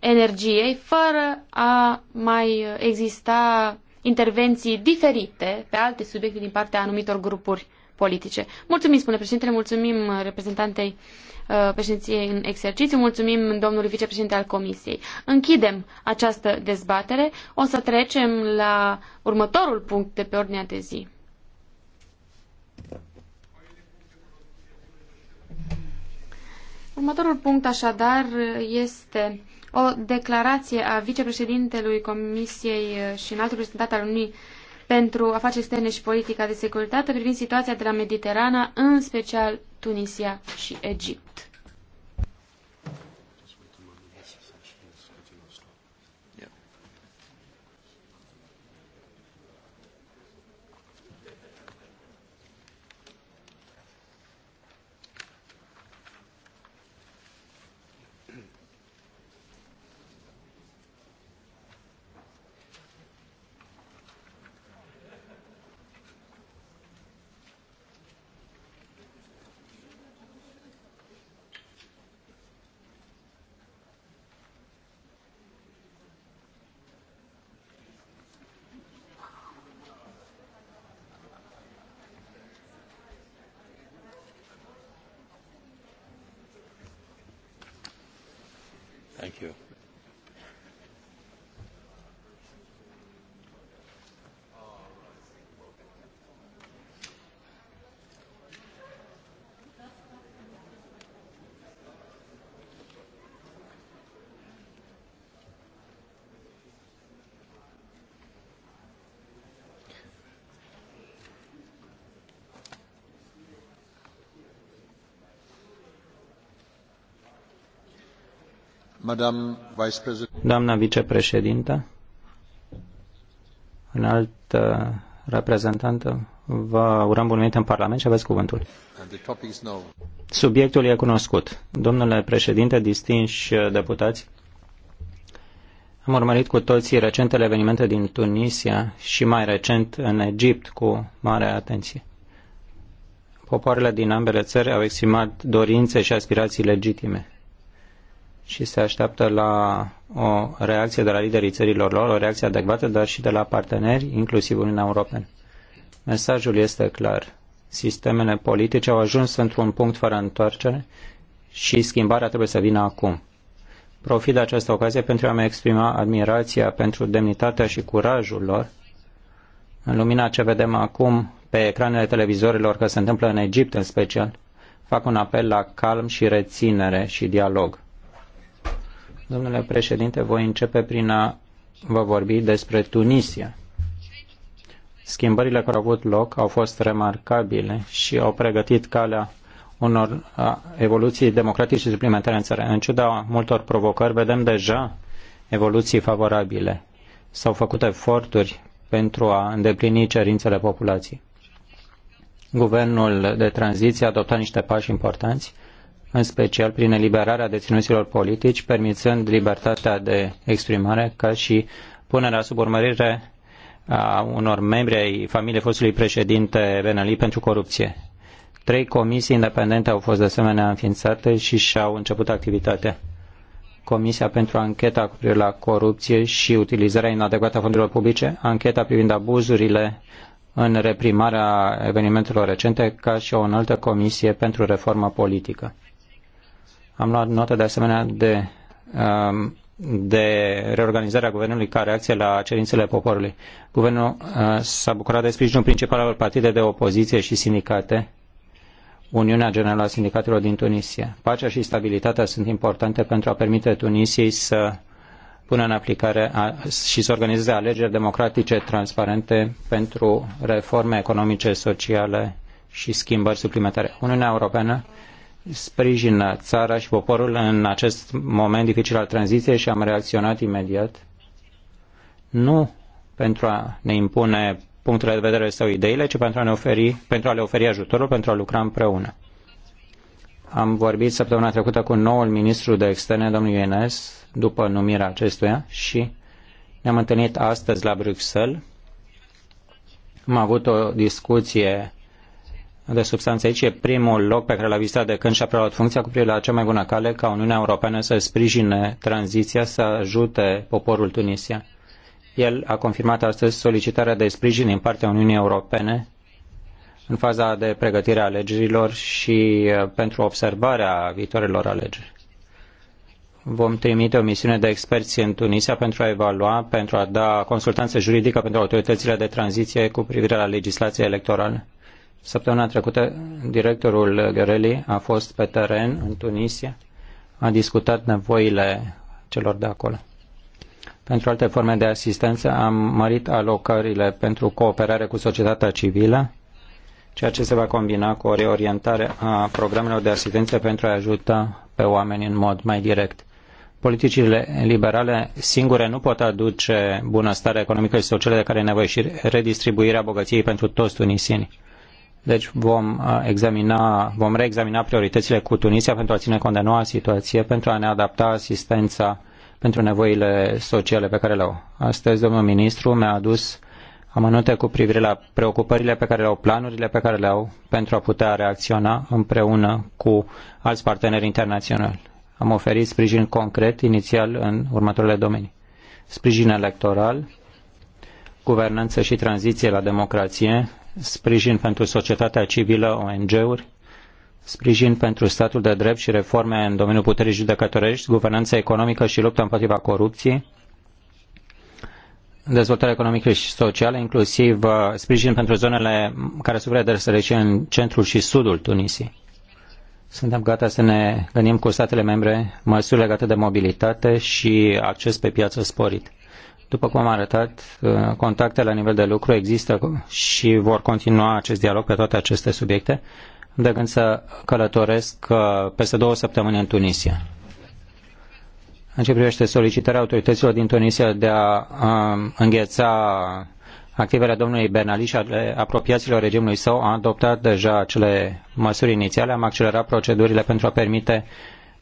energiei fără a mai exista intervenții diferite pe alte subiecte din partea anumitor grupuri politice. Mulțumim, spune președintele, mulțumim reprezentantei uh, președinției în exercițiu, mulțumim domnului vicepreședinte al Comisiei. Închidem această dezbatere, o să trecem la următorul punct de pe ordinea de zi. Următorul punct, așadar, este o declarație a vicepreședintelui Comisiei și înaltul reprezentant al Uniunii pentru afaceri externe și politica de securitate privind situația de la Mediterana, în special Tunisia și Egipt. Doamna vicepreședintă, înaltă reprezentantă, vă urăm bun venit în Parlament și aveți cuvântul. Subiectul e cunoscut. Domnule președinte, distinși deputați, am urmărit cu toții recentele evenimente din Tunisia și mai recent în Egipt cu mare atenție. Popoarele din ambele țări au exprimat dorințe și aspirații legitime și se așteaptă la o reacție de la liderii țărilor lor, o reacție adecvată, dar și de la parteneri, inclusiv Uniunea Europeană. Mesajul este clar. Sistemele politice au ajuns într-un punct fără întoarcere și schimbarea trebuie să vină acum. Profit de această ocazie pentru a-mi exprima admirația pentru demnitatea și curajul lor în lumina ce vedem acum pe ecranele televizorilor că se întâmplă în Egipt în special, fac un apel la calm și reținere și dialog. Domnule președinte, voi începe prin a vă vorbi despre Tunisia. Schimbările care au avut loc au fost remarcabile și au pregătit calea unor evoluții democratice suplimentare în țară. În ciuda multor provocări, vedem deja evoluții favorabile. S-au făcut eforturi pentru a îndeplini cerințele populației. Guvernul de tranziție a adoptat niște pași importanți în special prin eliberarea deținuților politici, permițând libertatea de exprimare, ca și punerea sub urmărire a unor membri ai familiei fostului președinte Ben Ali pentru corupție. Trei comisii independente au fost de asemenea înființate și și-au început activitatea. Comisia pentru ancheta cu privire la corupție și utilizarea inadecvată a fondurilor publice, ancheta privind abuzurile în reprimarea evenimentelor recente, ca și o înaltă comisie pentru reformă politică. Am luat notă de asemenea de, um, de reorganizarea guvernului ca reacție la cerințele poporului. Guvernul uh, s-a bucurat de sprijinul principal al partide de opoziție și sindicate, Uniunea Generală a Sindicatelor din Tunisia. Pacea și stabilitatea sunt importante pentru a permite Tunisiei să pună în aplicare a, și să organizeze alegeri democratice transparente pentru reforme economice, sociale și schimbări suplimentare. Uniunea Europeană sprijină țara și poporul în acest moment dificil al tranziției și am reacționat imediat. Nu pentru a ne impune punctele de vedere sau ideile, ci pentru a, ne oferi, pentru a le oferi ajutorul, pentru a lucra împreună. Am vorbit săptămâna trecută cu noul ministru de externe, domnul Ienes, după numirea acestuia și ne-am întâlnit astăzi la Bruxelles. Am avut o discuție de substanță aici e primul loc pe care l-a vizitat de când și-a preluat funcția cu privire la cea mai bună cale ca Uniunea Europeană să sprijine tranziția, să ajute poporul tunisian. El a confirmat astăzi solicitarea de sprijin din partea Uniunii Europene în faza de pregătire a alegerilor și uh, pentru observarea viitoarelor alegeri. Vom trimite o misiune de experți în Tunisia pentru a evalua, pentru a da consultanță juridică pentru autoritățile de tranziție cu privire la legislația electorală Săptămâna trecută, directorul Ghereli a fost pe teren în Tunisia, a discutat nevoile celor de acolo. Pentru alte forme de asistență am mărit alocările pentru cooperare cu societatea civilă, ceea ce se va combina cu o reorientare a programelor de asistență pentru a ajuta pe oameni în mod mai direct. Politicile liberale singure nu pot aduce bunăstarea economică și socială de care e nevoie și redistribuirea bogăției pentru toți tunisienii. Deci vom uh, examina, vom reexamina prioritățile cu Tunisia pentru a ține cont de noua situație, pentru a ne adapta asistența pentru nevoile sociale pe care le au. Astăzi, domnul ministru mi-a adus amănunte cu privire la preocupările pe care le au, planurile pe care le au pentru a putea reacționa împreună cu alți parteneri internaționali. Am oferit sprijin concret inițial în următoarele domenii. Sprijin electoral, guvernanță și tranziție la democrație, sprijin pentru societatea civilă, ONG-uri, sprijin pentru statul de drept și reforme în domeniul puterii judecătorești, guvernanță economică și luptă împotriva corupției, dezvoltare economică și socială, inclusiv uh, sprijin pentru zonele care suferă de sărăcie în centrul și sudul Tunisiei. Suntem gata să ne gândim cu statele membre măsuri legate de mobilitate și acces pe piață sporit. După cum am arătat, uh, contacte la nivel de lucru există și vor continua acest dialog pe toate aceste subiecte. De gând să călătoresc uh, peste două săptămâni în Tunisia. În ce privește solicitarea autorităților din Tunisia de a um, îngheța activele domnului Bernali și ale apropiaților regimului său, a adoptat deja acele măsuri inițiale, am accelerat procedurile pentru a permite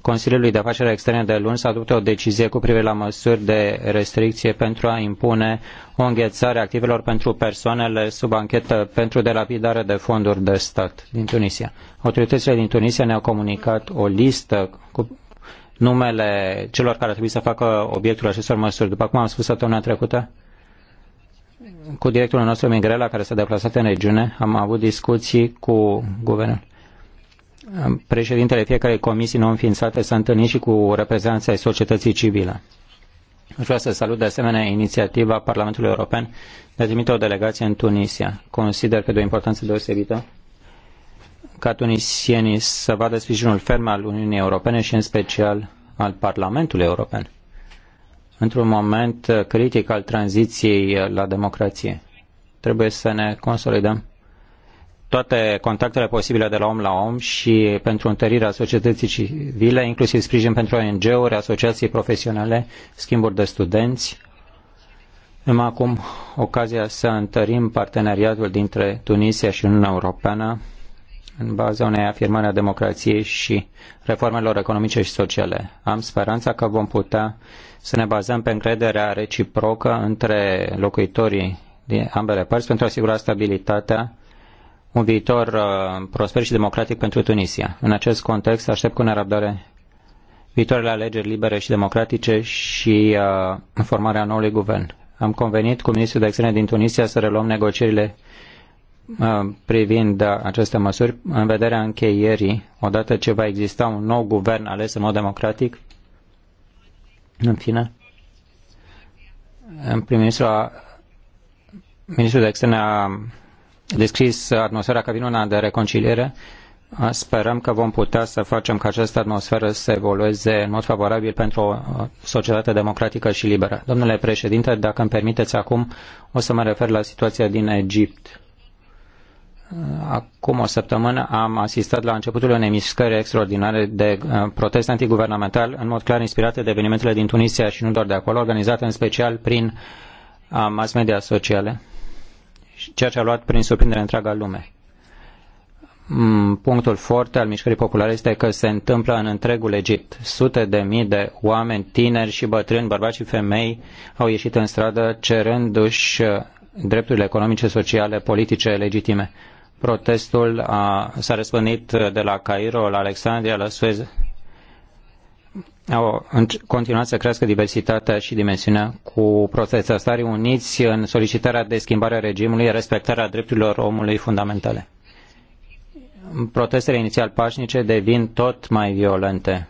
Consiliului de Afaceri Externe de luni s-a adoptat o decizie cu privire la măsuri de restricție pentru a impune o înghețare activelor pentru persoanele sub anchetă pentru delapidare de fonduri de stat din Tunisia. Autoritățile din Tunisia ne-au comunicat o listă cu numele celor care trebuie să facă obiectul acestor măsuri. După cum am spus săptămâna trecută, cu directorul nostru Mingrela, care s-a deplasat în regiune, am avut discuții cu guvernul președintele fiecarei comisii nou înființate s-a întâlnit și cu reprezentanții ai societății civile. Aș vrea să salut de asemenea inițiativa Parlamentului European de a trimite o delegație în Tunisia. Consider că de o importanță deosebită ca tunisienii să vadă sprijinul ferm al Uniunii Europene și în special al Parlamentului European într-un moment critic al tranziției la democrație. Trebuie să ne consolidăm toate contactele posibile de la om la om și pentru întărirea societății civile, inclusiv sprijin pentru ONG-uri, asociații profesionale, schimburi de studenți. Am acum ocazia să întărim parteneriatul dintre Tunisia și Uniunea Europeană în baza unei afirmări a democrației și reformelor economice și sociale. Am speranța că vom putea să ne bazăm pe încrederea reciprocă între locuitorii din ambele părți pentru a asigura stabilitatea un viitor uh, prosper și democratic pentru Tunisia. În acest context, aștept cu nerăbdare viitoarele alegeri libere și democratice și uh, formarea noului guvern. Am convenit cu ministrul de externe din Tunisia să reluăm negocierile uh, privind uh, aceste măsuri în vederea încheierii, odată ce va exista un nou guvern ales în mod democratic. În fine, prim-ministrul ministrul de externe a descris atmosfera ca fiind una de reconciliere. Sperăm că vom putea să facem ca această atmosferă să evolueze în mod favorabil pentru o societate democratică și liberă. Domnule președinte, dacă îmi permiteți acum, o să mă refer la situația din Egipt. Acum o săptămână am asistat la începutul unei mișcări extraordinare de uh, protest antiguvernamental, în mod clar inspirate de evenimentele din Tunisia și nu doar de acolo, organizate în special prin uh, mass media sociale ceea ce a luat prin surprindere întreaga lume. Mm, punctul forte al mișcării populare este că se întâmplă în întregul Egipt. Sute de mii de oameni, tineri și bătrâni, bărbați și femei, au ieșit în stradă cerându-și uh, drepturile economice, sociale, politice legitime. Protestul a, s-a răspândit uh, de la Cairo, la Alexandria, la Suez, au continuat să crească diversitatea și dimensiunea cu protestatarii uniți în solicitarea de schimbare a regimului, respectarea drepturilor omului fundamentale. Protestele inițial pașnice devin tot mai violente.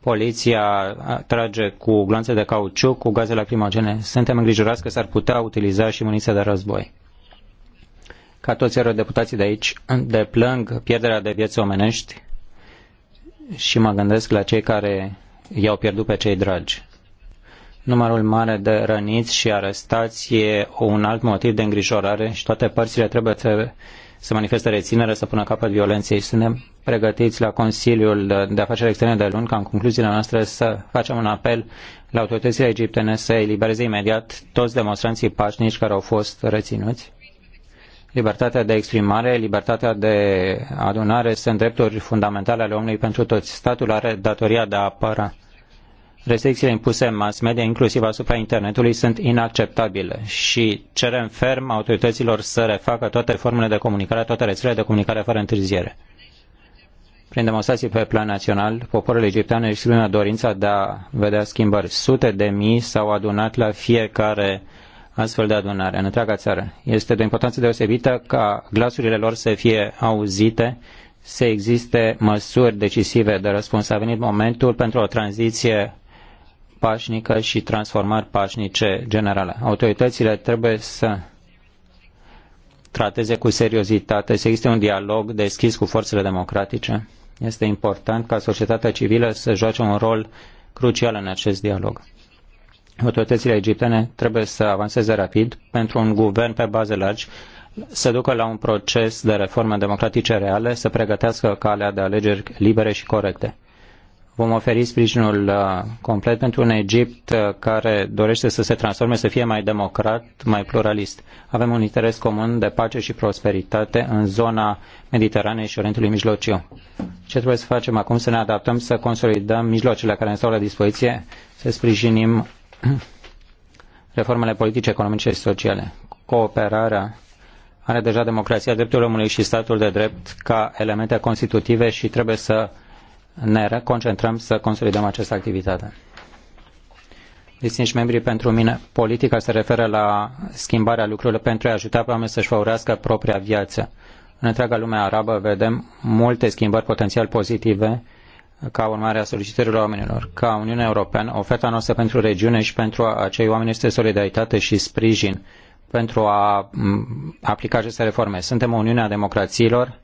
Poliția trage cu glanțe de cauciuc, cu gaze lacrimogene. Suntem îngrijorați că s-ar putea utiliza și muniția de război. Ca toți eurodeputații de aici, deplâng pierderea de vieți omenești, și mă gândesc la cei care i-au pierdut pe cei dragi. Numărul mare de răniți și arestați e un alt motiv de îngrijorare și toate părțile trebuie să, să manifeste reținere să pună capăt violenței. Suntem pregătiți la Consiliul de Afaceri Externe de luni ca în concluziile noastre să facem un apel la autoritățile egiptene să elibereze imediat toți demonstranții pașnici care au fost reținuți Libertatea de exprimare, libertatea de adunare sunt drepturi fundamentale ale omului pentru toți. Statul are datoria de a apăra. Restricțiile impuse în mass media, inclusiv asupra internetului, sunt inacceptabile și cerem ferm autorităților să refacă toate formele de comunicare, toate rețelele de comunicare fără întârziere. Prin demonstrații pe plan național, poporul egiptean își exprimă dorința de a vedea schimbări. Sute de mii s-au adunat la fiecare astfel de adunare în întreaga țară. Este de importanță deosebită ca glasurile lor să fie auzite, să existe măsuri decisive de răspuns. A venit momentul pentru o tranziție pașnică și transformări pașnice generale. Autoritățile trebuie să trateze cu seriozitate, să existe un dialog deschis cu forțele democratice. Este important ca societatea civilă să joace un rol crucial în acest dialog autoritățile egiptene trebuie să avanseze rapid pentru un guvern pe baze largi, să ducă la un proces de reforme democratice reale, să pregătească calea de alegeri libere și corecte. Vom oferi sprijinul uh, complet pentru un Egipt uh, care dorește să se transforme, să fie mai democrat, mai pluralist. Avem un interes comun de pace și prosperitate în zona Mediteranei și Orientului Mijlociu. Ce trebuie să facem acum? Să ne adaptăm, să consolidăm mijloacele care ne stau la dispoziție, să sprijinim reformele politice, economice și sociale. Cooperarea are deja democrația dreptul omului și statul de drept ca elemente constitutive și trebuie să ne reconcentrăm să consolidăm această activitate. Distinși membrii, pentru mine, politica se referă la schimbarea lucrurilor pentru a ajuta pe oameni să-și făurească propria viață. În întreaga lume arabă vedem multe schimbări potențial pozitive ca urmare a solicitărilor oamenilor. Ca Uniunea Europeană, oferta noastră pentru regiune și pentru acei oameni este solidaritate și sprijin pentru a aplica aceste reforme. Suntem Uniunea Democrațiilor,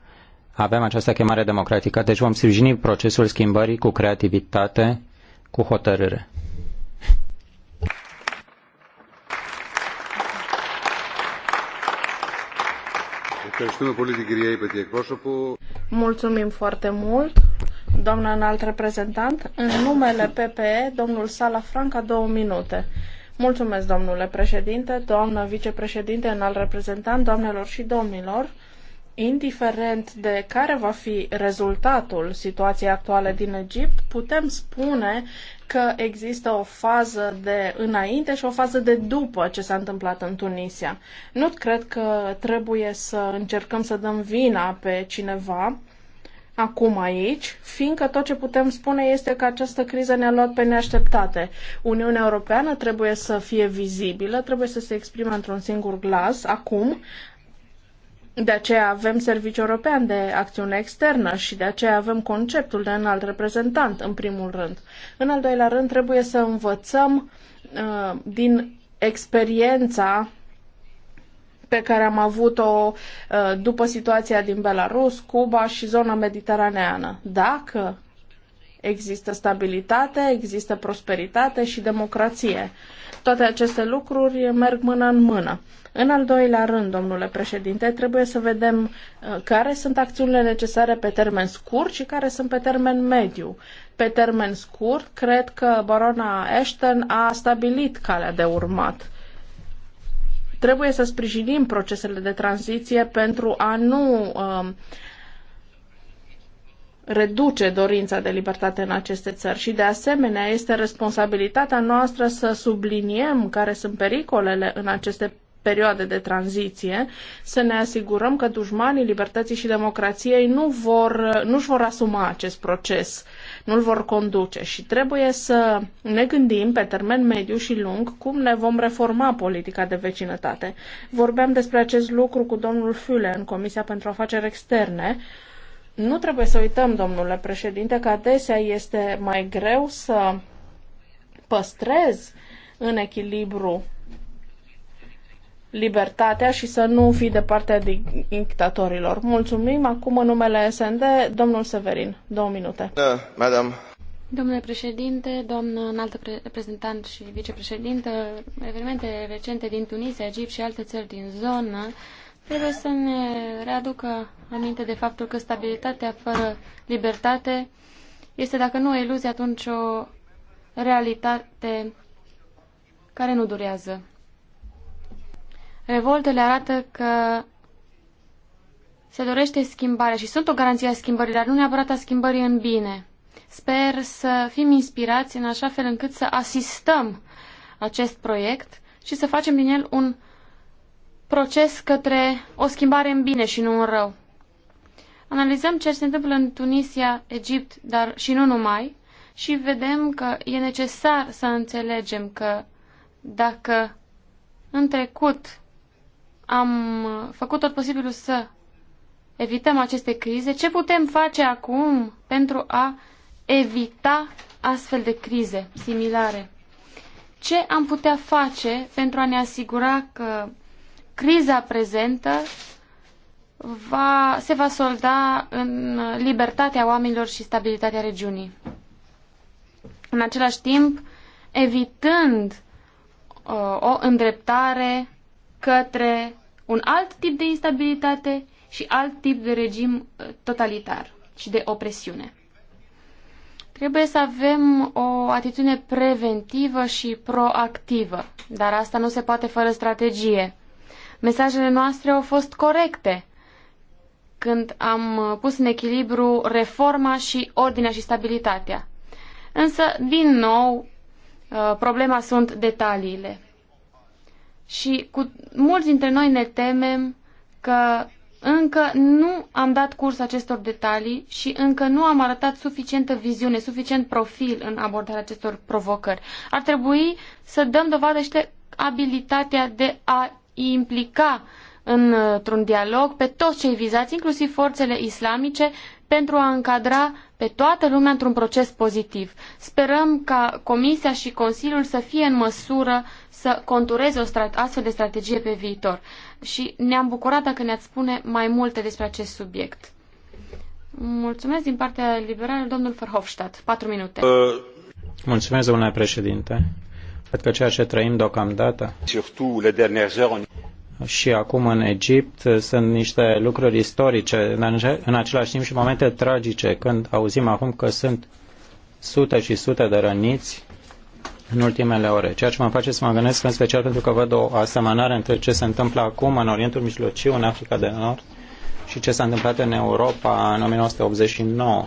avem această chemare democratică, deci vom sprijini procesul schimbării cu creativitate, cu hotărâre. Mulțumim foarte mult. Doamna înalt reprezentant, în numele PPE, domnul Sala Franca, două minute. Mulțumesc, domnule președinte, doamnă vicepreședinte, înalt reprezentant, doamnelor și domnilor. Indiferent de care va fi rezultatul situației actuale din Egipt, putem spune că există o fază de înainte și o fază de după ce s-a întâmplat în Tunisia. Nu cred că trebuie să încercăm să dăm vina pe cineva acum aici, fiindcă tot ce putem spune este că această criză ne-a luat pe neașteptate. Uniunea Europeană trebuie să fie vizibilă, trebuie să se exprime într-un singur glas acum. De aceea avem Serviciul European de Acțiune Externă și de aceea avem conceptul de înalt reprezentant, în primul rând. În al doilea rând, trebuie să învățăm uh, din experiența pe care am avut-o uh, după situația din Belarus, Cuba și zona mediteraneană. Dacă există stabilitate, există prosperitate și democrație. Toate aceste lucruri merg mână în mână. În al doilea rând, domnule președinte, trebuie să vedem uh, care sunt acțiunile necesare pe termen scurt și care sunt pe termen mediu. Pe termen scurt, cred că barona Ashton a stabilit calea de urmat Trebuie să sprijinim procesele de tranziție pentru a nu um, reduce dorința de libertate în aceste țări și de asemenea este responsabilitatea noastră să subliniem care sunt pericolele în aceste perioade de tranziție, să ne asigurăm că dușmanii libertății și democrației nu vor, nu-și vor asuma acest proces nu-l vor conduce și trebuie să ne gândim pe termen mediu și lung cum ne vom reforma politica de vecinătate. Vorbeam despre acest lucru cu domnul Füle în Comisia pentru Afaceri Externe. Nu trebuie să uităm, domnule președinte, că adesea este mai greu să păstrezi în echilibru libertatea și să nu fii de partea dictatorilor. Mulțumim. Acum în numele SND, domnul Severin. Două minute. Da, madam. Domnule președinte, domn înalt reprezentant și vicepreședinte, evenimente recente din Tunisia, Egipt și alte țări din zonă trebuie să ne readucă aminte de faptul că stabilitatea fără libertate este, dacă nu o iluzie, atunci o realitate care nu durează. Revoltele arată că se dorește schimbare și sunt o garanție a schimbării, dar nu neapărat a schimbării în bine. Sper să fim inspirați în așa fel încât să asistăm acest proiect și să facem din el un proces către o schimbare în bine și nu în rău. Analizăm ce se întâmplă în Tunisia, Egipt, dar și nu numai, și vedem că e necesar să înțelegem că dacă în trecut am făcut tot posibilul să evităm aceste crize, ce putem face acum pentru a evita astfel de crize similare? Ce am putea face pentru a ne asigura că criza prezentă va, se va solda în libertatea oamenilor și stabilitatea regiunii? În același timp, evitând uh, o îndreptare către un alt tip de instabilitate și alt tip de regim uh, totalitar și de opresiune. Trebuie să avem o atitudine preventivă și proactivă, dar asta nu se poate fără strategie. Mesajele noastre au fost corecte când am uh, pus în echilibru reforma și ordinea și stabilitatea. Însă, din nou, uh, problema sunt detaliile. Și cu mulți dintre noi ne temem că încă nu am dat curs acestor detalii și încă nu am arătat suficientă viziune, suficient profil în abordarea acestor provocări. Ar trebui să dăm dovadă și de abilitatea de a implica într-un dialog pe toți cei vizați, inclusiv forțele islamice, pentru a încadra pe toată lumea într-un proces pozitiv. Sperăm ca Comisia și Consiliul să fie în măsură să contureze o astfel de strategie pe viitor. Și ne-am bucurat dacă ne-ați spune mai multe despre acest subiect. Mulțumesc din partea liberală, domnul Verhofstadt. Patru minute. Uh. Mulțumesc, domnule președinte. Cred că ceea ce trăim deocamdată și acum în Egipt sunt niște lucruri istorice, în același timp și momente tragice, când auzim acum că sunt sute și sute de răniți în ultimele ore, ceea ce mă face să mă gândesc în special pentru că văd o asemănare între ce se întâmplă acum în Orientul Mijlociu, în Africa de Nord și ce s-a întâmplat în Europa în 1989.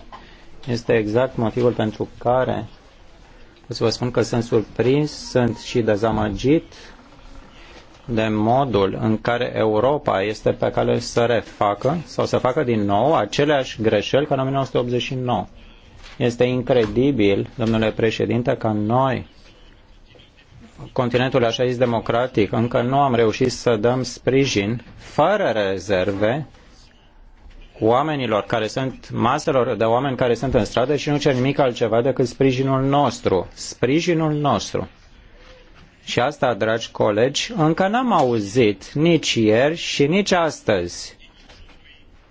Este exact motivul pentru care o să vă spun că sunt surprins, sunt și dezamăgit de modul în care Europa este pe cale să refacă sau să facă din nou aceleași greșeli ca în 1989. Este incredibil, domnule președinte, ca noi, continentul așa zis democratic, încă nu am reușit să dăm sprijin fără rezerve oamenilor care sunt, maselor de oameni care sunt în stradă și nu cer nimic altceva decât sprijinul nostru. Sprijinul nostru. Și asta, dragi colegi, încă n-am auzit nici ieri și nici astăzi.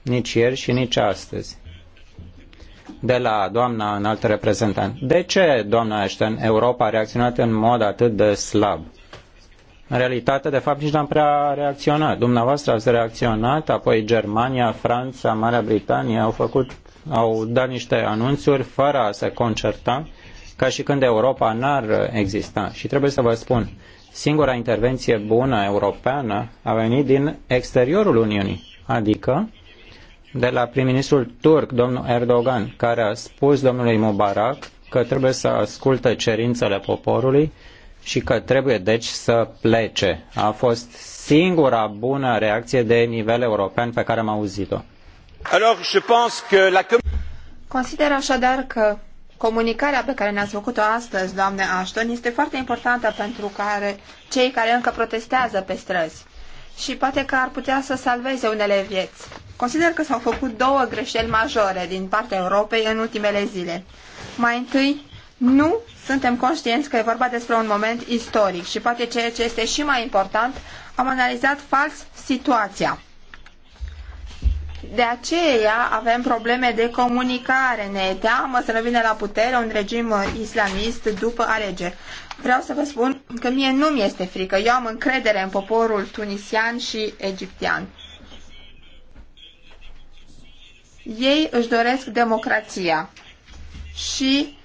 Nici ieri și nici astăzi de la doamna înaltă reprezentant. De ce, doamna Ashton, Europa a reacționat în mod atât de slab? În realitate, de fapt, nici n-am prea reacționat. Dumneavoastră ați reacționat, apoi Germania, Franța, Marea Britanie au făcut, au dat niște anunțuri fără a se concerta, ca și când Europa n-ar exista. Și trebuie să vă spun, singura intervenție bună europeană a venit din exteriorul Uniunii, adică de la prim-ministrul turc, domnul Erdogan, care a spus domnului Mubarak că trebuie să asculte cerințele poporului și că trebuie deci să plece. A fost singura bună reacție de nivel european pe care am auzit-o. Consider așadar că comunicarea pe care ne-ați făcut-o astăzi, doamne Ashton, este foarte importantă pentru care cei care încă protestează pe străzi și poate că ar putea să salveze unele vieți. Consider că s-au făcut două greșeli majore din partea Europei în ultimele zile. Mai întâi, nu suntem conștienți că e vorba despre un moment istoric și poate ceea ce este și mai important, am analizat fals situația. De aceea avem probleme de comunicare. Ne e teamă să revină vină la putere un regim islamist după alegeri. Vreau să vă spun că mie nu mi este frică. Eu am încredere în poporul tunisian și egiptean. Ei își doresc democrația și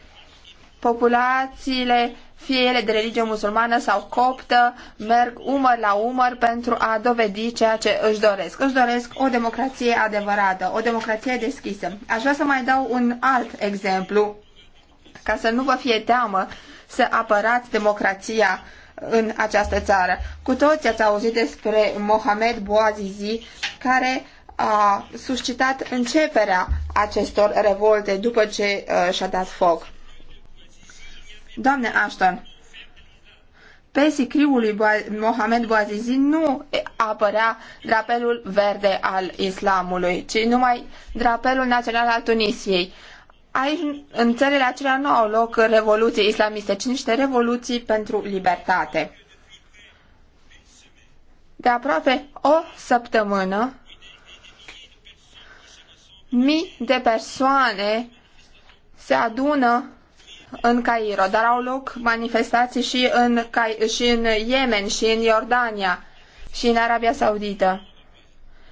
populațiile, fie ele de religie musulmană sau coptă, merg umăr la umăr pentru a dovedi ceea ce își doresc. Își doresc o democrație adevărată, o democrație deschisă. Aș vrea să mai dau un alt exemplu, ca să nu vă fie teamă să apărați democrația în această țară. Cu toți ați auzit despre Mohamed Bouazizi, care a suscitat începerea acestor revolte după ce uh, și-a dat foc. Doamne Ashton, pe sicriul lui Mohamed Bouazizi nu apărea drapelul verde al islamului, ci numai drapelul național al Tunisiei. Aici, în țările acelea nu au loc revoluții islamiste, ci niște revoluții pentru libertate. De aproape o săptămână, mii de persoane se adună în Cairo, dar au loc manifestații și în, și în Yemen, și în Iordania, și în Arabia Saudită.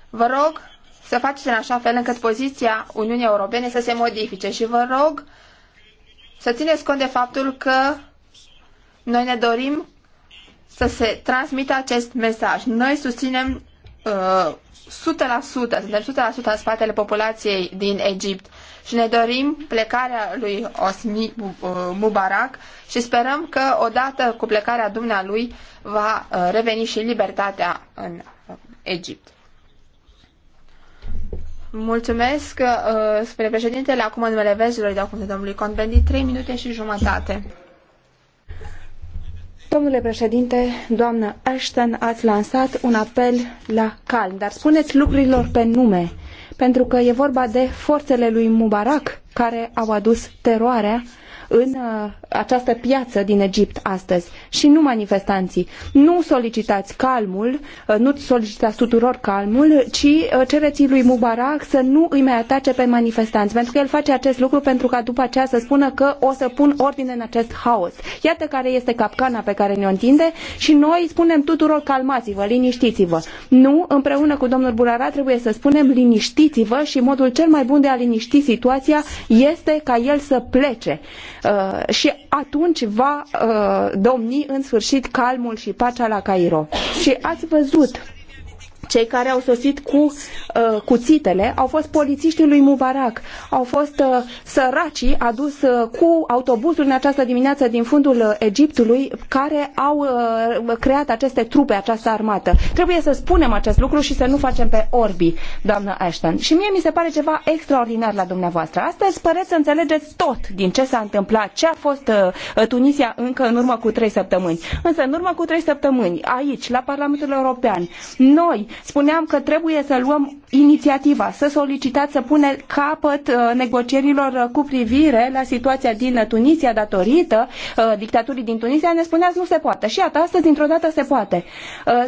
Vă rog să faceți în așa fel încât poziția Uniunii Europene să se modifice și vă rog să țineți cont de faptul că noi ne dorim să se transmită acest mesaj. Noi susținem uh, 100%, suntem 100% în spatele populației din Egipt și ne dorim plecarea lui Osmi uh, Mubarak și sperăm că odată cu plecarea dumnealui va uh, reveni și libertatea în uh, Egipt. Mulțumesc, uh, spune președintele. Acum în numele verzilor dau cuvântul domnului Convendi, 3 minute și jumătate. Domnule președinte, doamnă Ashton, ați lansat un apel la calm, dar spuneți lucrurilor pe nume, pentru că e vorba de forțele lui Mubarak care au adus teroarea în uh, această piață din Egipt astăzi și nu manifestanții. Nu solicitați calmul, uh, nu solicitați tuturor calmul, ci uh, cereți lui Mubarak să nu îi mai atace pe manifestanți, pentru că el face acest lucru pentru ca după aceea să spună că o să pun ordine în acest haos. Iată care este capcana pe care ne-o întinde și noi spunem tuturor calmați-vă, liniștiți-vă. Nu, împreună cu domnul Burara trebuie să spunem liniștiți-vă și modul cel mai bun de a liniști situația este ca el să plece. Uh, și atunci va uh, domni în sfârșit calmul și pacea la Cairo. Și ați văzut cei care au sosit cu uh, cuțitele au fost polițiștii lui Mubarak. Au fost uh, săracii adus uh, cu autobuzul în această dimineață din fundul uh, Egiptului care au uh, creat aceste trupe, această armată. Trebuie să spunem acest lucru și să nu facem pe orbi, doamnă Ashton. Și mie mi se pare ceva extraordinar la dumneavoastră. Astăzi păreți să înțelegeți tot din ce s-a întâmplat, ce a fost uh, Tunisia încă în urmă cu trei săptămâni. Însă în urmă cu trei săptămâni, aici, la Parlamentul European, noi, spuneam că trebuie să luăm inițiativa, să solicitați să pune capăt uh, negocierilor uh, cu privire la situația din Tunisia datorită uh, dictaturii din Tunisia, ne spuneați nu se poate. Și iată, astăzi, dintr-o dată, se poate.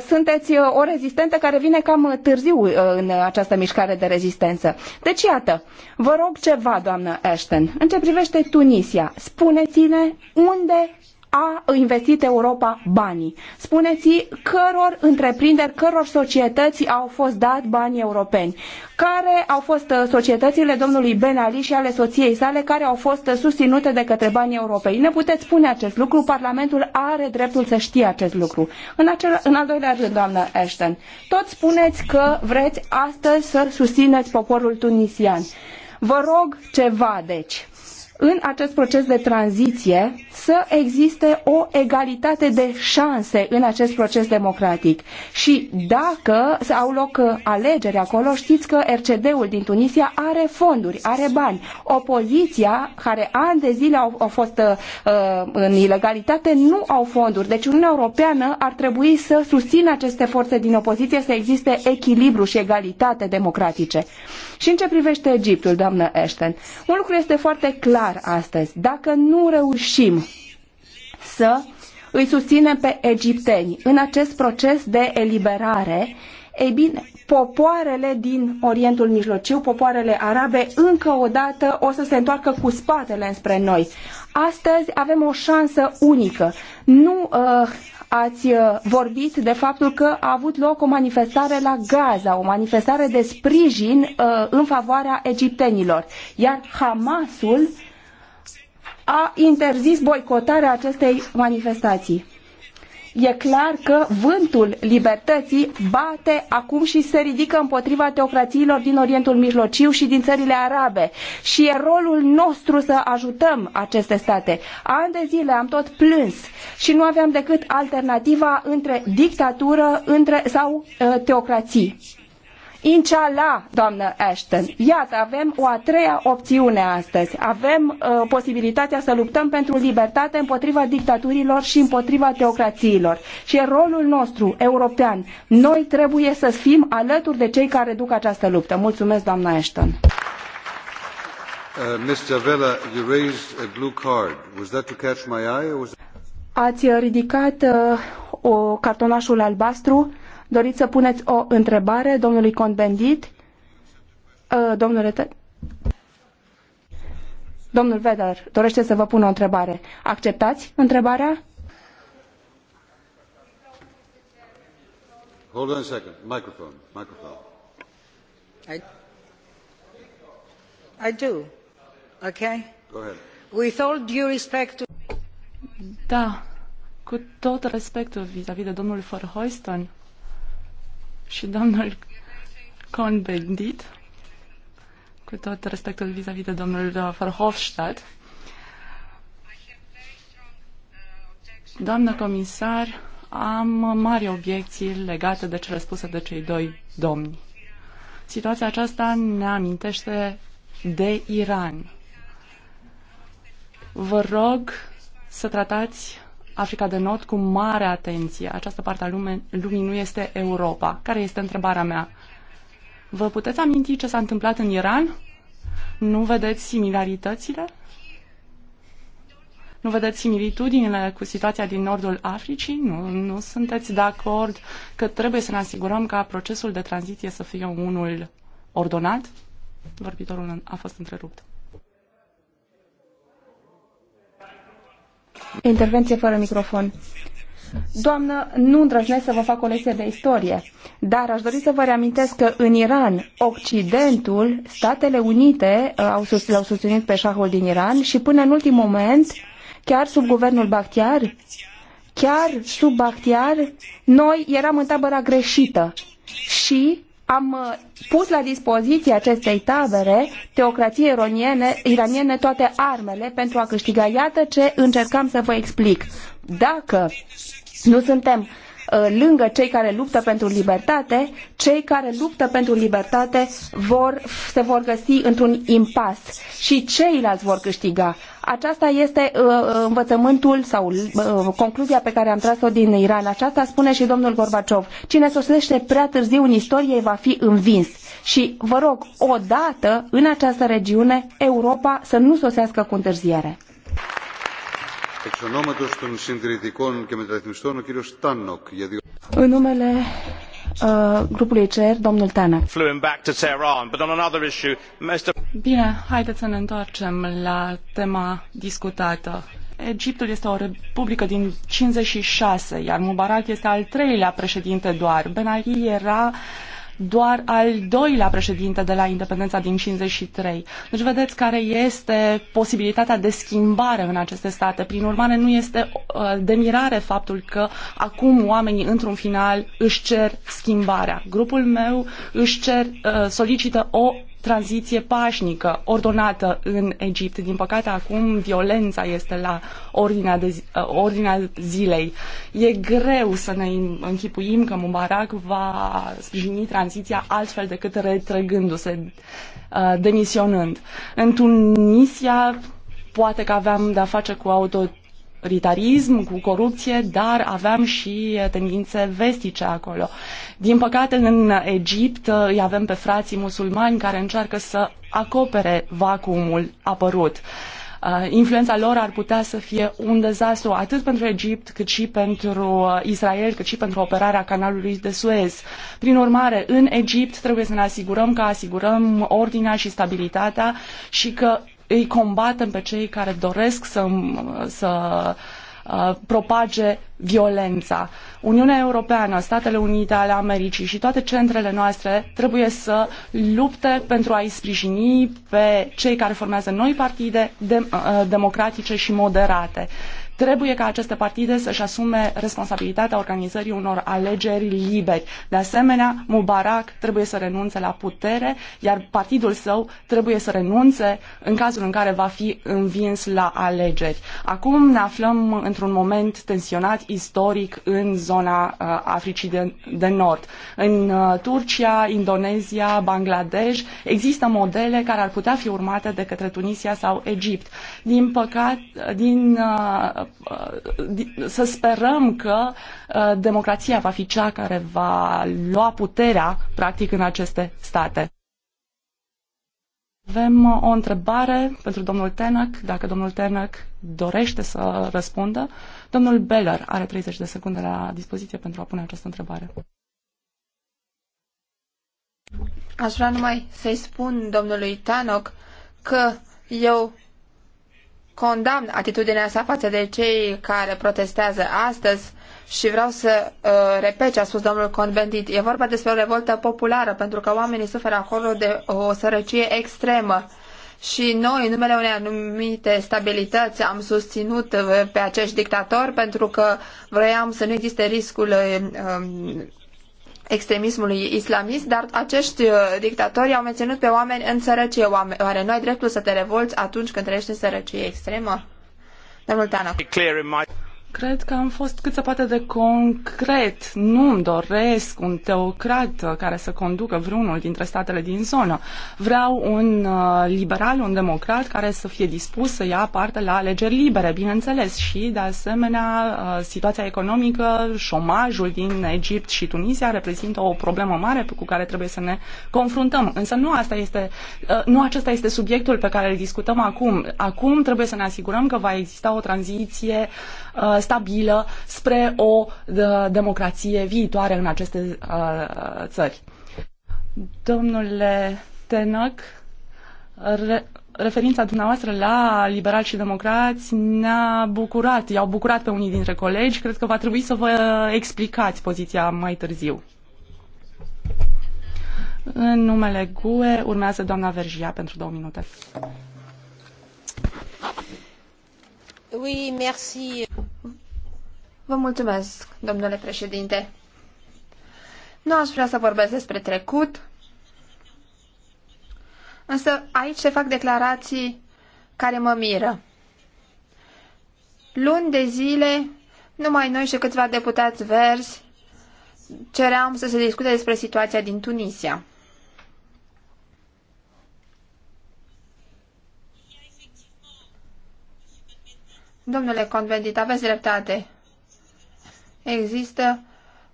Sunteți o rezistentă care vine cam târziu în această mișcare de rezistență. Deci, iată, vă rog ceva, doamnă Ashton. În ce privește Tunisia, spuneți-ne unde a investit Europa banii. Spuneți căror întreprinderi, căror societăți au fost dat banii europeni, care au fost uh, societățile domnului Ben Ali și ale soției sale care au fost uh, susținute de către banii europeni. Ne puteți spune acest lucru, Parlamentul are dreptul să știe acest lucru. În, acel, în al doilea rând, doamnă Ashton, tot spuneți că vreți astăzi să susțineți poporul tunisian. Vă rog ceva, deci în acest proces de tranziție să existe o egalitate de șanse în acest proces democratic. Și dacă au loc alegeri acolo, știți că RCD-ul din Tunisia are fonduri, are bani. Opoziția, care ani de zile au, au fost uh, în ilegalitate, nu au fonduri. Deci Uniunea Europeană ar trebui să susțină aceste forțe din opoziție să existe echilibru și egalitate democratice. Și în ce privește Egiptul, doamnă Ashton, un lucru este foarte clar clar astăzi. Dacă nu reușim să îi susținem pe egipteni în acest proces de eliberare, ei bine, popoarele din Orientul Mijlociu, popoarele arabe, încă o dată o să se întoarcă cu spatele înspre noi. Astăzi avem o șansă unică. Nu uh, ați uh, vorbit de faptul că a avut loc o manifestare la Gaza, o manifestare de sprijin uh, în favoarea egiptenilor, iar Hamasul uh, a interzis boicotarea acestei manifestații. E clar că vântul libertății bate acum și se ridică împotriva teocrațiilor din Orientul Mijlociu și din țările arabe. Și e rolul nostru să ajutăm aceste state. An de zile am tot plâns și nu aveam decât alternativa între dictatură între, sau uh, teocrații Inceala, doamnă Ashton. Iată, avem o a treia opțiune astăzi. Avem uh, posibilitatea să luptăm pentru libertate împotriva dictaturilor și împotriva teocrațiilor. Și e rolul nostru, european. Noi trebuie să fim alături de cei care duc această luptă. Mulțumesc, doamnă Ashton. Uh, Ați ridicat uh, o cartonașul albastru. Doriți să puneți o întrebare domnului Conbendit? Uh, domnule Domnul Vedar dorește să vă pună o întrebare. Acceptați întrebarea? Hold on a second. Microphone. Microphone. I, I do. Okay? Go ahead. With all due respect to... Da. Cu tot respectul vis-a-vis -vis de domnul Verhoeven, și domnul Con bendit cu tot respectul vis-a-vis -vis de domnul uh, Verhofstadt. Doamnă comisar, am mari obiecții legate de cele spuse de cei doi domni. Situația aceasta ne amintește de Iran. Vă rog să tratați Africa de Nord cu mare atenție. Această parte a lume, lumii nu este Europa. Care este întrebarea mea? Vă puteți aminti ce s-a întâmplat în Iran? Nu vedeți similaritățile? Nu vedeți similitudinile cu situația din nordul Africii? Nu, nu sunteți de acord că trebuie să ne asigurăm ca procesul de tranziție să fie unul ordonat? Vorbitorul a fost întrerupt. Intervenție fără microfon. Doamnă, nu îndrăznesc să vă fac o lecție de istorie, dar aș dori să vă reamintesc că în Iran, Occidentul, Statele Unite uh, au l-au susținut pe șahul din Iran și până în ultim moment, chiar sub guvernul Bakhtiar, chiar sub Bakhtiar, noi eram în tabăra greșită și am uh, pus la dispoziție acestei tabere teocrației iraniene, iraniene toate armele pentru a câștiga. Iată ce încercam să vă explic. Dacă nu suntem uh, lângă cei care luptă pentru libertate, cei care luptă pentru libertate vor, se vor găsi într-un impas și ceilalți vor câștiga. Aceasta este uh, uh, învățământul sau uh, concluzia pe care am tras-o din Iran. Aceasta spune și domnul Gorbaciov. Cine sosește prea târziu în istorie va fi învins. Și vă rog, odată în această regiune, Europa să nu sosească cu întârziere. Deci, în numele Uh, grupului domnul Tanak. Bine, haideți să ne întoarcem la tema discutată. Egiptul este o republică din 56, iar Mubarak este al treilea președinte doar. Ben Ali era uh, doar al doilea președinte de la independența din 53. Deci vedeți care este posibilitatea de schimbare în aceste state. Prin urmare, nu este uh, de mirare faptul că acum oamenii, într-un final, își cer schimbarea. Grupul meu își cer, uh, solicită o tranziție pașnică, ordonată în Egipt. Din păcate, acum violența este la ordinea, de zi, uh, ordinea zilei. E greu să ne închipuim că Mubarak va sprijini tranziția altfel decât retrăgându-se, uh, demisionând. În Tunisia, poate că aveam de-a face cu auto autoritarism, cu corupție, dar aveam și eh, tendințe vestice acolo. Din păcate, în Egipt eh, îi avem pe frații musulmani care încearcă să acopere vacuumul apărut. Eh, influența lor ar putea să fie un dezastru atât pentru Egipt, cât și pentru Israel, cât și pentru operarea canalului de Suez. Prin urmare, în Egipt trebuie să ne asigurăm că asigurăm ordinea și stabilitatea și că îi combatem pe cei care doresc să, să uh, propage violența. Uniunea Europeană, Statele Unite ale Americii și toate centrele noastre trebuie să lupte pentru a-i sprijini pe cei care formează noi partide dem uh, democratice și moderate. Trebuie ca aceste partide să-și asume responsabilitatea organizării unor alegeri liberi. De asemenea, Mubarak trebuie să renunțe la putere, iar partidul său trebuie să renunțe în cazul în care va fi învins la alegeri. Acum ne aflăm într-un moment tensionat istoric în zona uh, Africii de, de Nord. În uh, Turcia, Indonezia, Bangladesh există modele care ar putea fi urmate de către Tunisia sau Egipt. Din păcat, din uh, Uh, să sperăm că uh, democrația va fi cea care va lua puterea, practic, în aceste state. Avem uh, o întrebare pentru domnul Tenac, dacă domnul Tenac dorește să răspundă. Domnul Beller are 30 de secunde la dispoziție pentru a pune această întrebare. Aș vrea numai să-i spun domnului Tanoc că eu condamn atitudinea sa față de cei care protestează astăzi și vreau să uh, repet ce a spus domnul Convendit. E vorba despre o revoltă populară, pentru că oamenii suferă acolo de o sărăcie extremă. Și noi, în numele unei anumite stabilități, am susținut uh, pe acești dictatori pentru că vroiam să nu existe riscul uh, um, extremismului islamist, dar acești uh, dictatori au menținut pe oameni în sărăcie. Oare nu ai dreptul să te revolți atunci când trăiești în sărăcie extremă? Domnul Tanac. Cred că am fost cât se poate de concret. nu îmi doresc un teocrat care să conducă vreunul dintre statele din zonă. Vreau un uh, liberal, un democrat care să fie dispus să ia parte la alegeri libere, bineînțeles, și, de asemenea, uh, situația economică, șomajul din Egipt și Tunisia reprezintă o problemă mare cu care trebuie să ne confruntăm. Însă nu, asta este, uh, nu acesta este subiectul pe care îl discutăm acum. Acum trebuie să ne asigurăm că va exista o tranziție stabilă spre o uh, democrație viitoare în aceste uh, țări. Domnule Tenoc, re- referința dumneavoastră la liberali și democrați ne-a bucurat, i-au bucurat pe unii dintre colegi. Cred că va trebui să vă explicați poziția mai târziu. În numele GUE urmează doamna Vergia pentru două minute. Vă mulțumesc, domnule președinte. Nu aș vrea să vorbesc despre trecut, însă aici se fac declarații care mă miră. Luni de zile, numai noi și câțiva deputați verzi ceream să se discute despre situația din Tunisia. Domnule Convendit, aveți dreptate. Există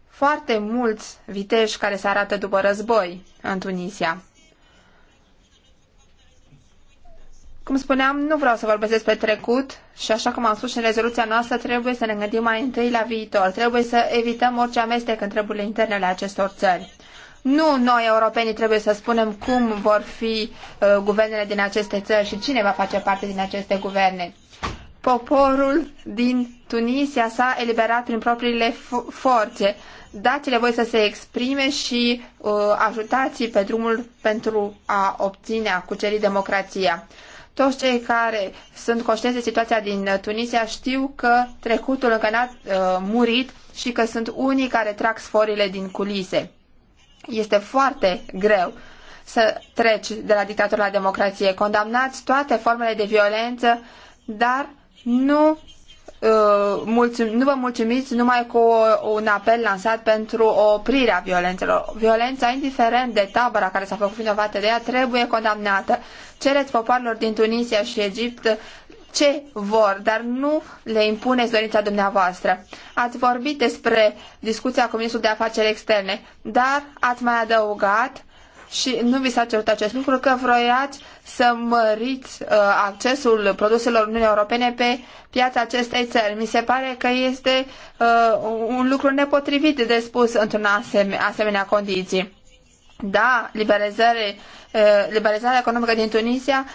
foarte mulți viteși care se arată după război în Tunisia. Cum spuneam, nu vreau să vorbesc despre trecut și așa cum am spus și în rezoluția noastră, trebuie să ne gândim mai întâi la viitor. Trebuie să evităm orice amestec în treburile interne ale acestor țări. Nu noi, europenii, trebuie să spunem cum vor fi uh, guvernele din aceste țări și cine va face parte din aceste guverne. Poporul din Tunisia s-a eliberat prin propriile forțe. Dați-le voi să se exprime și uh, ajutați pe drumul pentru a obține, a cuceri democrația. Toți cei care sunt conștienți de situația din Tunisia știu că trecutul încă n-a uh, murit și că sunt unii care trag sforile din culise. Este foarte greu să treci de la dictatură la democrație. Condamnați toate formele de violență, dar nu uh, mulțum, nu vă mulțumiți numai cu un apel lansat pentru oprirea violențelor. Violența, indiferent de tabăra care s-a făcut vinovată de ea, trebuie condamnată. Cereți popoarelor din Tunisia și Egipt ce vor, dar nu le impuneți dorința dumneavoastră. Ați vorbit despre discuția cu ministrul de afaceri externe, dar ați mai adăugat și nu vi s-a cerut acest lucru, că vroiați să măriți uh, accesul produselor Uniunii Europene pe piața acestei țări. Mi se pare că este uh, un lucru nepotrivit de spus într-un aseme- asemenea condiții. Da, liberalizare, uh, liberalizarea economică din Tunisia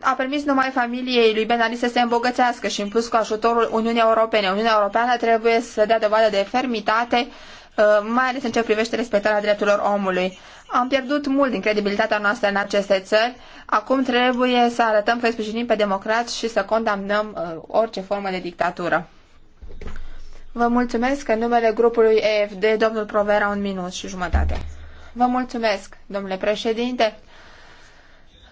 a permis numai familiei lui Ben Ali să se îmbogățească și în plus cu ajutorul Uniunii Europene. Uniunea Europeană trebuie să dea dovadă de fermitate Uh, mai ales în ce privește respectarea drepturilor omului. Am pierdut mult din credibilitatea noastră în aceste țări. Acum trebuie să arătăm că îi sprijinim pe democrați și să condamnăm uh, orice formă de dictatură. Vă mulțumesc în numele grupului EFD, domnul Provera, un minut și jumătate. Vă mulțumesc, domnule președinte.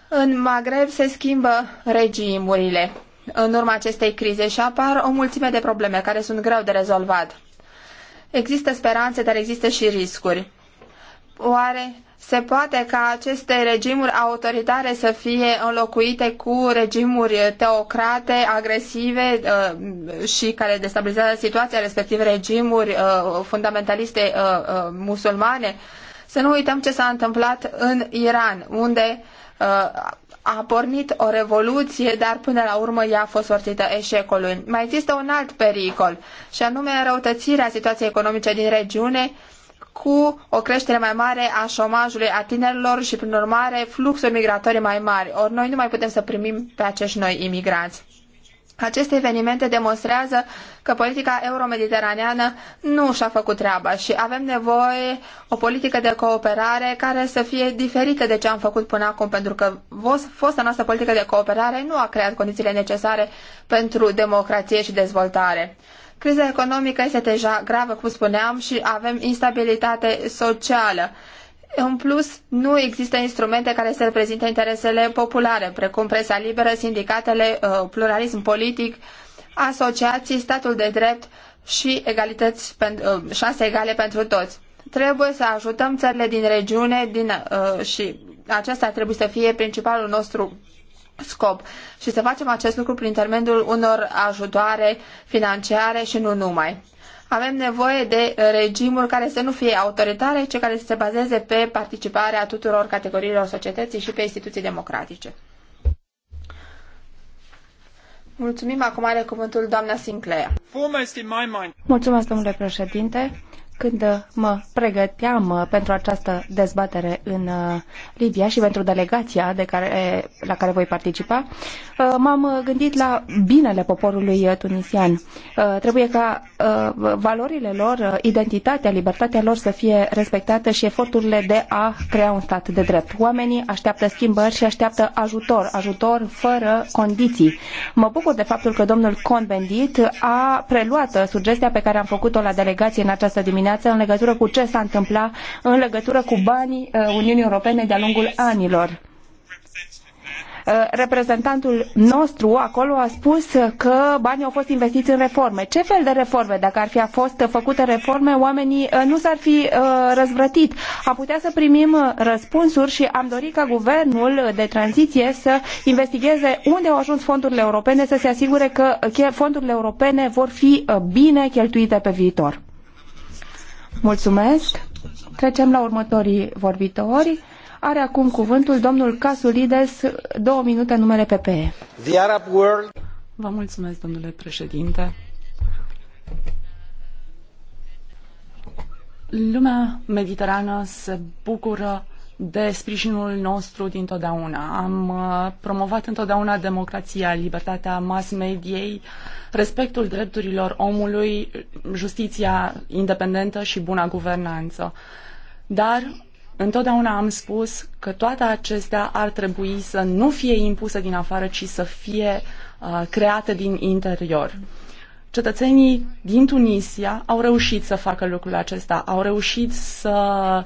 În Maghreb se schimbă regimurile. În urma acestei crize și apar o mulțime de probleme care sunt greu de rezolvat. Există speranțe, dar există și riscuri. Oare se poate ca aceste regimuri autoritare să fie înlocuite cu regimuri teocrate, agresive uh, și care destabilizează situația, respectiv regimuri uh, fundamentaliste uh, musulmane? Să nu uităm ce s-a întâmplat în Iran, unde a pornit o revoluție, dar până la urmă ea a fost sortită eșecului. Mai există un alt pericol, și anume răutățirea situației economice din regiune cu o creștere mai mare a șomajului a tinerilor și, prin urmare, fluxuri migratorii mai mari. Ori noi nu mai putem să primim pe acești noi imigranți. Aceste evenimente demonstrează că politica euromediteraneană nu și-a făcut treaba și avem nevoie o politică de cooperare care să fie diferită de ce am făcut până acum, pentru că fosta noastră politică de cooperare nu a creat condițiile necesare pentru democrație și dezvoltare. Criza economică este deja gravă, cum spuneam, și avem instabilitate socială în plus, nu există instrumente care să reprezinte interesele populare, precum presa liberă, sindicatele, uh, pluralism politic, asociații, statul de drept și egalități, uh, șanse egale pentru toți. Trebuie să ajutăm țările din regiune din, uh, și acesta trebuie să fie principalul nostru scop și să facem acest lucru prin intermediul unor ajutoare financiare și nu numai. Avem nevoie de uh, regimuri care să nu fie autoritare, ci care să se bazeze pe participarea tuturor categoriilor societății și pe instituții democratice. Mulțumim, acum are cuvântul doamna Sinclair. Mulțumesc, domnule președinte. Când uh, mă pregăteam uh, pentru această dezbatere în Libia și pentru delegația de care, la care voi participa, m-am gândit la binele poporului tunisian. Uh, trebuie ca uh, valorile lor, uh, identitatea, libertatea lor să fie respectată și eforturile de a crea un stat de drept. Oamenii așteaptă schimbări și așteaptă ajutor, ajutor fără condiții. Mă bucur de faptul că domnul Bendit a preluat sugestia pe care am făcut-o la delegație în această dimineață în legătură cu ce s-a întâmplat în legătură cu banii Uniunii Europene de-a lungul anilor Uh, reprezentantul nostru acolo a spus că banii au fost investiți în reforme. Ce fel de reforme? Dacă ar fi fost făcute reforme, oamenii uh, nu s-ar fi uh, răzvrătit. Am putea să primim răspunsuri și am dorit ca guvernul de tranziție să investigheze unde au ajuns fondurile europene, să se asigure că fondurile europene vor fi bine cheltuite pe viitor. Mulțumesc. Trecem la următorii vorbitori. Are acum cuvântul domnul Casulides, două minute numele PPE. The Arab World... Vă mulțumesc, domnule președinte. Lumea mediterană se bucură de sprijinul nostru dintotdeauna. Am uh, promovat întotdeauna democrația, libertatea mass mediei, respectul drepturilor omului, justiția independentă și buna guvernanță. Dar Întotdeauna am spus că toate acestea ar trebui să nu fie impuse din afară, ci să fie uh, create din interior. Cetățenii din Tunisia au reușit să facă lucrul acesta, au reușit să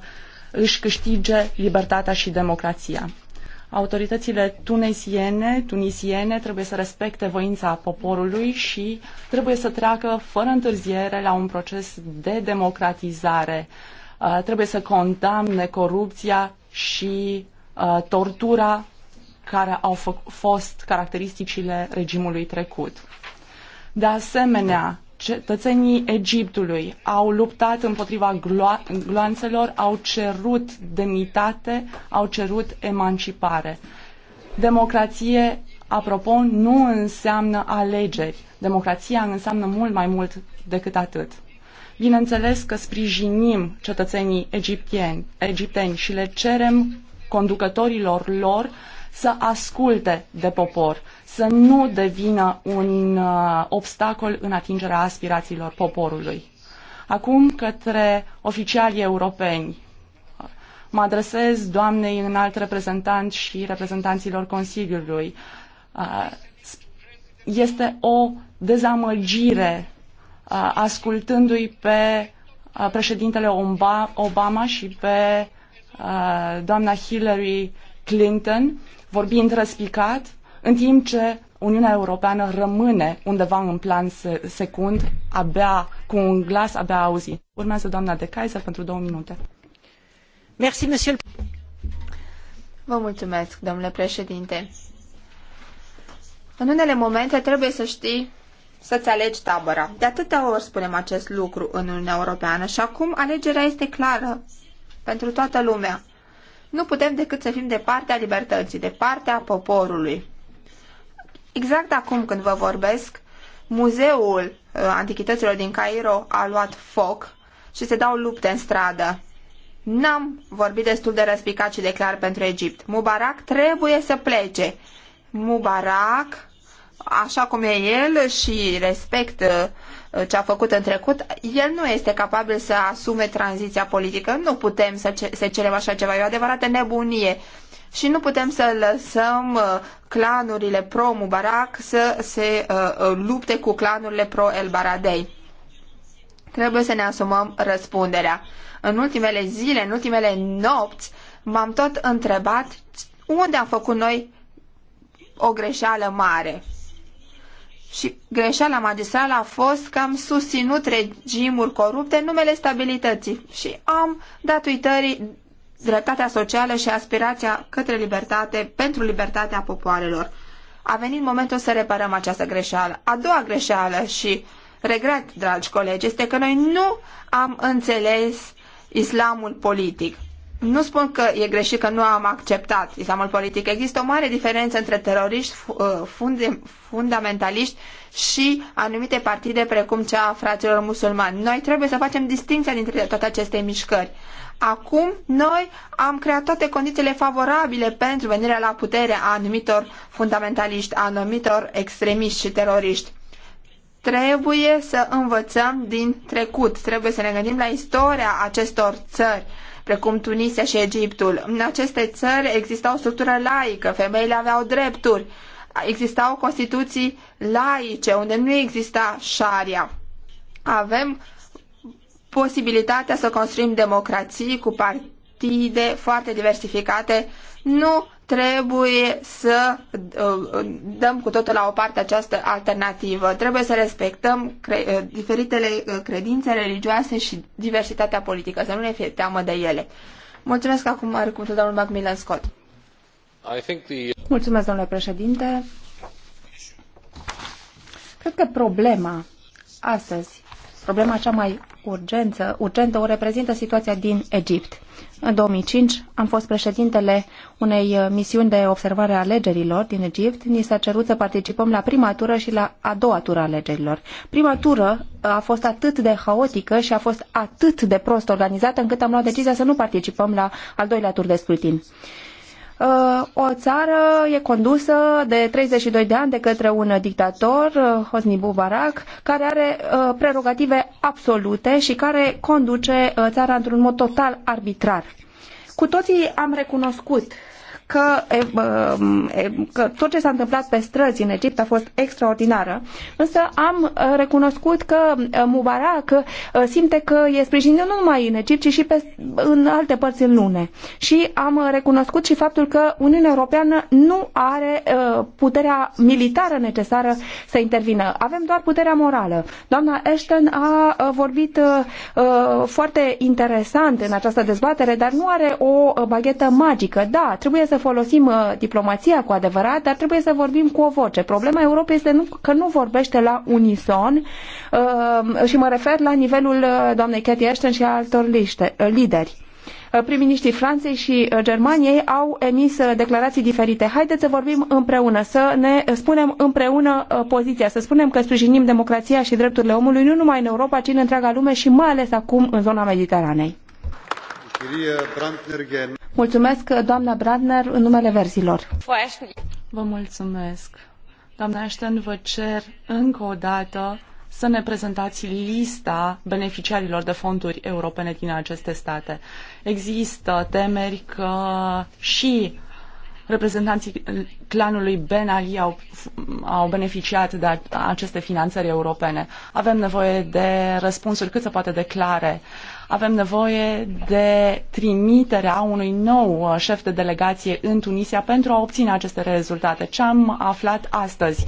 își câștige libertatea și democrația. Autoritățile tunisiene, tunisiene trebuie să respecte voința poporului și trebuie să treacă fără întârziere la un proces de democratizare uh, Uh, trebuie să condamne corupția și uh, tortura care au fost caracteristicile regimului trecut. De asemenea, cetățenii Egiptului au luptat împotriva glo- gloanțelor, au cerut demnitate, au cerut emancipare. Democrație, apropo, nu înseamnă alegeri. Democrația înseamnă mult mai mult decât atât. Bineînțeles că sprijinim cetățenii egipteni, egipteni și le cerem conducătorilor lor să asculte de popor, să nu devină un uh, obstacol în atingerea aspirațiilor poporului. Acum către oficialii europeni. Mă adresez doamnei înalt reprezentant și reprezentanților Consiliului. Uh, este o dezamăgire ascultându-i pe președintele Obama și pe doamna Hillary Clinton, vorbind răspicat, în timp ce Uniunea Europeană rămâne undeva în plan secund, abia cu un glas abia auzit. Urmează doamna de Kaiser pentru două minute. Merci, monsieur. Vă mulțumesc, domnule președinte. În unele momente trebuie să știi să-ți alegi tabăra. De atâtea ori spunem acest lucru în Uniunea Europeană și acum alegerea este clară pentru toată lumea. Nu putem decât să fim de partea libertății, de partea poporului. Exact acum când vă vorbesc, muzeul uh, antichităților din Cairo a luat foc și se dau lupte în stradă. N-am vorbit destul de răspicat și de clar pentru Egipt. Mubarak trebuie să plece. Mubarak așa cum e el și respect uh, ce a făcut în trecut, el nu este capabil să asume tranziția politică. Nu putem să, ce- să cerem așa ceva. E o adevărată nebunie. Și nu putem să lăsăm uh, clanurile pro-Mubarak să se uh, uh lupte cu clanurile pro-El Baradei. Trebuie să ne asumăm răspunderea. În ultimele zile, în ultimele nopți, m-am tot întrebat unde am făcut noi o greșeală mare și greșeala magistrală a fost că am susținut regimuri corupte în numele stabilității și am dat uitării dreptatea socială și aspirația către libertate pentru libertatea popoarelor. A venit momentul să reparăm această greșeală. A doua greșeală și regret, dragi colegi, este că noi nu am înțeles islamul politic. Nu spun că e greșit că nu am acceptat islamul politic. Există o mare diferență între teroriști uh, funde, fundamentaliști și anumite partide precum cea a fraților musulmani. Noi trebuie să facem distinția dintre toate aceste mișcări. Acum noi am creat toate condițiile favorabile pentru venirea la putere a anumitor fundamentaliști, a anumitor extremiști și teroriști. Trebuie să învățăm din trecut, trebuie să ne gândim la istoria acestor țări precum Tunisia și Egiptul. În aceste țări exista o structură laică, femeile aveau drepturi, existau constituții laice, unde nu exista șaria. Avem posibilitatea să construim democrații cu partide foarte diversificate, nu trebuie să uh, dăm cu totul la o parte această alternativă. Trebuie să respectăm cre uh, diferitele uh, credințe religioase și diversitatea politică, să nu ne fie teamă de ele. Mulțumesc acum are domnul Macmillan Scott. The... Mulțumesc, domnule președinte. Cred că problema astăzi, problema cea mai urgență, urgentă o reprezintă situația din Egipt. În 2005 am fost președintele unei uh, misiuni de observare a alegerilor din Egipt. Ni s-a cerut să participăm la prima tură și la a doua tură a alegerilor. Prima tură uh, a fost atât de haotică și a fost atât de prost organizată încât am luat decizia să nu participăm la al doilea tur de scrutin. Uh, o țară e condusă de 32 de ani de către un dictator, uh, Hosni Mubarak, care are uh, prerogative absolute și care conduce țara într-un mod total arbitrar. Cu toții am recunoscut că, că tot ce s-a întâmplat pe străzi în Egipt a fost extraordinară, însă am uh, recunoscut că uh, Mubarak uh, simte că e sprijinit nu numai în Egipt, ci și pe, în alte părți în lume. Și am recunoscut și faptul că Uniunea Europeană nu are puterea militară necesară să intervină. Avem doar puterea morală. Doamna Ashton a vorbit foarte interesant în această dezbatere, dar nu are o baghetă magică. Da, trebuie să să folosim uh, diplomația cu adevărat, dar trebuie să vorbim cu o voce. Problema Europei este că nu vorbește la unison uh, și mă refer la nivelul uh, doamnei Cathy Ashton și a altor liște, lideri prim-ministrii Franței și Germaniei au emis declarații diferite. Haideți să vorbim împreună, să ne spunem împreună poziția, să spunem că sprijinim democrația și drepturile omului nu numai în Europa, ci în întreaga lume și mai ales acum în zona Mediteranei. Mulțumesc, doamna Brandner, în numele verzilor. Vă mulțumesc. Doamna Ashton, vă cer încă o dată să ne prezentați lista beneficiarilor de fonduri europene din aceste state. Există temeri că și uh, reprezentanții clanului Ben Ali au, au beneficiat de aceste finanțări europene. Avem nevoie de răspunsuri cât se poate de clare. Avem nevoie de trimiterea unui nou uh, șef de delegație în Tunisia pentru a obține aceste rezultate. Ce am aflat astăzi?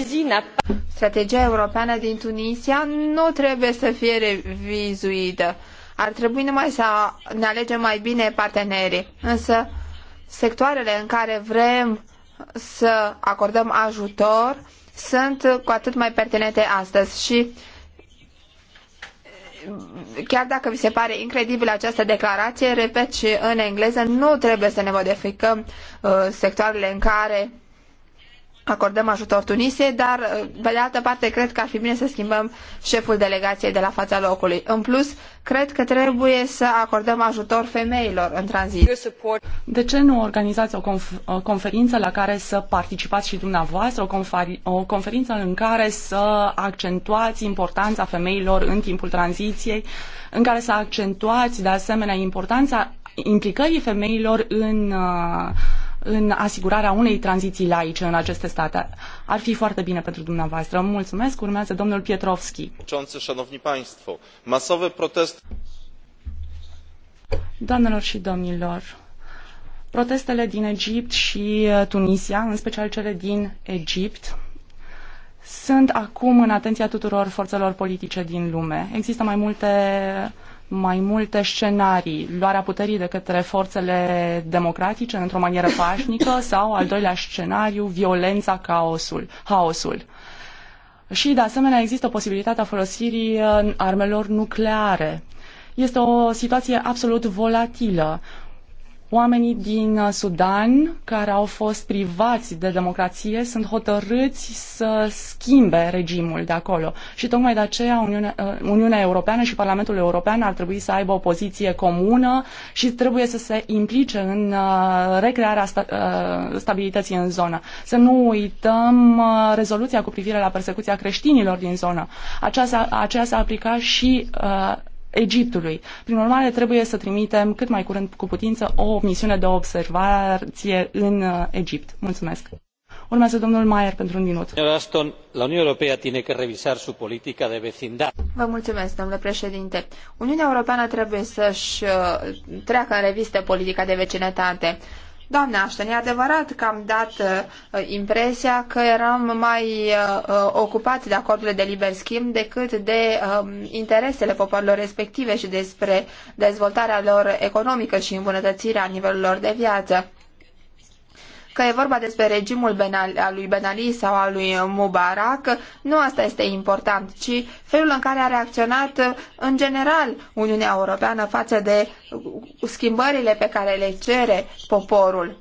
Strategia europeană din Tunisia nu trebuie să fie revizuită. Ar trebui numai să ne alegem mai bine partenerii. Însă, sectoarele în care vrem să acordăm ajutor sunt cu atât mai pertinente astăzi și eh, chiar dacă vi se pare incredibilă această declarație, repet și în engleză, nu trebuie să ne modificăm uh, sectoarele în care acordăm ajutor Tunisiei, dar uh, pe de altă parte cred că ar fi bine să schimbăm șeful delegației de la fața locului. În plus, cred că trebuie să acordăm ajutor femeilor în tranzit. De ce nu organizați o, conf- o conferință la care să participați și dumneavoastră, o, o conferință în care să accentuați importanța femeilor în timpul tranziției, în care să accentuați de asemenea importanța implicării femeilor în uh, în asigurarea unei tranziții laice în aceste state. Ar fi foarte bine pentru dumneavoastră. Mulțumesc. Urmează domnul Pietrovski. Doamnelor și domnilor, protestele din Egipt și uh, Tunisia, în special cele din Egipt, sunt acum în atenția tuturor forțelor politice din lume. Există mai multe mai multe scenarii. Luarea puterii de către forțele democratice într-o manieră pașnică sau, al doilea scenariu, violența, caosul, haosul. Și, de asemenea, există posibilitatea folosirii uh, armelor nucleare. Este o situație absolut volatilă. Oamenii din uh, Sudan care au fost privați de democrație sunt hotărâți să schimbe regimul de acolo și tocmai de aceea Uniunea, uh, Uniunea Europeană și Parlamentul European ar trebui să aibă o poziție comună și trebuie să se implice în uh, recrearea sta, stabilității în zonă. Să nu uităm rezoluția cu privire la persecuția creștinilor din zonă. Aceea, s-a aplica și Egiptului. Prin urmare, trebuie să trimitem cât mai curând cu putință o misiune de observație în uh, Egipt. Mulțumesc. Urmează domnul Mayer pentru un minut. Aston, la Uniunea Europeană trebuie să revisar su politica de vecindat. Vă mulțumesc, domnule președinte. Uniunea Europeană trebuie să-și uh, treacă în revistă politica de vecinătate. Doamne, așa, e adevărat că am dat uh, impresia că eram mai uh, ocupați de acordurile de liber schimb decât de uh, interesele popoarelor respective și despre dezvoltarea lor economică și îmbunătățirea nivelurilor de viață că e vorba despre regimul al lui Ben Ali sau al lui Mubarak, nu asta este important, ci felul în care a reacționat în general Uniunea Europeană față de schimbările pe care le cere poporul.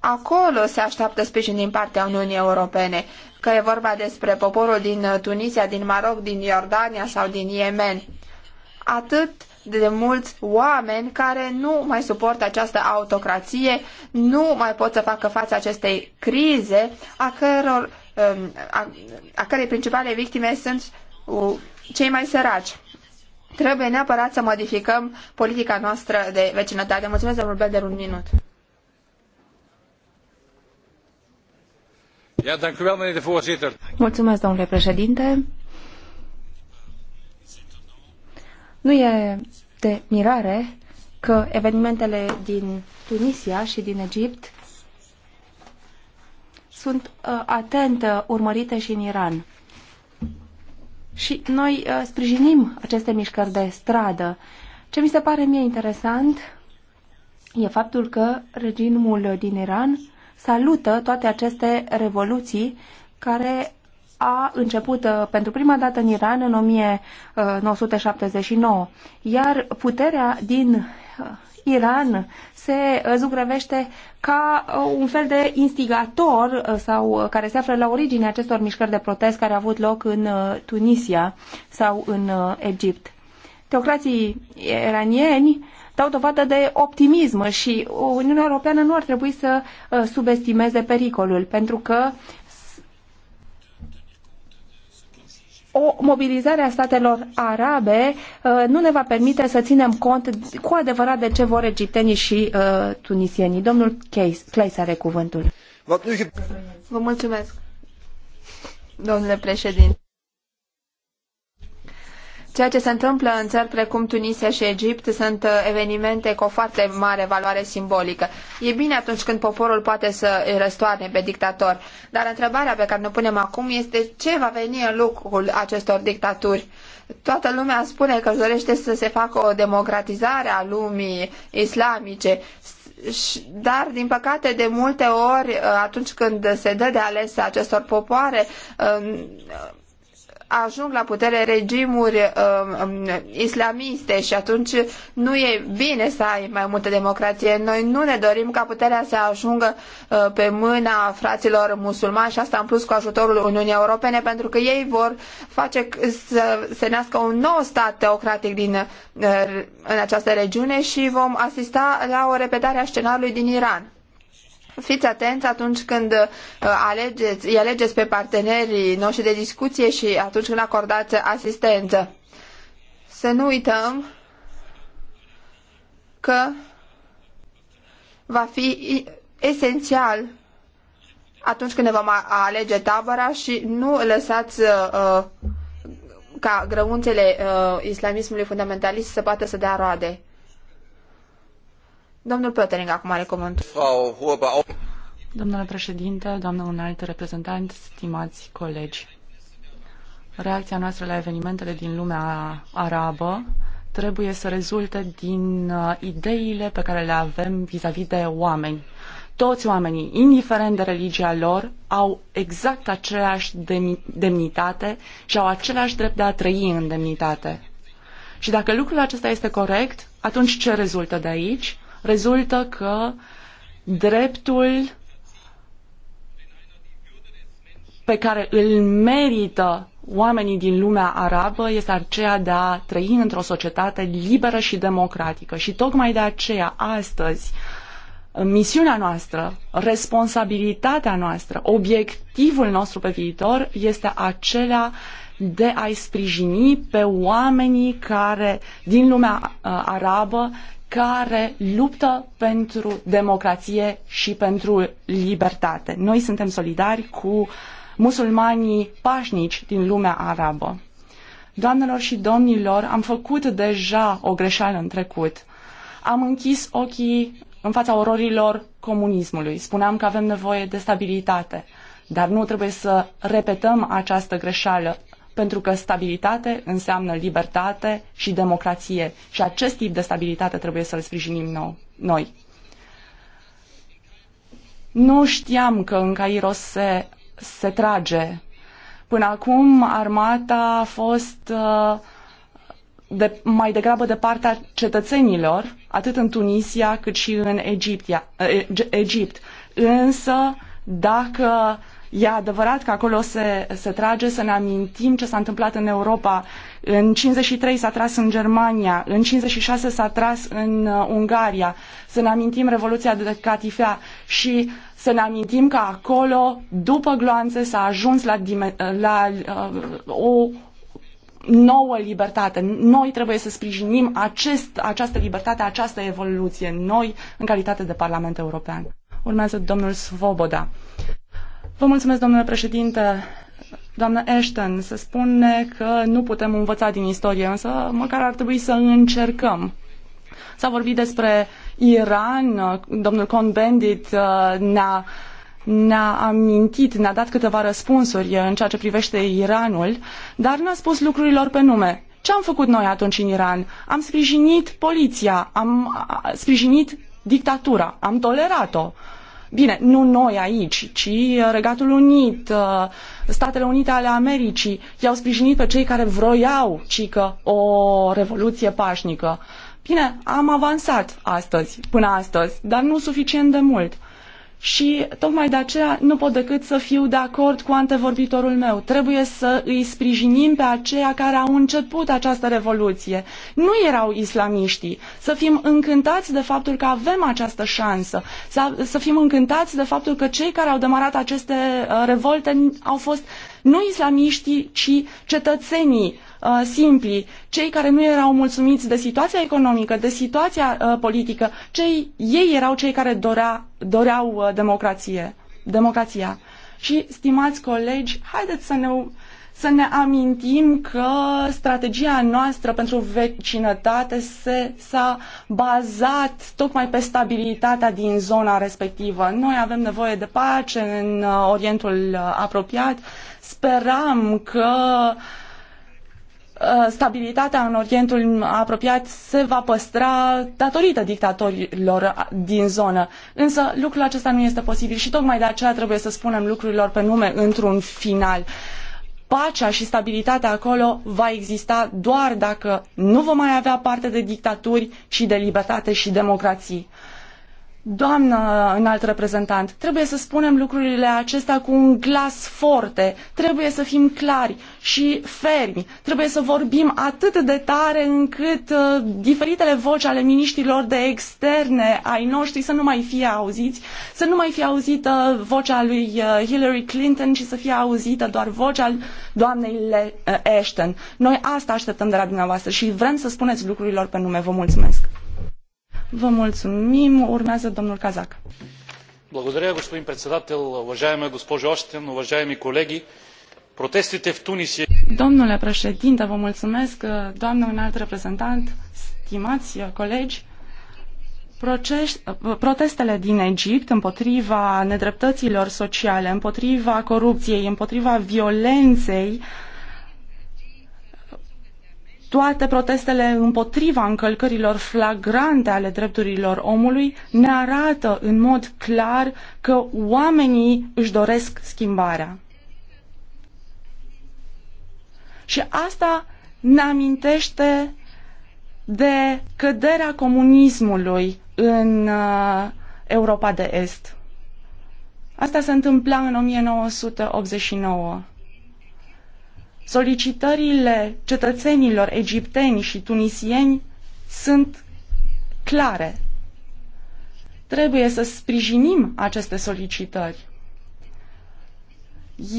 Acolo se așteaptă sprijin din partea Uniunii Europene, că e vorba despre poporul din Tunisia, din Maroc, din Iordania sau din Yemen. Atât de mulți oameni care nu mai suportă această autocrație, nu mai pot să facă față acestei crize, a, căror, um, a, a cărei principale victime sunt cei mai săraci. Trebuie neapărat să modificăm politica noastră de vecinătate. Mulțumesc, domnul Belder, un minut. Mulțumesc, domnule președinte. Nu e de mirare că evenimentele din Tunisia și din Egipt sunt uh, atent uh, urmărite și în Iran. Și noi uh, sprijinim aceste mișcări de stradă. Ce mi se pare mie interesant e faptul că regimul din Iran salută toate aceste revoluții care a început uh, pentru prima dată în Iran în 1979, uh, iar puterea din uh, Iran se zugrăvește ca un fel de instigator sau care se află la originea acestor mișcări de protest care au avut loc în Tunisia sau în Egipt. Teocrații iranieni dau dovadă de optimism și Uniunea Europeană nu ar trebui să subestimeze pericolul, pentru că o mobilizare a statelor arabe uh, nu ne va permite să ținem cont cu adevărat de ce vor egiptenii și uh, tunisienii. Domnul Clay are cuvântul. Vă mulțumesc, domnule președinte. Ceea ce se întâmplă în țări precum Tunisia și Egipt sunt uh, evenimente cu o foarte mare valoare simbolică. E bine atunci când poporul poate să îi răstoarne pe dictator, dar întrebarea pe care ne punem acum este ce va veni în locul acestor dictaturi. Toată lumea spune că dorește să se facă o democratizare a lumii islamice, dar, din păcate, de multe ori, uh, atunci când se dă de ales acestor popoare, uh, ajung la putere regimuri um, um, islamiste și atunci nu e bine să ai mai multă democrație. Noi nu ne dorim ca puterea să ajungă uh, pe mâna fraților musulmani și asta în plus cu ajutorul Uniunii Europene pentru că ei vor face să se nască un nou stat teocratic din, uh, în această regiune și vom asista la o repetare a scenariului din Iran. Fiți atenți atunci când uh, alegeți, îi alegeți pe partenerii noștri de discuție și atunci când acordați asistență. Să nu uităm că va fi esențial atunci când ne vom alege tabăra și nu lăsați uh, uh, ca grăunțele uh, islamismului fundamentalist să poată să dea roade. Domnul Pötering acum are cuvânt. Domnule președinte, doamnă înalt reprezentant, stimați colegi. Reacția noastră la evenimentele din lumea arabă trebuie să rezulte din uh, ideile pe care le avem vis a -vis de oameni. Toți oamenii, indiferent de religia lor, au exact aceeași demnitate și au același drept de a trăi în demnitate. Și dacă lucrul acesta este corect, atunci ce rezultă de aici? rezultă că dreptul pe care îl merită oamenii din lumea arabă este aceea de a trăi într-o societate liberă și democratică. Și tocmai de aceea, astăzi, misiunea noastră, responsabilitatea noastră, obiectivul nostru pe viitor este acela de a-i sprijini pe oamenii care din lumea uh, arabă care luptă pentru democrație și pentru libertate. Noi suntem solidari cu musulmanii pașnici din lumea arabă. Doamnelor și domnilor, am făcut deja o greșeală în trecut. Am închis ochii în fața ororilor comunismului. Spuneam că avem nevoie de stabilitate. Dar nu trebuie să repetăm această greșeală pentru că stabilitate înseamnă libertate și democrație și acest tip de stabilitate trebuie să-l sprijinim noi. Nu știam că în Cairo se, se trage. Până acum armata a fost uh, de, mai degrabă de partea cetățenilor, atât în Tunisia cât și în Egiptia, uh, Egipt. Însă, dacă E adevărat că acolo se, se trage să ne amintim ce s-a întâmplat în Europa. În 53 s-a tras în Germania, în 56 s-a tras în uh, Ungaria. Să ne amintim Revoluția de Catifea și să ne amintim că acolo, după gloanțe, s-a ajuns la, uh, la uh, o nouă libertate. Noi trebuie să sprijinim acest, această libertate, această evoluție, noi, în calitate de Parlament European. Urmează domnul Svoboda. Vă mulțumesc, domnule președinte. Doamnă Ashton, se spune că nu putem învăța din istorie, însă măcar ar trebui să încercăm. S-a vorbit despre Iran, domnul Cohn-Bendit uh, ne-a ne-a amintit, ne-a dat câteva răspunsuri în ceea ce privește Iranul, dar n-a spus lucrurilor pe nume. Ce am făcut noi atunci în Iran? Am sprijinit poliția, am sprijinit dictatura, am tolerat-o. Bine, nu noi aici, ci uh, Regatul Unit, uh, Statele Unite ale Americii i-au sprijinit pe cei care vroiau, ci că o revoluție pașnică. Bine, am avansat astăzi, până astăzi, dar nu suficient de mult și tocmai de aceea nu pot decât să fiu de acord cu antevorbitorul meu. Trebuie să îi sprijinim pe aceia care au început această revoluție. Nu erau islamiștii. Să fim încântați de faptul că avem această șansă. Să, să fim încântați de faptul că cei care au demarat aceste uh, revolte au fost nu islamiștii, ci cetățenii Uh, simpli, cei care nu erau mulțumiți de situația economică, de situația uh, politică, cei, ei erau cei care dorea, doreau uh, democrație, democrația. Și, stimați colegi, haideți să ne, să ne amintim că strategia noastră pentru vecinătate se, s-a bazat tocmai pe stabilitatea din zona respectivă. Noi avem nevoie de pace în uh, Orientul uh, apropiat. Speram că uh, Uh, stabilitatea în Orientul apropiat se va păstra datorită dictatorilor din zonă. Însă lucrul acesta nu este posibil și tocmai de aceea trebuie să spunem lucrurilor pe nume într-un final. Pacea și stabilitatea acolo va exista doar dacă nu vom mai avea parte de dictaturi, ci de libertate și democrații. Doamnă înalt reprezentant, trebuie să spunem lucrurile acestea cu un glas forte, trebuie să fim clari și fermi, trebuie să vorbim atât de tare încât uh, diferitele voci ale miniștrilor de externe ai noștri să nu mai fie auziți, să nu mai fie auzită vocea lui uh, Hillary Clinton, ci să fie auzită doar vocea doamnei Le- uh, Ashton. Noi asta așteptăm de la dumneavoastră și vrem să spuneți lucrurilor pe nume. Vă mulțumesc! Vă mulțumim. Urmează domnul Kazak. Благодаря, господин председател. Уважаема госпожо Остин, уважаеми колеги, протестите в Tunisie... Domnule președinte, vă mulțumesc, doamnă înalt reprezentant, stimați colegi. Protestele din Egipt împotriva nedreptăților sociale, împotriva corupției, împotriva violenței uh, toate protestele împotriva încălcărilor flagrante ale drepturilor omului ne arată în mod clar că oamenii își doresc schimbarea. Și asta ne amintește de căderea comunismului în uh, Europa de Est. Asta se întâmpla în 1989. Solicitările cetățenilor egipteni și tunisieni sunt clare. Trebuie să sprijinim aceste solicitări.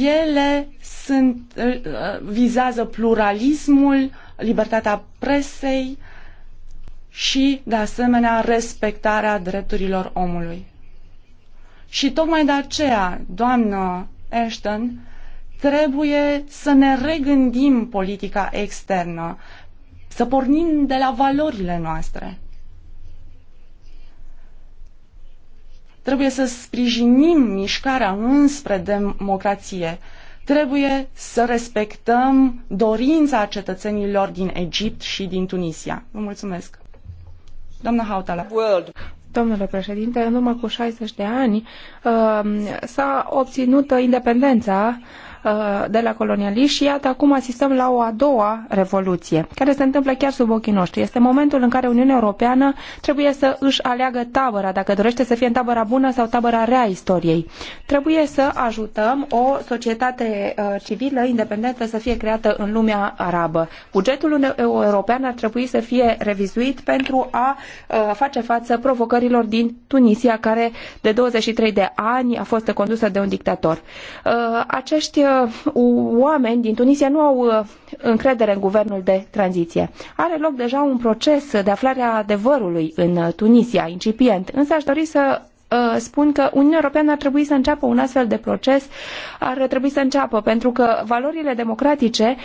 Ele sunt, vizează pluralismul, libertatea presei și, de asemenea, respectarea drepturilor omului. Și tocmai de aceea, doamnă Ashton, Trebuie să ne regândim politica externă, să pornim de la valorile noastre. Trebuie să sprijinim mișcarea înspre democrație. Trebuie să respectăm dorința cetățenilor din Egipt și din Tunisia. Vă mulțumesc. Doamna Hautala. World. Domnule președinte, în urmă cu 60 de ani uh, s-a obținut independența Uh, de la colonialiști și iată acum asistăm la o a doua revoluție, care se întâmplă chiar sub ochii noștri. Este momentul în care Uniunea Europeană trebuie să își aleagă tabăra, dacă dorește să fie în tabăra bună sau tabăra rea istoriei. Trebuie să ajutăm o societate uh, civilă independentă să fie creată în lumea arabă. Bugetul european ar trebui să fie revizuit pentru a uh, face față provocărilor din Tunisia, care de 23 de ani a fost condusă de un dictator. Acești oameni din Tunisia nu au uh, încredere în guvernul de tranziție. Are loc deja un proces de aflare a adevărului în uh, Tunisia, incipient, însă aș dori să uh, spun că Uniunea Europeană ar trebui să înceapă un astfel de proces, ar trebui să înceapă, pentru că valorile democratice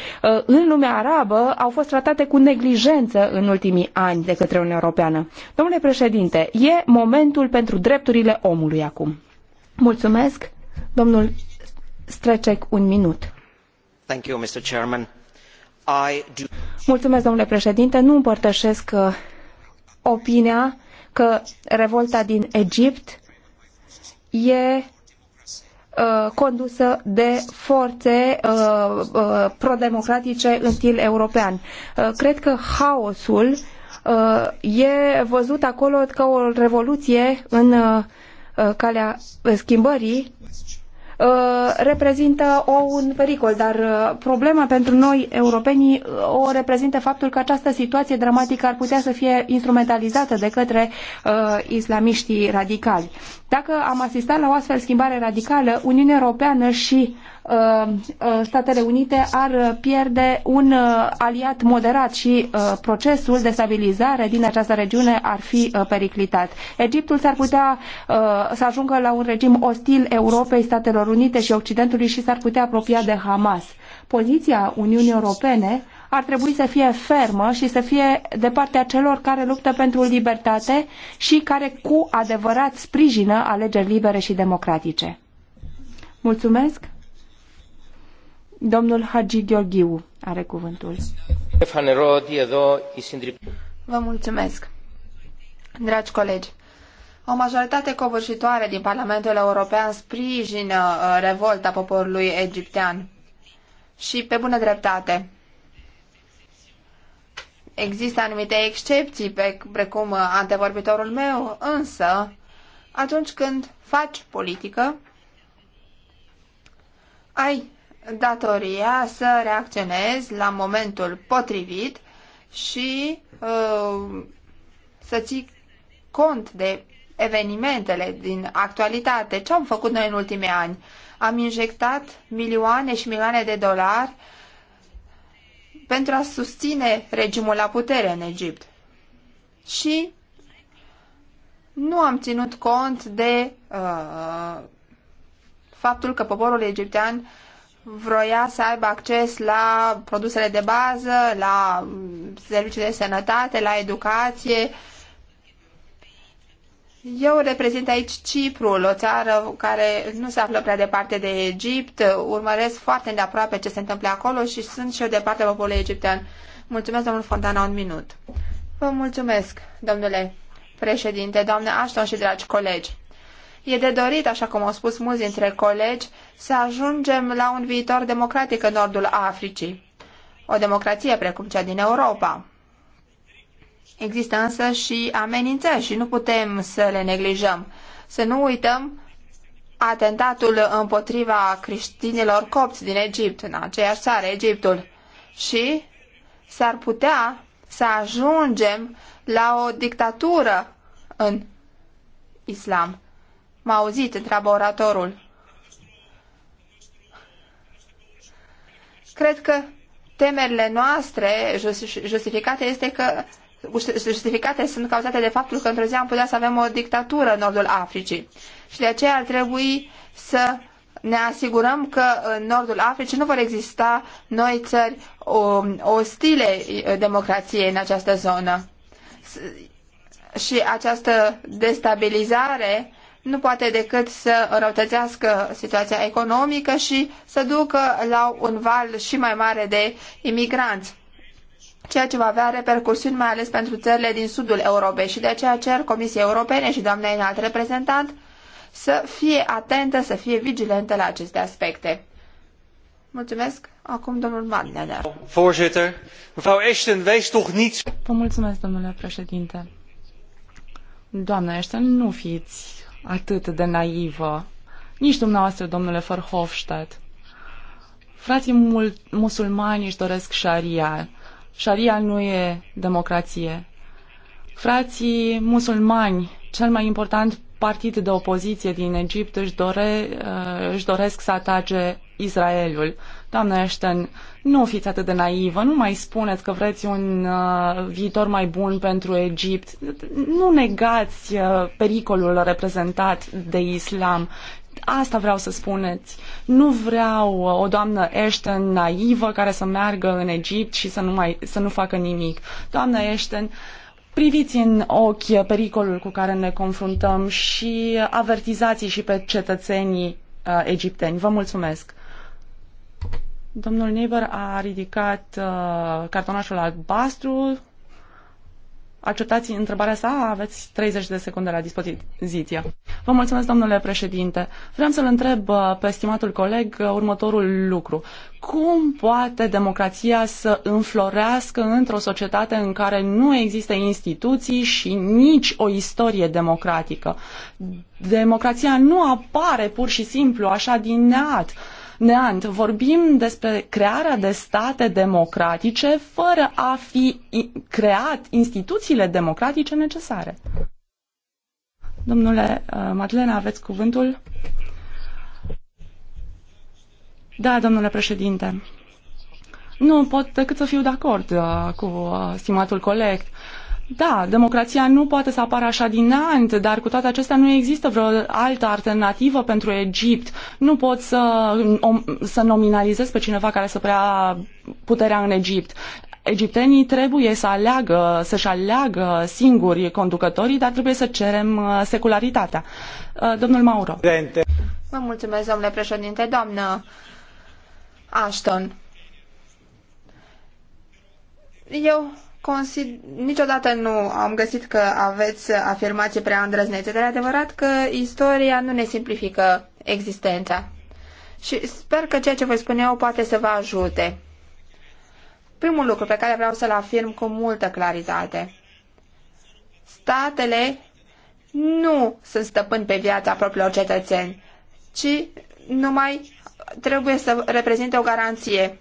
în lumea arabă au fost tratate cu neglijență în ultimii ani de către Uniunea Europeană. Domnule președinte, e momentul pentru drepturile omului acum. Mulțumesc, domnul Strecek, un minut. Thank you, Mr. Chairman. I do... Mulțumesc, domnule președinte. Nu împărtășesc uh, opinia că revolta din Egipt e uh, condusă de forțe uh, uh, pro-democratice în stil european. Uh, cred că haosul uh, e văzut acolo ca o revoluție în calea schimbării Uh, reprezintă o, un pericol, dar uh, problema pentru noi europenii uh, o reprezintă faptul că această situație dramatică ar putea să fie instrumentalizată de către uh, islamiștii radicali. Dacă am asistat la o astfel schimbare radicală, Uniunea Europeană și uh, Uh, uh, Statele Unite ar pierde un uh, aliat moderat și procesul de stabilizare din această regiune ar fi periclitat. Egiptul s-ar putea să ajungă la un regim ostil Europei, Statelor Unite și Occidentului și s-ar putea apropia de Hamas. Poziția Uniunii Europene ar trebui să fie fermă și să fie de partea celor care luptă pentru libertate și care cu adevărat sprijină alegeri libere și democratice. Mulțumesc! Domnul Hagi Gheorghiu are cuvântul. Vă mulțumesc. Dragi colegi, o majoritate covârșitoare din Parlamentul European sprijină uh, revolta poporului egiptean. Și pe bună dreptate. Există anumite excepții, precum uh, antevorbitorul meu, însă atunci când faci politică, ai datoria să reacționezi la momentul potrivit și uh, să ții cont de evenimentele din actualitate. Ce am făcut noi în ultimii ani? Am injectat milioane și milioane de dolari pentru a susține regimul la putere în Egipt. Și nu am ținut cont de uh, faptul că poporul egiptean vroia să aibă acces la produsele de bază, la servicii de sănătate, la educație. Eu reprezint aici Ciprul, o țară care nu se află prea departe de Egipt. Urmăresc foarte îndeaproape ce se întâmplă acolo și sunt și eu de partea poporului egiptean. Mulțumesc, domnul Fontana, un minut. Vă mulțumesc, domnule președinte, doamne Ashton și dragi colegi. E de dorit, așa cum au spus mulți dintre colegi, să ajungem la un viitor democratic în nordul Africii. O democrație precum cea din Europa. Există însă și amenințări și nu putem să le neglijăm. Să nu uităm atentatul împotriva creștinilor copți din Egipt, în aceeași țară, Egiptul. Și s-ar putea să ajungem la o dictatură în islam. M-a auzit, întreabă oratorul. Cred că temerile noastre justificate este că justificate sunt cauzate de faptul că într-o zi am putea să avem o dictatură în nordul Africii. Și de aceea ar trebui să ne asigurăm că în nordul Africii nu vor exista noi țări um, ostile uh, democrației în această zonă. Și această destabilizare nu poate decât să răutățească situația economică și să ducă la un val și mai mare de imigranți ceea ce va avea repercusiuni mai ales pentru țările din sudul Europei și de aceea cer Comisiei Europene și doamnei înalt reprezentant să fie atentă, să fie vigilentă la aceste aspecte. Mulțumesc. Acum domnul Madlener. Voorzitter, mevrouw Ashton, wees toch niet... Vă mulțumesc, domnule președinte. Doamna Ashton, nu fiți atât de naivă. Nici dumneavoastră, domnule Verhofstadt. Frații mul- musulmani își doresc șaria. Șaria nu e democrație. Frații musulmani, cel mai important partid de opoziție din Egipt, își, dore, uh, își doresc să atace Israelul. Doamne Ashton, nu fiți atât de naivă, nu mai spuneți că vreți un uh, viitor mai bun pentru Egipt. Nu negați uh, pericolul reprezentat de islam. Asta vreau să spuneți. Nu vreau uh, o doamnă Ashton naivă care să meargă în Egipt și să nu, mai, să nu facă nimic. Doamnă Ashton, priviți în ochi pericolul cu care ne confruntăm și avertizați și pe cetățenii uh, egipteni. Vă mulțumesc! Domnul Neighbor a ridicat uh, cartonașul albastru. Acceptați întrebarea sa? Aveți 30 de secunde la dispoziție. Vă mulțumesc, domnule președinte. Vreau să-l întreb uh, pe stimatul coleg uh, următorul lucru. Cum poate democrația să înflorească într-o societate în care nu există instituții și nici o istorie democratică? Democrația nu apare pur și simplu așa din neat neant. Vorbim despre crearea de state democratice fără a fi creat instituțiile democratice necesare. Domnule uh, Madlena, aveți cuvântul? Da, domnule președinte. Nu pot decât să fiu de acord uh, cu uh, stimatul coleg. Da, democrația nu poate să apară așa din ant, dar cu toate acestea nu există vreo altă alternativă pentru Egipt. Nu pot să, să nominalizez pe cineva care să prea puterea în Egipt. Egiptenii trebuie să aleagă, să-și aleagă singuri conducătorii, dar trebuie să cerem uh, secularitatea. Uh, domnul Mauro. Vă mulțumesc, domnule președinte. Doamnă Ashton, eu consid- niciodată nu am găsit că aveți afirmații prea îndrăznețe, dar e adevărat că istoria nu ne simplifică existența. Și sper că ceea ce voi spune eu poate să vă ajute. Primul lucru pe care vreau să-l afirm cu multă claritate. Statele nu sunt stăpâni pe viața propriilor cetățeni, ci numai trebuie să reprezinte o garanție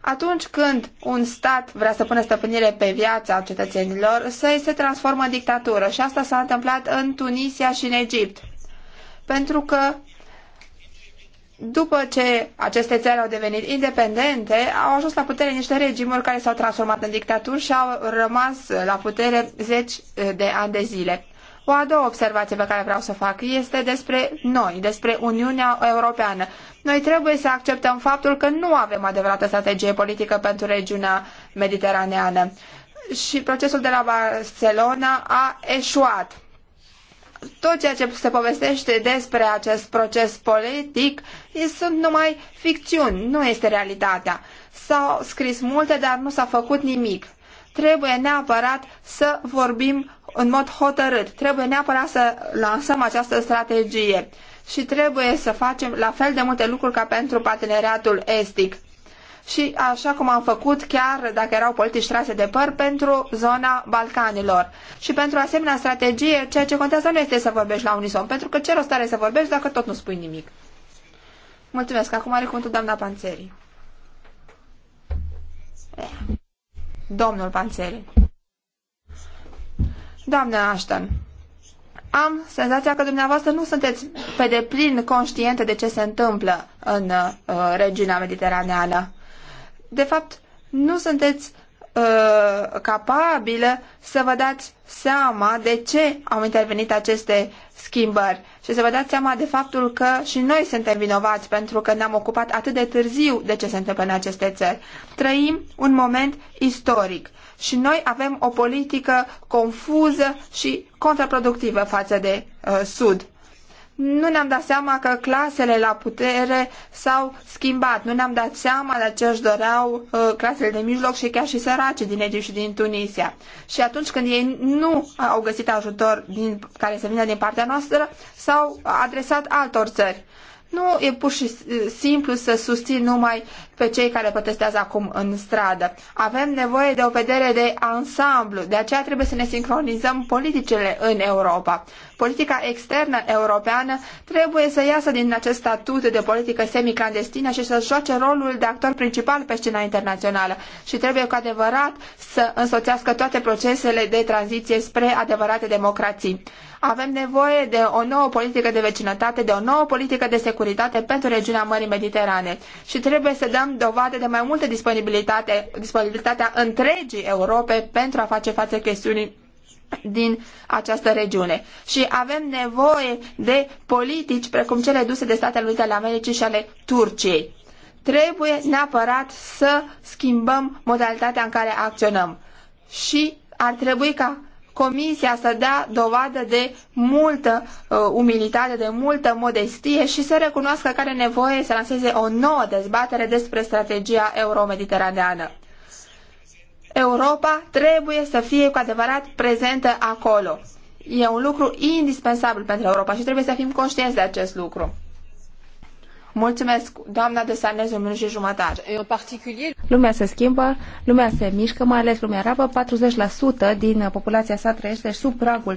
atunci când un stat vrea să pună stăpânire pe viața cetățenilor, să se transformă în dictatură și asta s-a întâmplat în Tunisia și în Egipt. Pentru că după ce aceste țări au devenit independente, au ajuns la putere niște regimuri care s-au transformat în dictaturi și au rămas la putere zeci de ani de zile. O a doua observație pe care vreau să o fac este despre noi, despre Uniunea Europeană. Noi trebuie să acceptăm faptul că nu avem adevărată strategie politică pentru regiunea mediteraneană și procesul de la Barcelona a eșuat. Tot ceea ce se povestește despre acest proces politic sunt numai ficțiuni, nu este realitatea. S-au scris multe, dar nu s-a făcut nimic. Trebuie neapărat să vorbim în mod hotărât. Trebuie neapărat să lansăm această strategie și trebuie să facem la fel de multe lucruri ca pentru parteneriatul estic. Și așa cum am făcut chiar dacă erau politici trase de păr pentru zona Balcanilor. Și pentru asemenea strategie, ceea ce contează nu este să vorbești la unison, pentru că ce rost are să vorbești dacă tot nu spui nimic. Mulțumesc. Acum are cuvântul doamna Panțeri. Domnul Panțeri. Doamna Ashton, am senzația că dumneavoastră nu sunteți pe deplin conștiente de ce se întâmplă în uh, regiunea mediteraneană. De fapt, nu sunteți uh, capabile să vă dați seama de ce au intervenit aceste schimbări și să vă dați seama de faptul că și noi suntem vinovați pentru că ne-am ocupat atât de târziu de ce se întâmplă în aceste țări. Trăim un moment istoric și noi avem o politică confuză și contraproductivă față de uh, Sud nu ne-am dat seama că clasele la putere s-au schimbat, nu ne-am dat seama de ce își doreau uh, clasele de mijloc și chiar și săraci din Egipt și din Tunisia. Și atunci când ei nu au găsit ajutor din, care să vină din partea noastră, s-au adresat altor țări. Nu e pur și simplu să susțin numai pe cei care protestează acum în stradă. Avem nevoie de o vedere de ansamblu, de aceea trebuie să ne sincronizăm politicile în Europa politica externă europeană trebuie să iasă din acest statut de politică semiclandestină și să joace rolul de actor principal pe scena internațională și trebuie cu adevărat să însoțească toate procesele de tranziție spre adevărate democrații. Avem nevoie de o nouă politică de vecinătate, de o nouă politică de securitate pentru regiunea Mării Mediterane și trebuie să dăm dovadă de mai multă disponibilitate, disponibilitatea întregii Europe pentru a face față chestiunii din această regiune. Și avem nevoie de politici precum cele duse de Statele Unite ale Americii și ale Turciei. Trebuie neapărat să schimbăm modalitatea în care acționăm. Și ar trebui ca Comisia să dea dovadă de multă uh, umilitate, de multă modestie și să recunoască că are nevoie să lanseze o nouă dezbatere despre strategia euro Europa trebuie să fie cu adevărat prezentă acolo. E un lucru indispensabil pentru Europa și trebuie să fim conștienți de acest lucru. Mulțumesc, doamna de Sanez, un minut și jumătate. Lumea se schimbă, lumea se mișcă, mai ales lumea arabă. 40% din populația sa trăiește sub pragul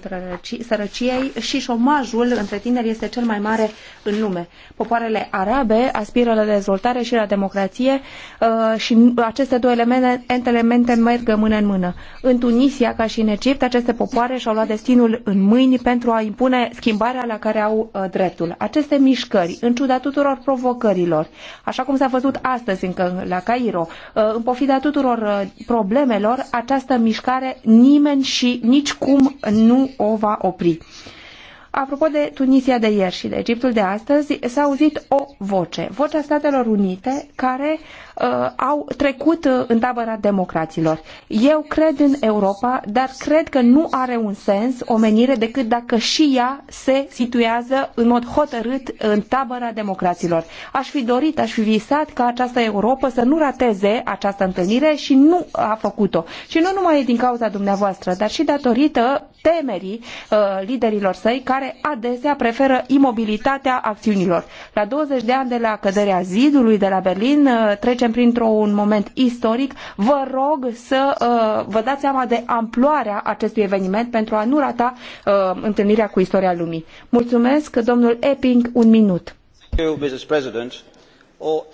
sărăciei și șomajul între tineri este cel mai mare în lume. Popoarele arabe aspiră la dezvoltare și la democrație uh, și aceste două elemente, elemente merg mână în mână. În Tunisia, ca și în Egipt, aceste popoare și-au luat destinul în mâini pentru a impune schimbarea la care au uh, dreptul. Aceste mișcări, în ciuda tuturor provocărilor. Așa cum s-a văzut astăzi încă la Cairo, uh, în pofida tuturor uh, problemelor, această mișcare nimeni și nici cum nu o va opri. Apropo de Tunisia de ieri și de Egiptul de astăzi, s-a auzit o voce, vocea Statelor Unite, care Uh, au trecut uh, în tabăra democraților. Eu cred în Europa, dar cred că nu are un sens omenire decât dacă și ea se situează în mod hotărât în tabăra democraților. Aș fi dorit, aș fi visat ca această Europa să nu rateze această întâlnire și nu a făcut-o. Și nu numai din cauza dumneavoastră, dar și datorită temerii uh, liderilor săi care adesea preferă imobilitatea acțiunilor. La 20 de ani de la căderea zidului de la Berlin uh, trece trecem printr-un moment istoric. Vă rog să uh, vă dați seama de amploarea acestui eveniment pentru a nu rata uh, întâlnirea cu istoria lumii. Mulțumesc, domnul Epping, un minut. Oh,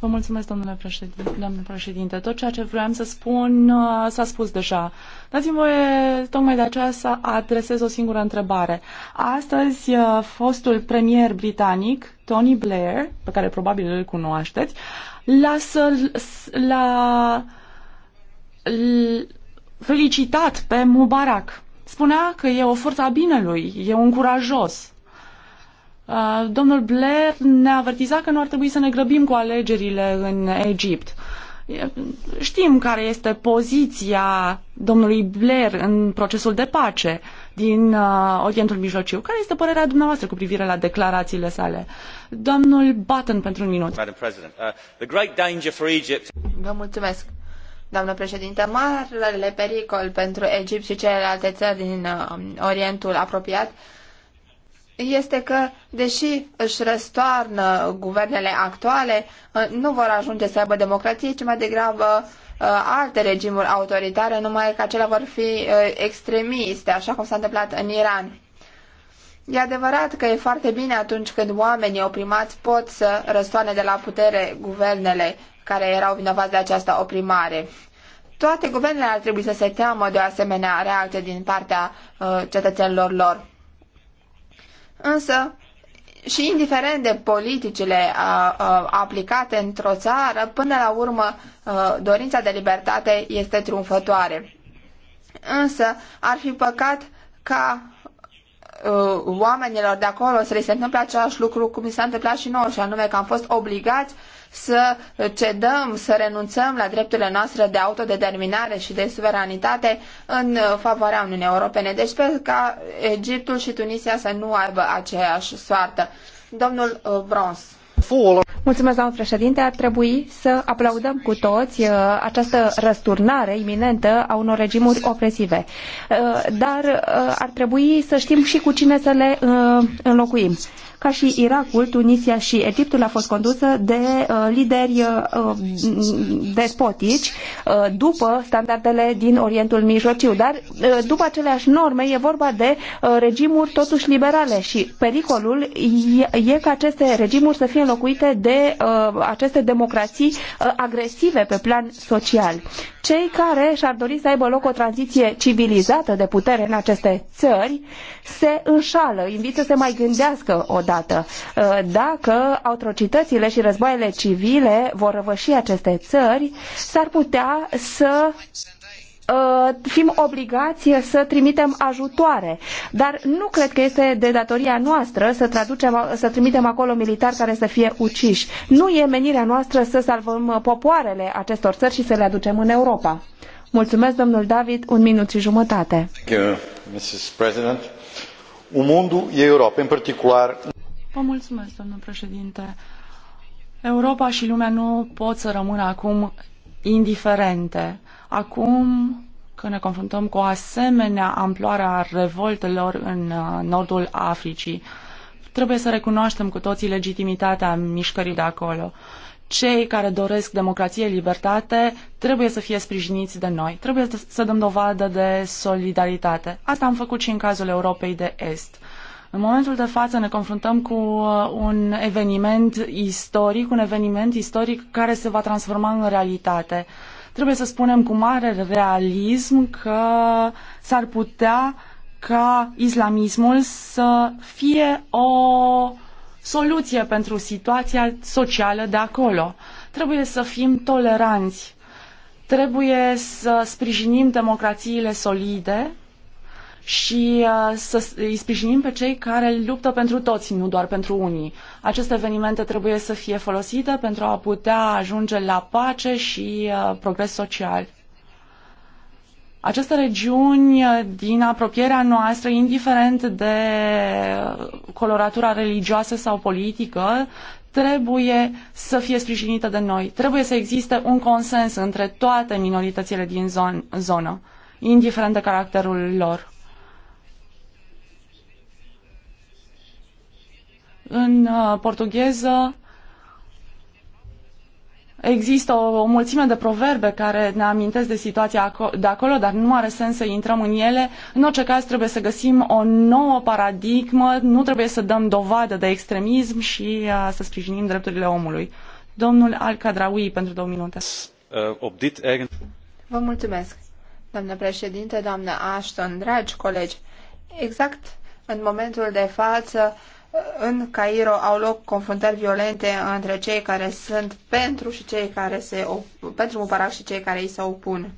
vă mulțumesc, domnule președinte, Domnule președinte. Tot ceea ce vreau să spun uh, s-a spus deja. Dați-mi voie tocmai de aceea să adresez o singură întrebare. Astăzi, uh, fostul premier britanic, Tony Blair, pe care probabil îl cunoașteți, lasă la felicitat pe Mubarak. Spunea că e o forță a binelui, e un curajos. Uh, domnul Blair ne avertiza că nu ar trebui să ne grăbim cu alegerile în Egipt. Știm care este poziția domnului Blair în procesul de pace din uh, Orientul Mijlociu. Care este părerea dumneavoastră cu privire la declarațiile sale? Domnul Button, pentru un minut. Uh, Vă mulțumesc. Doamnă președinte, marele pericol pentru Egipt și celelalte țări din uh, Orientul apropiat uh, este că, deși își răstoarnă guvernele actuale, uh, nu vor ajunge să aibă democrație, ci mai degrabă uh, alte regimuri autoritare, numai că acelea vor fi uh, extremiste, așa cum s-a întâmplat în Iran. E adevărat că e foarte bine atunci când oamenii oprimați pot să răstoarne de la putere guvernele care erau vinovați de această oprimare. Toate guvernele ar trebui să se teamă de o asemenea reacție din partea uh, cetățenilor lor. Însă, și indiferent de politicile a, uh, a, uh, aplicate într-o țară, până la urmă a, uh, dorința de libertate este triumfătoare. Însă ar fi păcat ca oamenilor de acolo să li se întâmple același lucru cum mi s-a întâmplat și nouă, și anume că am fost obligați să cedăm, să renunțăm la drepturile noastre de autodeterminare și de suveranitate în favoarea Uniunii Europene. Deci sper ca Egiptul și Tunisia să nu aibă aceeași soartă. Domnul uh, Brons. Mulțumesc, doamnă președinte. Ar trebui să aplaudăm cu toți uh, această răsturnare iminentă a unor regimuri opresive. Uh, dar ar trebui să știm și cu cine să le înlocuim ca și Irakul, Tunisia și Egiptul a fost condusă de uh, lideri uh, despotici uh, după standardele din Orientul Mijlociu, dar după aceleași norme e vorba de regimuri totuși liberale și pericolul e ca aceste regimuri să fie înlocuite de aceste democrații agresive pe plan social. Cei care și-ar dori să aibă loc o tranziție civilizată de putere în aceste țări se înșală, invită să se mai gândească o niciodată. Uh, dacă atrocitățile și războaiele civile vor răvăși aceste țări, s-ar putea să uh, fim obligați să trimitem ajutoare. Dar nu cred că este de datoria noastră să, traducem, să trimitem acolo militari care să fie uciși. Nu e menirea noastră să salvăm popoarele acestor țări și să le aducem în Europa. Mulțumesc, domnul David, un minut și jumătate. Thank you, Mrs. President. O mundo e a Europa, în particular. Vă mulțumesc, domnul președinte. Europa și lumea nu pot să rămână acum indiferente. Acum că ne confruntăm cu o asemenea amploare a revoltelor în uh, nordul Africii. Trebuie să recunoaștem cu toții legitimitatea mișcării de acolo. Cei care doresc democrație, libertate, trebuie să fie sprijiniți de noi. Trebuie să dăm dovadă de solidaritate. Asta am făcut și în cazul Europei de Est. În momentul de față ne confruntăm cu uh, un eveniment istoric, un eveniment istoric care se va transforma în realitate. Trebuie să spunem cu mare realism că s-ar putea ca islamismul să fie o soluție pentru situația socială de acolo. Trebuie să fim toleranți. Trebuie să sprijinim democrațiile solide și uh, să îi sprijinim pe cei care luptă pentru toți, nu doar pentru unii. Aceste evenimente trebuie să fie folosite pentru a putea ajunge la pace și uh, progres social. Aceste regiuni uh, din apropierea noastră, indiferent de coloratura religioasă sau politică, trebuie să fie sprijinită de noi. Trebuie să existe un consens între toate minoritățile din zon- zonă, indiferent de caracterul lor. În uh, portugheză există o, o mulțime de proverbe care ne amintesc de situația de acolo, dar nu are sens să intrăm în ele. În orice caz trebuie să găsim o nouă paradigmă, nu trebuie să dăm dovadă de extremism și uh, să sprijinim drepturile omului. Domnul Al-Kadraoui, pentru două minute. Uh, Vă mulțumesc, doamnă președinte, doamnă Ashton, dragi colegi. Exact în momentul de față, în Cairo au loc confruntări violente între cei care sunt pentru și cei care se pentru Mubarak și cei care îi se opun.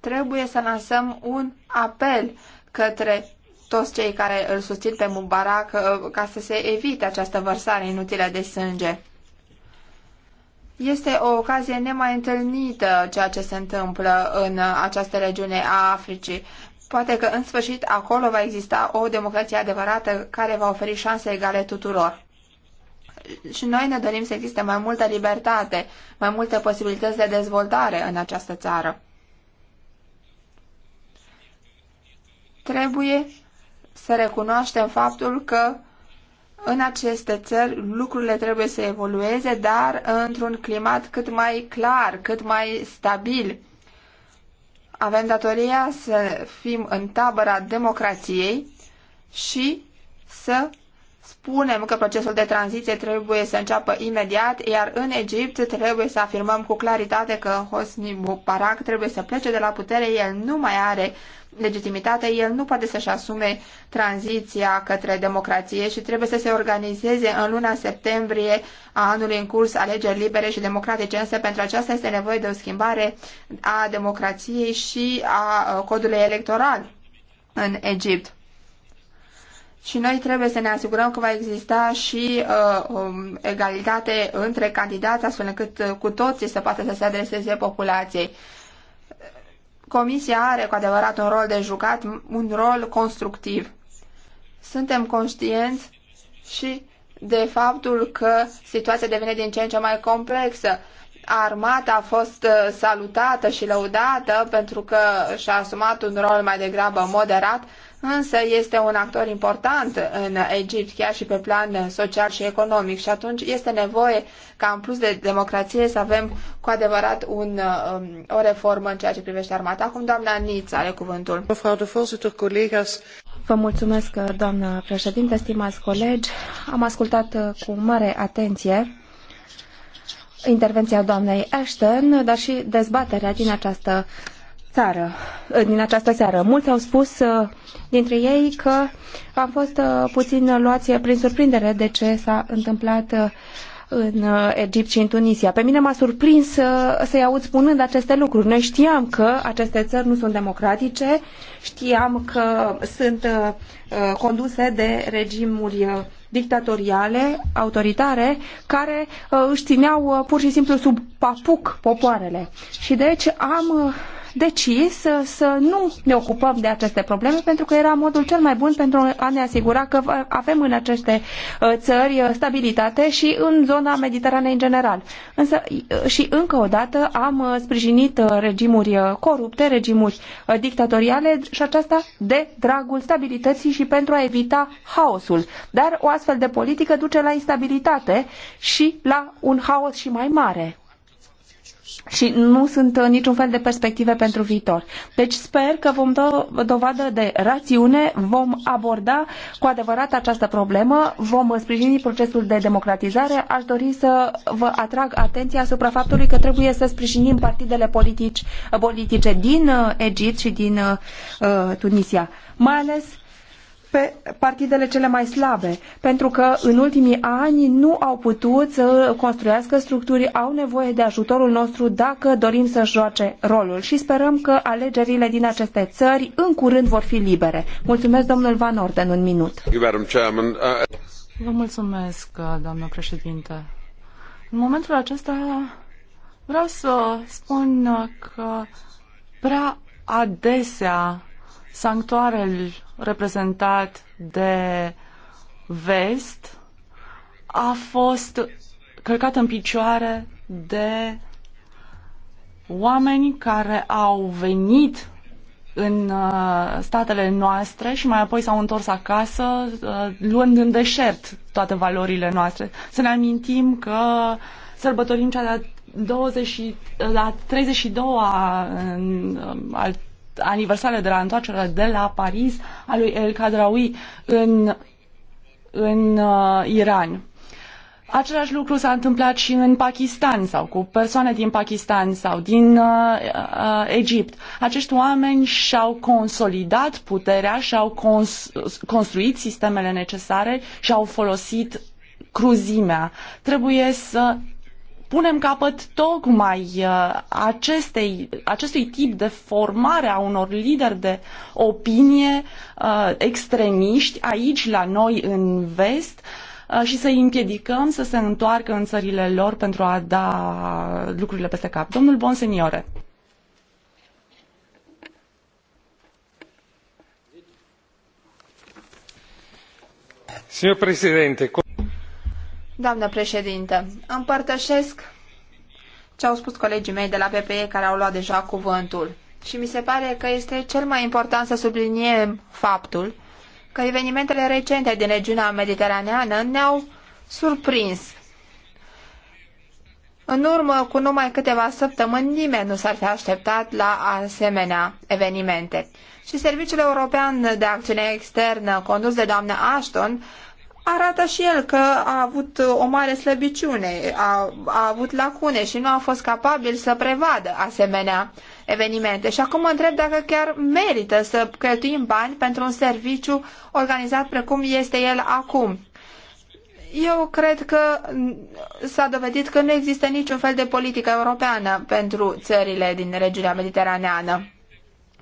Trebuie să lansăm un apel către toți cei care îl susțin pe Mubarak uh, ca să se evite această vărsare inutilă de sânge. Este o ocazie nemai întâlnită ceea ce se întâmplă în această regiune a Africii. Poate că în sfârșit acolo va exista o democrație adevărată care va oferi șanse egale tuturor. Și noi ne dorim să existe mai multă libertate, mai multe posibilități de dezvoltare în această țară. Trebuie să recunoaștem faptul că în aceste țări lucrurile trebuie să evolueze, dar într-un climat cât mai clar, cât mai stabil avem datoria să fim în tabăra democrației și să spunem că procesul de tranziție trebuie să înceapă imediat, iar în Egipt trebuie să afirmăm cu claritate că Hosni Mubarak trebuie să plece de la putere, el nu mai are legitimitate, el nu poate să-și asume tranziția către democrație și trebuie să se organizeze în luna septembrie a anului în curs alegeri libere și democratice, însă pentru aceasta este nevoie de o schimbare a democrației și a codului electoral în Egipt și noi trebuie să ne asigurăm că va exista și uh, um, egalitate între candidați, astfel încât uh, cu toții să poată să se adreseze populației. Comisia are cu adevărat un rol de jucat, un rol constructiv. Suntem conștienți și de faptul că situația devine din ce în ce mai complexă. Armata a fost uh, salutată și lăudată pentru că și-a asumat un rol mai degrabă moderat, însă este un actor important în Egipt, chiar și pe plan social și economic și atunci este nevoie ca în plus de democrație să avem cu adevărat un, um, o reformă în ceea ce privește armata. Acum doamna Niț are cuvântul. Vă mulțumesc, doamnă președinte, stimați colegi. Am ascultat uh, cu mare atenție intervenția doamnei Ashton, dar și dezbaterea din această țară, eh, din această seară. Mulți au spus eh, dintre ei că am fost eh, puțin luați prin surprindere de ce s-a întâmplat în Egipt și în Tunisia. Pe mine m-a surprins să-i aud spunând aceste lucruri. Noi știam că aceste țări nu sunt democratice, știam că sunt conduse de regimuri dictatoriale, autoritare, care își țineau pur și simplu sub papuc popoarele. Și deci am decis să nu ne ocupăm de aceste probleme pentru că era modul cel mai bun pentru a ne asigura că avem în aceste uh, țări uh, stabilitate și în zona Mediteranei în general. Însă uh, și încă o dată am sprijinit regimuri corupte, regimuri dictatoriale și aceasta de dragul stabilității și pentru a evita haosul. Dar o astfel de politică duce la instabilitate și la un haos și mai mare și nu sunt uh, niciun fel de perspective pentru viitor. Deci sper că vom da dovadă de rațiune, vom aborda cu adevărat această problemă, vom uh, sprijini procesul de democratizare. Aș dori să vă atrag atenția asupra faptului că trebuie să sprijinim partidele politici, politice din uh, Egipt și din uh, Tunisia, mai ales pe partidele cele mai slabe, pentru că în ultimii ani nu au putut să construiască structuri, au nevoie de ajutorul nostru dacă dorim să joace rolul și sperăm că alegerile din aceste țări în curând vor fi libere. Mulțumesc, domnul Van Orden, un minut. Uh, Vă mulțumesc, uh, doamnă președinte. În momentul acesta vreau să spun uh, că prea adesea sanctuarele reprezentat de vest a fost călcat în picioare de oameni care au venit în uh, statele noastre și mai apoi s-au întors acasă uh, luând în deșert toate valorile noastre. Să ne amintim că sărbătorim cea de-a 20, la 32-a uh, al aniversare de la întoarcerea de la Paris a lui El Khadraoui în, în uh, Iran. Același lucru s-a întâmplat și în Pakistan sau cu persoane din Pakistan sau din uh, uh, Egipt. Acești oameni și-au consolidat puterea, și-au cons- construit sistemele necesare și-au folosit cruzimea. Trebuie să punem capăt tocmai uh, acestei, acestui tip de formare a unor lideri de opinie uh, extremiști aici la noi în vest uh, și să i împiedicăm să se întoarcă în țările lor pentru a da lucrurile peste cap. Domnul Bonseniore. Signor Presidente, Doamnă președintă, împărtășesc ce au spus colegii mei de la PPE care au luat deja cuvântul. Și mi se pare că este cel mai important să subliniem faptul că evenimentele recente din regiunea mediteraneană ne-au surprins. În urmă cu numai câteva săptămâni nimeni nu s-ar fi așteptat la asemenea evenimente. Și Serviciul European de Acțiune Externă, condus de doamna Ashton, arată și el că a avut o mare slăbiciune, a, a avut lacune și nu a fost capabil să prevadă asemenea evenimente. Și acum mă întreb dacă chiar merită să cheltuim bani pentru un serviciu organizat precum este el acum. Eu cred că s-a dovedit că nu există niciun fel de politică europeană pentru țările din regiunea mediteraneană.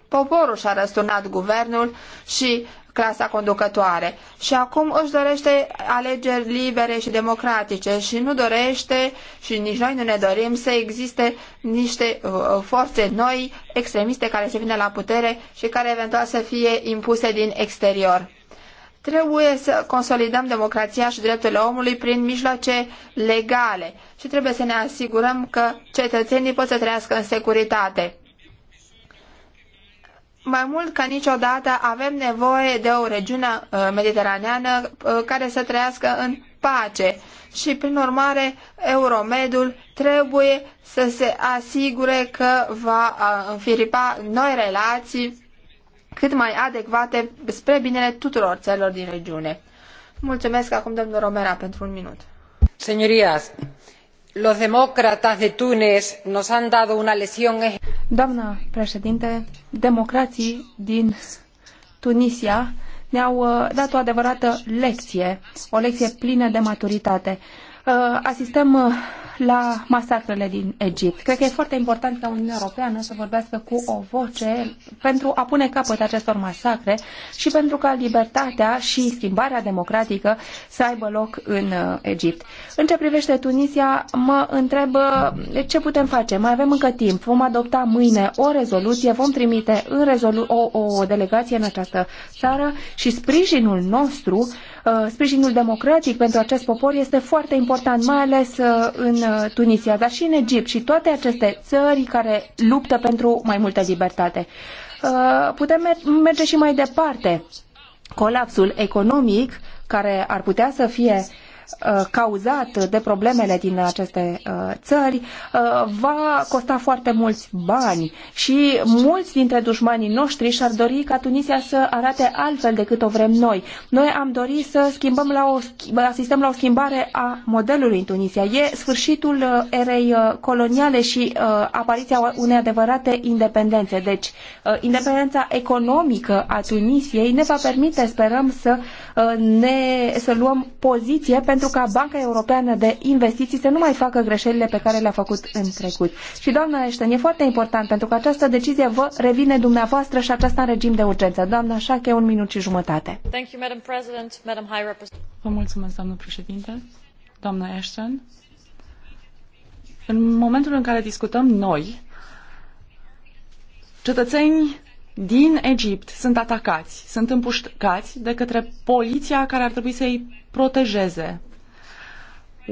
Poporul și-a răsturnat guvernul și clasa conducătoare și acum își dorește alegeri libere și democratice și nu dorește și nici noi nu ne dorim să existe niște uh, uh, forțe noi extremiste care să vină la putere și care eventual să fie impuse din exterior. Trebuie să consolidăm democrația și drepturile omului prin mijloace legale și trebuie să ne asigurăm că cetățenii pot să trăiască în securitate mai mult ca niciodată avem nevoie de o regiune uh, mediteraneană uh, care să trăiască în pace și, prin urmare, Euromedul trebuie să se asigure că va uh, înfiripa noi relații cât mai adecvate spre binele tuturor țărilor din regiune. Mulțumesc acum, domnul Romera, pentru un minut. Señorías, doamnă președinte, democrații din Tunisia ne-au uh, dat o adevărată lecție, o lecție plină de maturitate. Uh, asistăm uh, la masacrele din Egipt. Cred că e foarte important ca Uniunea Europeană să vorbească cu o voce pentru a pune capăt acestor masacre și pentru ca libertatea și schimbarea democratică să aibă loc în uh, Egipt. În ce privește Tunisia, mă întreb ce putem face. Mai avem încă timp. Vom adopta mâine o rezoluție, vom trimite în rezolu- o, o delegație în această țară și sprijinul nostru Uh, sprijinul democratic pentru acest popor este foarte important, mai ales uh, în uh, Tunisia, dar și în Egipt și toate aceste țări care luptă pentru mai multă libertate. Putem merge și mai departe. Colapsul economic care ar putea să fie uh, Uh, cauzat de problemele din aceste uh, țări uh, va costa foarte mulți bani și mulți dintre dușmanii noștri și-ar dori ca Tunisia să arate altfel decât o vrem noi. Noi am dorit să schimbăm la o, asistăm la o schimbare a modelului în Tunisia. E sfârșitul erei coloniale și apariția unei adevărate independențe. Deci, independența economică a Tunisiei ne va permite, sperăm, să, ne, să luăm poziție pentru pentru ca Banca Europeană de Investiții să nu mai facă greșelile pe care le-a făcut în trecut. Și, doamna Ashton, e foarte important pentru că această decizie vă revine dumneavoastră și aceasta în regim de urgență. Doamna Șache, un minut și jumătate. Vă mulțumesc, doamnă președinte. Doamna Ashton, în momentul în care discutăm noi, cetățenii din Egipt sunt atacați, sunt împușcați de către poliția care ar trebui să îi protejeze.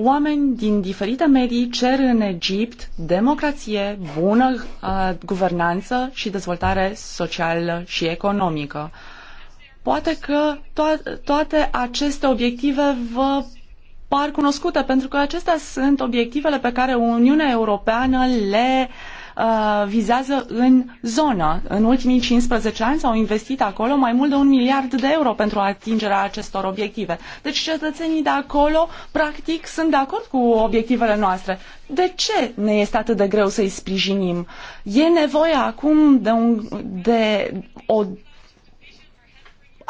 Oameni din diferite medii cer în Egipt democrație, bună uh, guvernanță și dezvoltare socială și economică. Poate că to- toate aceste obiective vă par cunoscute, pentru că acestea sunt obiectivele pe care Uniunea Europeană le uh, Uh, vizează în zonă. În ultimii 15 ani s-au investit acolo mai mult de un miliard de euro pentru atingerea acestor obiective. Deci cetățenii de acolo, practic, sunt de acord cu obiectivele noastre. De ce ne este atât de greu să-i sprijinim? E nevoie acum de, un, de o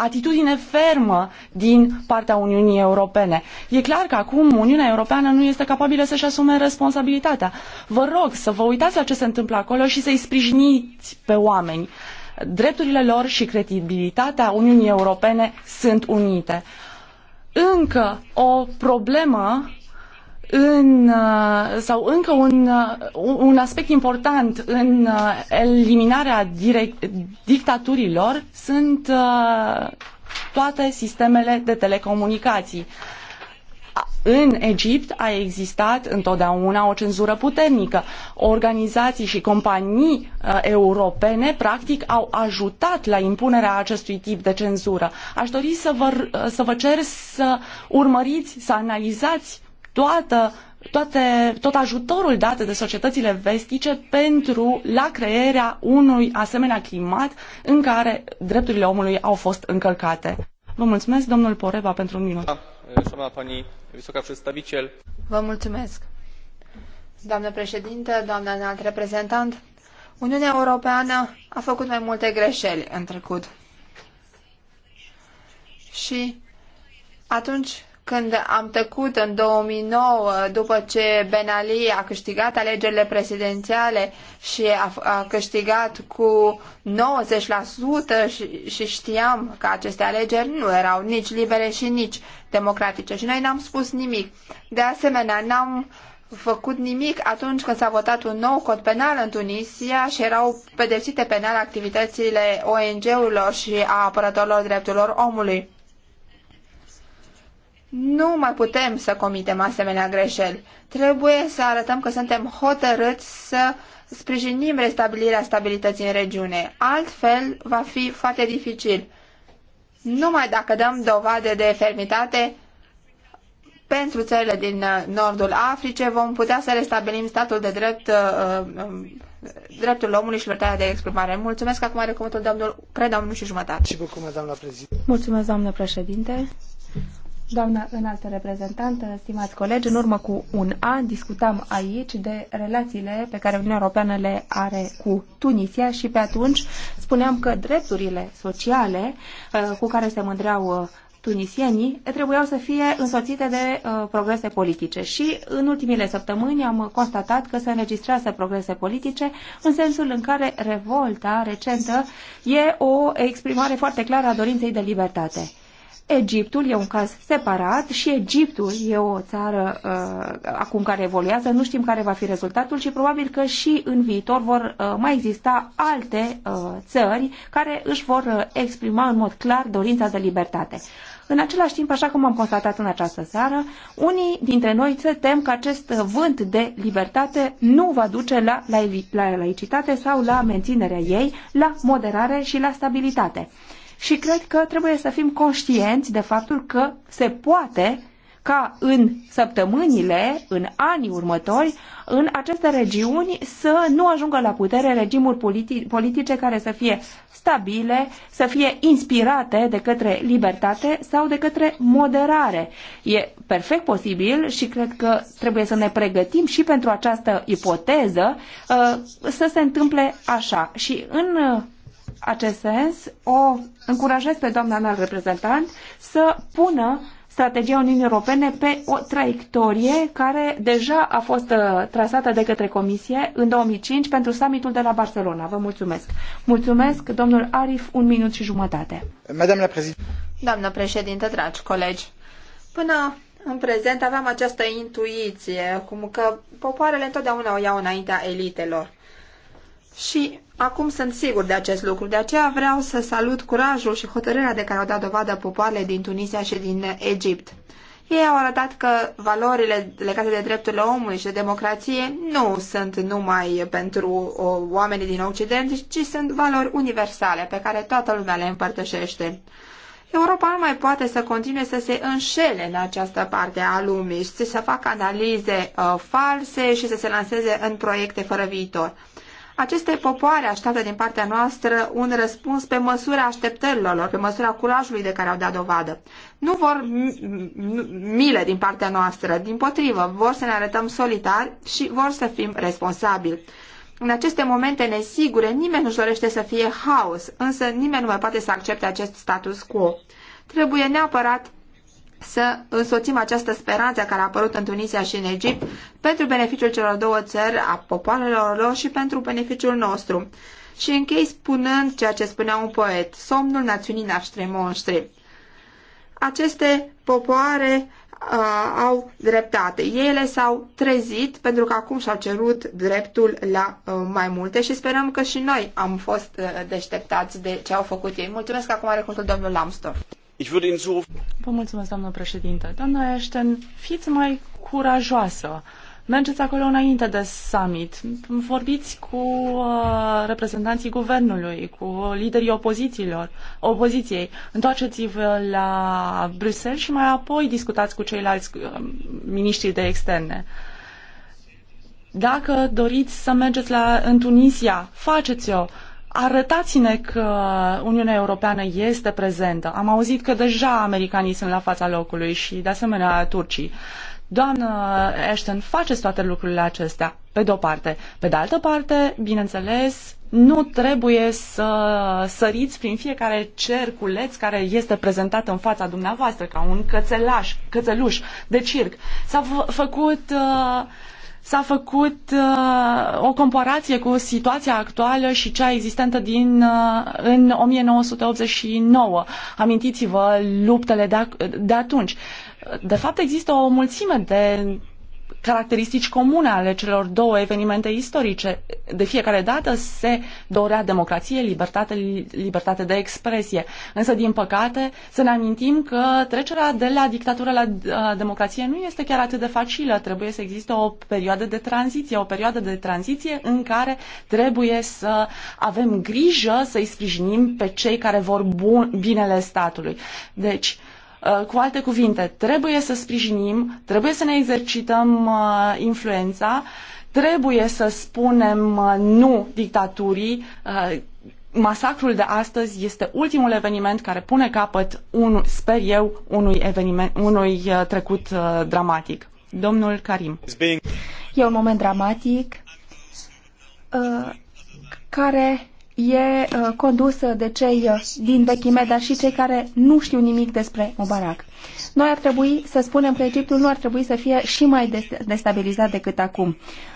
atitudine fermă din partea Uniunii Europene. E clar că acum Uniunea Europeană nu este capabilă să-și asume responsabilitatea. Vă rog să vă uitați la ce se întâmplă acolo și să-i sprijiniți pe oameni. Drepturile lor și credibilitatea Uniunii Europene sunt unite. Încă o problemă în, uh, sau încă un, uh, un aspect important în uh, eliminarea direct, dictaturilor sunt toate sistemele de telecomunicații. În Egipt a existat întotdeauna o cenzură puternică. Organizații și companii europene, practic, au ajutat la impunerea acestui tip de cenzură. Aș dori să vă, să vă cer să urmăriți, să analizați toată, toate, tot ajutorul dat de societățile vestice pentru la crearea unui asemenea climat în care drepturile omului au fost încălcate. Vă mulțumesc, domnul Poreba, pentru un minut. Vă mulțumesc. Doamnă președintă, doamnă înalt reprezentant, Uniunea Europeană a făcut mai multe greșeli în trecut. Și atunci când am tăcut în 2009, după ce Ben Ali a câștigat alegerile prezidențiale și a, a câștigat cu 90% și, și știam că aceste alegeri nu erau nici libere și nici democratice și noi n-am spus nimic. De asemenea, n-am făcut nimic atunci când s-a votat un nou cod penal în Tunisia și erau pedepsite penal activitățile ONG-urilor și a apărătorilor drepturilor omului. Nu mai putem să comitem asemenea greșeli. Trebuie să arătăm că suntem hotărâți să sprijinim restabilirea stabilității în regiune. Altfel, va fi foarte dificil. Numai dacă dăm dovadă de fermitate pentru țările din uh, nordul Africii, vom putea să restabilim statul de drept, uh, um, dreptul omului și libertatea de exprimare. Mulțumesc. Acum are cuvântul domnul, cred, domnul și jumătate. Mulțumesc, doamnă președinte. Mulțumesc, doamnă președinte. Doamna înaltă reprezentantă, stimați colegi, în urmă cu un an discutam aici de relațiile pe care Uniunea Europeană le are cu Tunisia și pe atunci spuneam că drepturile sociale uh, cu care se mândreau uh, tunisienii trebuiau să fie însoțite de uh, progrese politice și în ultimile săptămâni am constatat că se înregistrează progrese politice în sensul în care revolta recentă e o exprimare foarte clară a dorinței de libertate. Egiptul e un caz separat și Egiptul e o țară uh, acum care evoluează, nu știm care va fi rezultatul și probabil că și în viitor vor uh, mai exista alte uh, țări care își vor uh, exprima în mod clar dorința de libertate. În același timp, așa cum am constatat în această seară, unii dintre noi se tem că acest vânt de libertate nu va duce la, la, la laicitate sau la menținerea ei, la moderare și la stabilitate și cred că trebuie să fim conștienți de faptul că se poate ca în săptămânile, în anii următori, în aceste regiuni să nu ajungă la putere regimuri politi politice care să fie stabile, să fie inspirate de către libertate sau de către moderare. E perfect posibil și cred că trebuie să ne pregătim și pentru această ipoteză uh, să se întâmple așa. Și în uh, acest sens, o încurajez pe doamna înalt reprezentant să pună strategia Uniunii Europene pe o traiectorie care deja a fost uh, trasată de către Comisie în 2005 pentru summitul de la Barcelona. Vă mulțumesc. Mulțumesc, domnul Arif, un minut și jumătate. Doamnă președinte, dragi colegi, până în prezent aveam această intuiție, cum că popoarele întotdeauna o iau înaintea elitelor. Și Acum sunt sigur de acest lucru, de aceea vreau să salut curajul și hotărârea de care au dat dovadă popoarele din Tunisia și din Egipt. Ei au arătat că valorile legate de drepturile omului și de democrație nu sunt numai pentru oamenii din Occident, ci sunt valori universale pe care toată lumea le împărtășește. Europa nu mai poate să continue să se înșele în această parte a lumii și să facă analize uh, false și să se lanseze în proiecte fără viitor. Aceste popoare așteaptă din partea noastră un răspuns pe măsura așteptărilor lor, pe măsura curajului de care au dat dovadă. Nu vor mile din partea noastră, din potrivă, vor să ne arătăm solitari și vor să fim responsabili. În aceste momente nesigure, nimeni nu-și dorește să fie haos, însă nimeni nu mai poate să accepte acest status quo. Trebuie neapărat să însoțim această speranță care a apărut în Tunisia și în Egipt pentru beneficiul celor două țări, a popoarelor lor și pentru beneficiul nostru. Și închei spunând ceea ce spunea un poet, somnul națiunii noastre monștri. Aceste popoare uh, au dreptate. Ele s-au trezit pentru că acum și-au cerut dreptul la uh, mai multe și sperăm că și noi am fost uh, deșteptați de ce au făcut ei. Mulțumesc că acum are cuvântul domnul Lamstor. Ich würde Ihnen zurufen. Vă mulțumesc, doamnă președinte. Doamna Ashton, fiți mai curajoasă. Mergeți acolo înainte de summit, vorbiți cu uh, reprezentanții guvernului, cu liderii opozițiilor, opoziției, întoarceți-vă la Bruxelles și mai apoi discutați cu ceilalți uh, miniștri de externe. Dacă doriți să mergeți la, în Tunisia, faceți-o. Arătați-ne că Uniunea Europeană este prezentă. Am auzit că deja americanii sunt la fața locului și, de asemenea, turcii. Doamnă Ashton, faceți toate lucrurile acestea, pe de-o parte. Pe de altă parte, bineînțeles, nu trebuie să săriți prin fiecare cerculeț care este prezentat în fața dumneavoastră, ca un cățelaș, cățeluș de circ. S-a făcut... Uh, s-a făcut uh, o comparație cu situația actuală și cea existentă din, uh, în 1989. Amintiți-vă luptele de, de atunci. De fapt, există o mulțime de caracteristici comune ale celor două evenimente istorice. De fiecare dată se dorea democrație, libertate, libertate de expresie. Însă, din păcate, să ne amintim că trecerea de la dictatură la democrație nu este chiar atât de facilă. Trebuie să existe o perioadă de tranziție, o perioadă de tranziție în care trebuie să avem grijă să-i sprijinim pe cei care vor bun, binele statului. Deci, uh, Uh, cu alte cuvinte, trebuie să sprijinim, trebuie să ne exercităm uh, influența, trebuie să spunem uh, nu dictaturii. Masacrul de astăzi este ultimul eveniment care pune capăt, un, sper eu, unui, eveniment, unui trecut dramatic. Domnul Karim. E un moment dramatic uh, care e uh, condusă de cei uh, din vechime, dar și cei care nu știu nimic despre Mubarak. Noi ar trebui să spunem că Egiptul nu ar trebui să fie și mai destabilizat decât acum,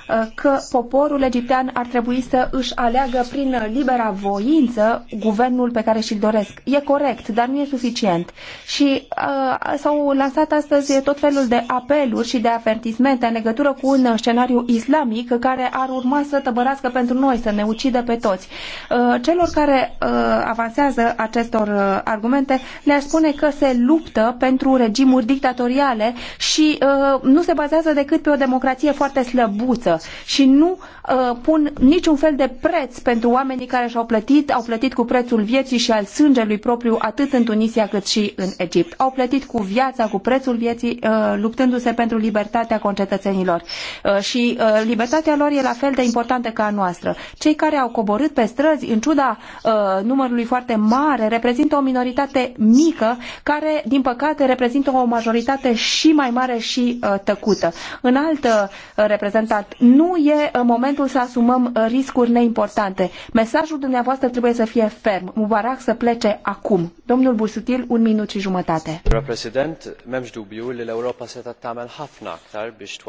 uh, că poporul egiptean ar trebui să își aleagă prin libera voință guvernul pe care și-l doresc. E corect, dar nu e suficient. Și uh, s-au lansat astăzi tot felul de apeluri și de avertismente în legătură cu un scenariu islamic care ar urma să tăbărească pentru noi, să ne ucidă pe toți. Uh, celor care uh, avansează acestor uh, argumente le-aș spune că se luptă pentru pentru regimuri dictatoriale și uh, nu se bazează decât pe o democrație foarte slăbuță și nu uh, pun niciun fel de preț pentru oamenii care și-au plătit, au plătit cu prețul vieții și al sângelui propriu atât în Tunisia cât și în Egipt. Au plătit cu viața, cu prețul vieții, uh, luptându-se pentru libertatea concetățenilor. Uh, și uh, libertatea lor e la fel de importantă ca a noastră. Cei care au coborât pe străzi, în ciuda uh, numărului foarte mare, reprezintă o minoritate mică care, din păcate, parte reprezintă o majoritate și mai mare și uh, tăcută. În altă uh, reprezentat nu e uh, momentul să asumăm riscuri neimportante. Mesajul dumneavoastră trebuie să fie ferm. Mubarak să plece acum. Domnul Busutil, un minut și jumătate.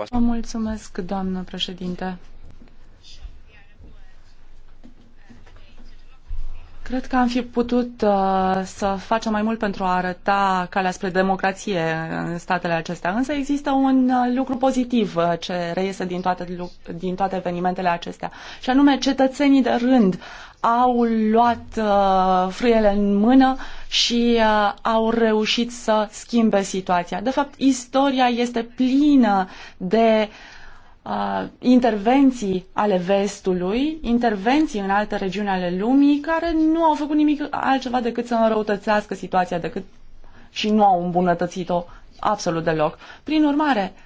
Mulțumesc, doamnă președinte. Cred că am fi putut uh, să facem mai mult pentru a arăta calea spre democrație în statele acestea, însă există un uh, lucru pozitiv uh, ce reiese din toate, din toate evenimentele acestea, și anume cetățenii de rând au luat uh, frâiele în mână și uh, au reușit să schimbe situația. De fapt, istoria este plină de uh, uh, intervenții ale vestului, intervenții în alte regiuni ale lumii care nu au făcut nimic altceva decât să înrăutățească situația decât și nu au îmbunătățit-o absolut deloc. Prin urmare, uh,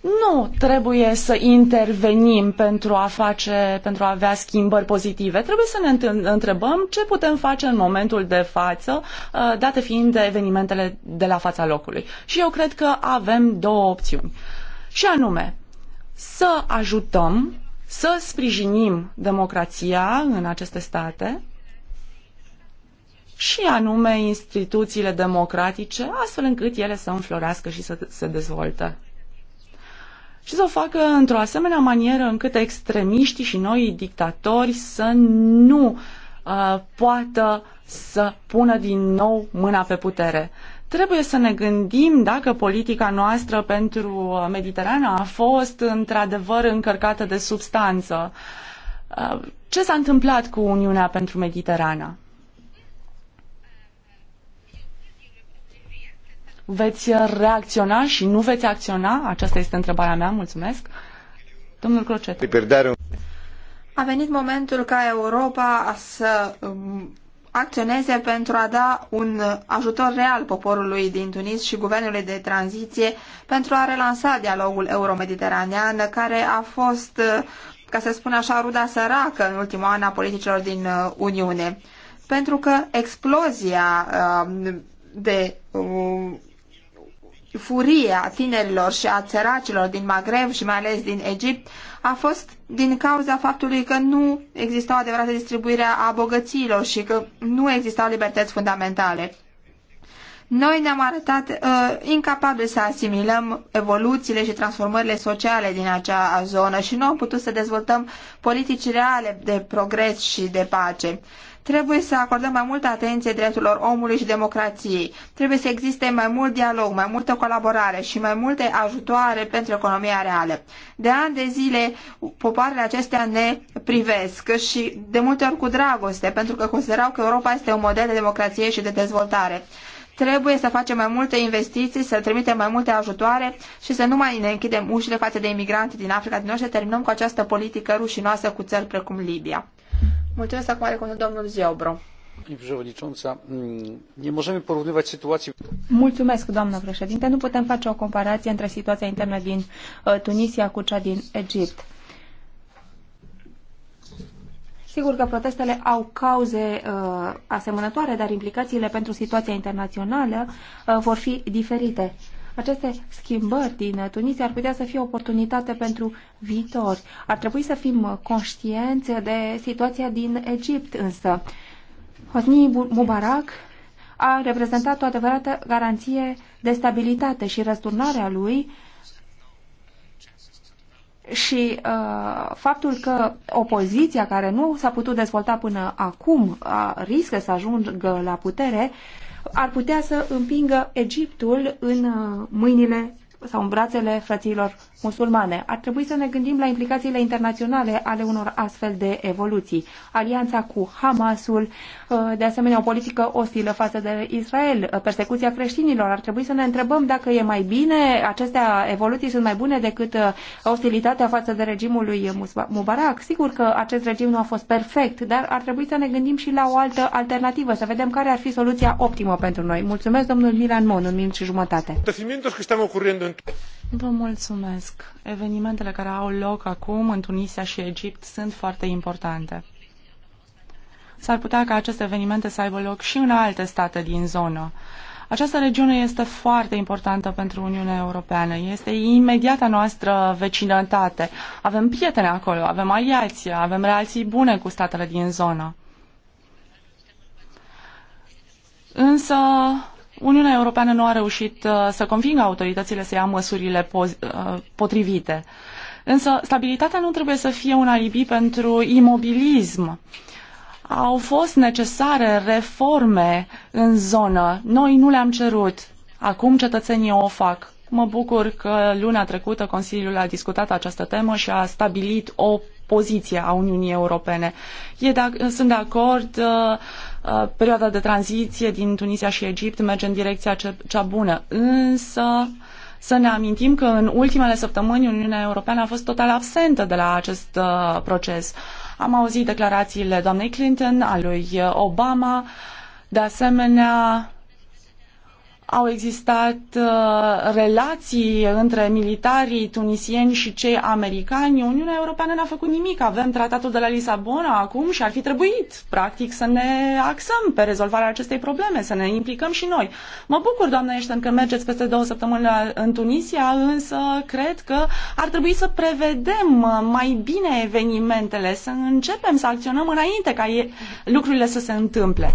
nu trebuie să intervenim pentru a face, pentru a avea schimbări pozitive. Trebuie să ne întrebăm ce putem face în momentul de față, uh, date fiind de evenimentele de la fața locului. Și eu cred că avem două opțiuni. Și anume, să ajutăm, să sprijinim democrația în aceste state, și anume instituțiile democratice, astfel încât ele să înflorească și să se dezvolte și să o facă într-o asemenea manieră încât extremiștii și noi dictatori să nu uh, poată să pună din nou mâna pe putere. Trebuie să ne gândim dacă politica noastră pentru uh, Mediterana a fost într-adevăr încărcată de substanță. Uh, ce s-a întâmplat cu Uniunea pentru Mediterana? Veți reacționa și nu veți acționa? Aceasta este întrebarea mea. Mulțumesc. Domnul Crocet. A venit momentul ca Europa să um, acționeze pentru a da un ajutor real poporului din Tunis și guvernului de tranziție pentru a relansa dialogul euromediteranean care a fost, uh, ca să spun așa, ruda săracă în ultimul an a politicilor din uh, Uniune. Pentru că explozia uh, de furie a tinerilor și a țăracilor din Maghreb și mai ales din Egipt a fost din cauza faptului că nu exista o adevărată distribuire a bogăților și că nu existau libertăți fundamentale. Noi ne-am arătat uh, incapabili să asimilăm evoluțiile și transformările sociale din acea zonă și nu am putut să dezvoltăm politici reale de progres și de pace. Trebuie să acordăm mai multă atenție drepturilor omului și democrației. Trebuie să existe mai mult dialog, mai multă colaborare și mai multe ajutoare pentru economia reală. De ani de zile, popoarele acestea ne privesc și de multe ori cu dragoste, pentru că considerau că Europa este un model de democrație și de dezvoltare trebuie să facem mai multe investiții, să trimitem mai multe ajutoare și să nu mai ne închidem ușile față de imigranți din Africa de Nord și să terminăm cu această politică rușinoasă cu țări precum Libia. Mulțumesc acum cu domnul Ziobro. Mm, Mulțumesc, doamnă președinte. Nu putem face o comparație între situația internă din uh, Tunisia cu cea din Egipt. Sigur că protestele au cauze uh, asemănătoare, dar implicațiile pentru situația internațională uh, vor fi diferite aceste schimbări din Tunisia ar putea să fie o oportunitate pentru viitor. Ar trebui să fim conștienți de situația din Egipt însă. Hosni Mubarak a reprezentat o adevărată garanție de stabilitate și răsturnarea lui și uh, faptul că opoziția care nu s-a putut dezvolta până acum a, uh, riscă să ajungă la putere uh, ar putea să împingă Egiptul în uh, mâinile sau în brațele frăților musulmane. Ar trebui să ne gândim la implicațiile internaționale ale unor astfel de evoluții. Alianța cu Hamasul, uh, de asemenea o politică ostilă față de Israel, uh, persecuția creștinilor. Ar trebui să ne întrebăm dacă e mai bine, aceste evoluții sunt mai bune decât uh, ostilitatea față de regimul lui Mubarak. Sigur că acest regim nu a fost perfect, dar ar trebui să ne gândim și la o altă alternativă, să vedem care ar fi soluția optimă pentru noi. Mulțumesc, domnul Milan Mon, în minut și jumătate. Vă mulțumesc. Evenimentele care au loc acum în Tunisia și Egipt sunt foarte importante. S-ar putea ca aceste evenimente să aibă loc și în alte state din zonă. Această regiune este foarte importantă pentru Uniunea Europeană. Este imediata noastră vecinătate. Avem prieteni acolo, avem aliații, avem relații bune cu statele din zonă. Însă Uniunea Europeană nu a reușit uh, să convingă autoritățile să ia măsurile uh, potrivite. Însă stabilitatea nu trebuie să fie un alibi pentru imobilism. Au fost necesare reforme în zonă. Noi nu le-am cerut. Acum cetățenii o fac. Mă bucur că luna trecută Consiliul a discutat această temă și a stabilit o poziție a Uniunii Europene. E de, sunt de acord uh, Uh, perioada de tranziție din Tunisia și Egipt merge în direcția cea bună, însă să ne amintim că în ultimele săptămâni Uniunea Europeană a fost total absentă de la acest uh, proces. Am auzit declarațiile doamnei Clinton, a lui Obama, de asemenea au existat uh, relații între militarii tunisieni și cei americani, Uniunea Europeană n-a făcut nimic. Avem tratatul de la Lisabona acum și ar fi trebuit, practic, să ne axăm pe rezolvarea acestei probleme, să ne implicăm și noi. Mă bucur, doamna Ashton, că mergeți peste două săptămâni în Tunisia, însă cred că ar trebui să prevedem uh, mai bine evenimentele, să începem să acționăm înainte ca lucrurile să se întâmple.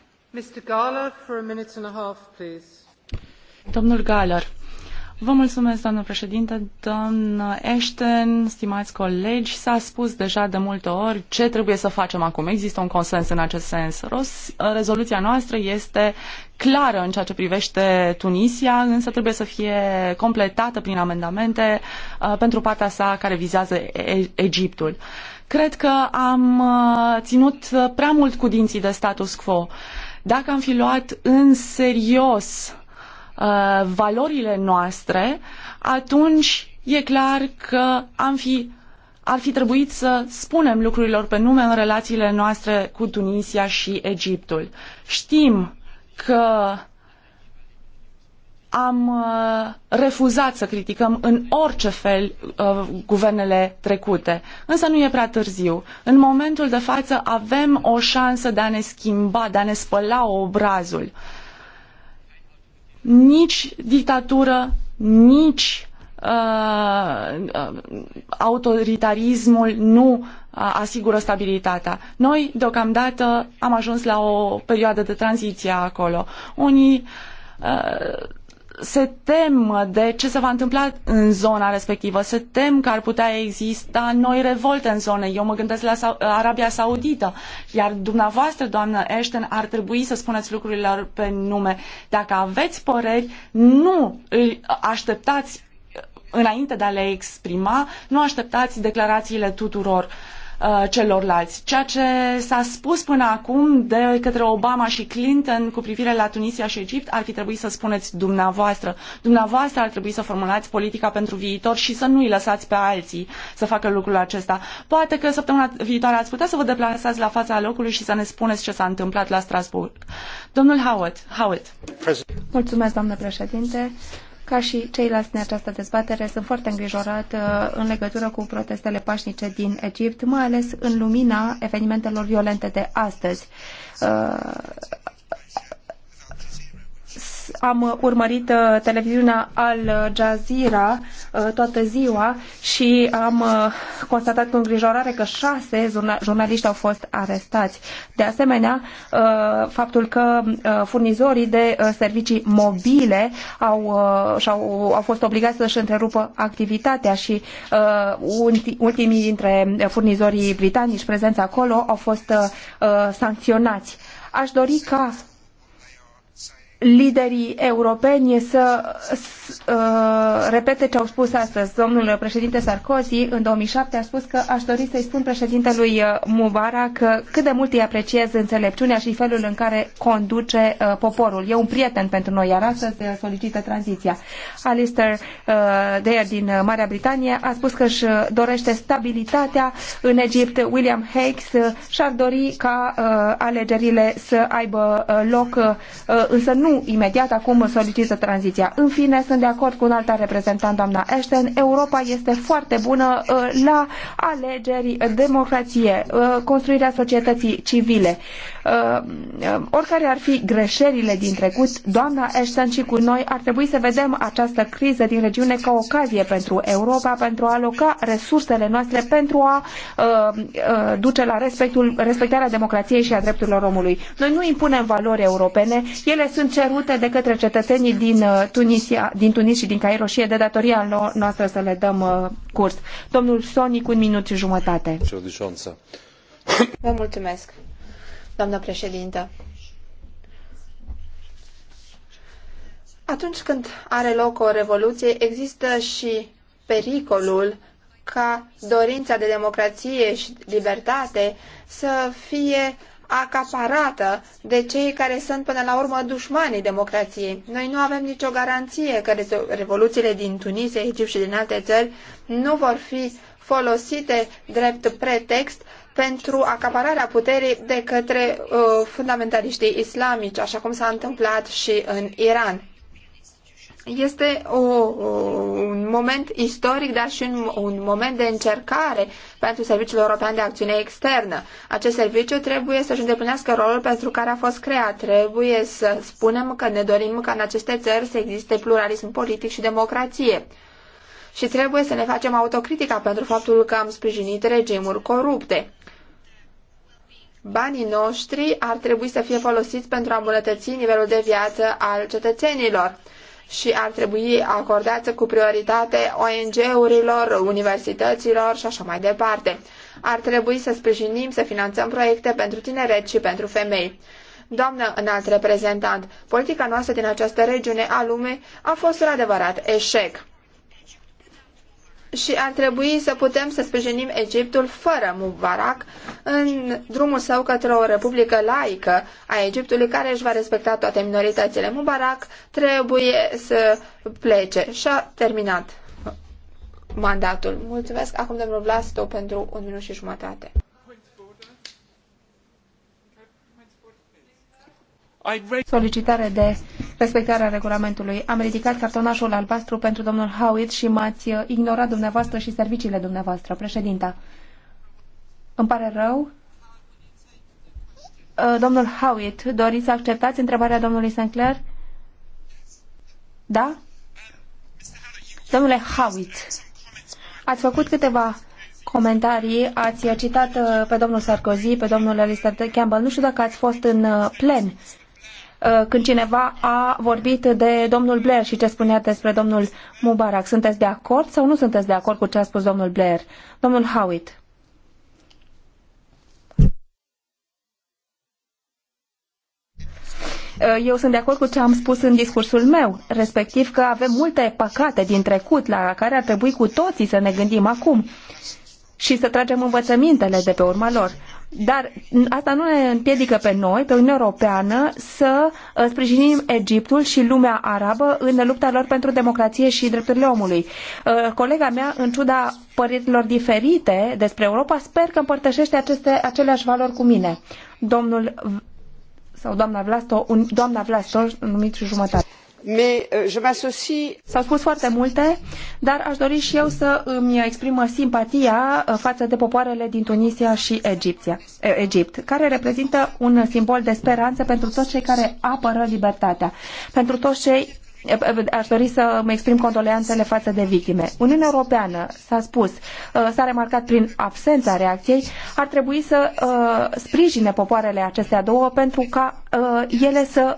Domnule Gahler, Vă mulțumesc, doamnă președinte, doamnă Ashton, stimați colegi. S-a spus deja de multe ori ce trebuie să facem acum. Există un consens în acest sens. Rezoluția noastră este clară în ceea ce privește Tunisia, însă trebuie să fie completată prin amendamente uh, pentru partea sa care vizează Egiptul. Cred că am uh, ținut uh, prea mult cu dinții de status quo. Dacă am fi luat în serios uh, valorile noastre, atunci e clar că am fi, ar fi trebuit să spunem lucrurilor pe nume în relațiile noastre cu Tunisia și Egiptul. Știm că uh, am uh, refuzat să criticăm în orice fel uh, guvernele trecute. Însă nu e prea târziu. În momentul de față avem o șansă de a ne schimba, de a ne spăla obrazul. Nici dictatură, nici uh, autoritarismul nu uh, asigură stabilitatea. Noi, deocamdată, am ajuns la o perioadă de tranziție acolo. Unii uh, se tem de ce se va întâmpla în zona respectivă, se tem că ar putea exista noi revolte în zone. Eu mă gândesc la Arabia Saudită, iar dumneavoastră, doamnă Ashton, ar trebui să spuneți lucrurilor pe nume. Dacă aveți păreri, nu îi așteptați înainte de a le exprima, nu așteptați declarațiile tuturor. Uh, Uh, celorlalți. Ceea ce s-a spus până acum de către Obama și Clinton cu privire la Tunisia și Egipt ar fi trebuit să spuneți dumneavoastră. Dumneavoastră ar trebui să formulați politica pentru viitor și să nu-i lăsați pe alții să facă lucrul acesta. Poate că săptămâna viitoare ați putea să vă deplasați la fața locului și să ne spuneți ce s-a întâmplat la Strasbourg. Domnul Howard, Howard. Mulțumesc, doamnă președinte. Ca și ceilalți în această dezbatere, sunt foarte îngrijorat uh, în legătură cu protestele pașnice din Egipt, mai ales în lumina evenimentelor violente de astăzi uh, am urmărit uh, televiziunea Al Jazeera uh, toată ziua și am uh, constatat cu îngrijorare că șase jurnaliști au fost arestați. De asemenea, faptul că furnizorii de servicii mobile au, -au, au fost obligați să-și întrerupă activitatea și ultimii dintre furnizorii britanici prezenți acolo au fost sancționați. Aș dori ca liderii europeni să, să uh, repete ce au spus astăzi. Domnul președinte Sarkozy în 2007 a spus că aș dori să-i spun președintelui uh, Mubarak cât de mult îi apreciez înțelepciunea și felul în care conduce uh, poporul. E un prieten pentru noi, iar astăzi solicită tranziția. Alistair Dyer din Marea Britanie a spus că își dorește stabilitatea în Egipt. William Hakes și-ar dori ca alegerile să aibă loc, însă nu nu imediat acum solicită tranziția. În fine, sunt de acord cu un alta reprezentant, doamna Ashton. Europa este foarte bună uh, la alegeri, uh, democrație, uh, construirea societății civile. Oricare ar fi greșelile din trecut, doamna Ashton și cu noi ar trebui să vedem această criză din regiune ca ocazie pentru Europa, pentru a aloca resursele noastre pentru a duce la respectul, respectarea democrației și a drepturilor omului. Noi nu impunem valori europene, ele sunt cerute de către cetățenii din, uh, Tunisia, din Tunis și din Cairo și e de datoria noastră să le dăm uh, curs. Domnul Sonic, un minut și jumătate. Vă mulțumesc, doamnă președintă. Atunci când are loc o revoluție, există și pericolul ca dorința de democrație și libertate să fie acaparată de cei care sunt până la urmă dușmanii democrației. Noi nu avem nicio garanție că revoluțiile din Tunisia, Egipt și din alte țări nu vor fi folosite drept pretext pentru acapararea puterii de către uh, fundamentaliștii islamici, așa cum s-a întâmplat și în Iran este o, un moment istoric, dar și un, un moment de încercare pentru Serviciul European de Acțiune Externă. Acest serviciu trebuie să-și îndeplinească rolul pentru care a fost creat. Trebuie să spunem că ne dorim ca în aceste țări să existe pluralism politic și democrație. Și trebuie să ne facem autocritica pentru faptul că am sprijinit regimuri corupte. Banii noștri ar trebui să fie folosiți pentru a îmbunătăți nivelul de viață al cetățenilor și ar trebui acordate cu prioritate ONG-urilor, universităților și așa mai departe. Ar trebui să sprijinim, să finanțăm proiecte pentru tineret și pentru femei. Doamnă înalt reprezentant, politica noastră din această regiune a lumei a fost un adevărat eșec și ar trebui să putem să sprijinim Egiptul fără Mubarak în drumul său către o republică laică a Egiptului care își va respecta toate minoritățile. Mubarak trebuie să plece și a terminat mandatul. Mulțumesc acum domnul Vlasto pentru un minut și jumătate. Solicitare de respectarea regulamentului. Am ridicat cartonașul albastru pentru domnul Howitt și m-ați uh, ignorat dumneavoastră și serviciile dumneavoastră. Președinta, îmi pare rău. Uh, domnul Howitt, doriți să acceptați întrebarea domnului Sinclair? Da? Domnule Howitt, ați făcut câteva comentarii, ați citat uh, pe domnul Sarkozy, pe domnul Alistair Campbell, nu știu dacă ați fost în plen Uh, când cineva a vorbit de domnul Blair și ce spunea despre domnul Mubarak. Sunteți de acord sau nu sunteți de acord cu ce a spus domnul Blair? Domnul Howitt. Uh, eu sunt de acord cu ce am spus în discursul meu, respectiv că avem multe păcate din trecut la care ar trebui cu toții să ne gândim acum și să tragem învățămintele de pe urma lor. Dar asta nu ne împiedică pe noi, pe Uniunea Europeană, să uh, sprijinim Egiptul și lumea arabă în lupta lor pentru democrație și drepturile omului. Uh, colega mea, în ciuda părerilor diferite despre Europa, sper că împărtășește aceste, aceleași valori cu mine. Domnul sau doamna Vlasto, un, doamna Vlasto, numit și jumătate. Euh, S-au spus foarte multe, dar aș dori și eu să îmi exprim simpatia uh, față de popoarele din Tunisia și Egipția, uh, Egipt, care reprezintă un simbol de speranță pentru toți cei care apără libertatea, pentru toți cei aș dori să mă exprim condoleanțele față de victime. Uniunea Europeană s-a spus, uh, s-a remarcat prin absența reacției, ar trebui să uh, sprijine popoarele acestea două pentru ca uh, ele să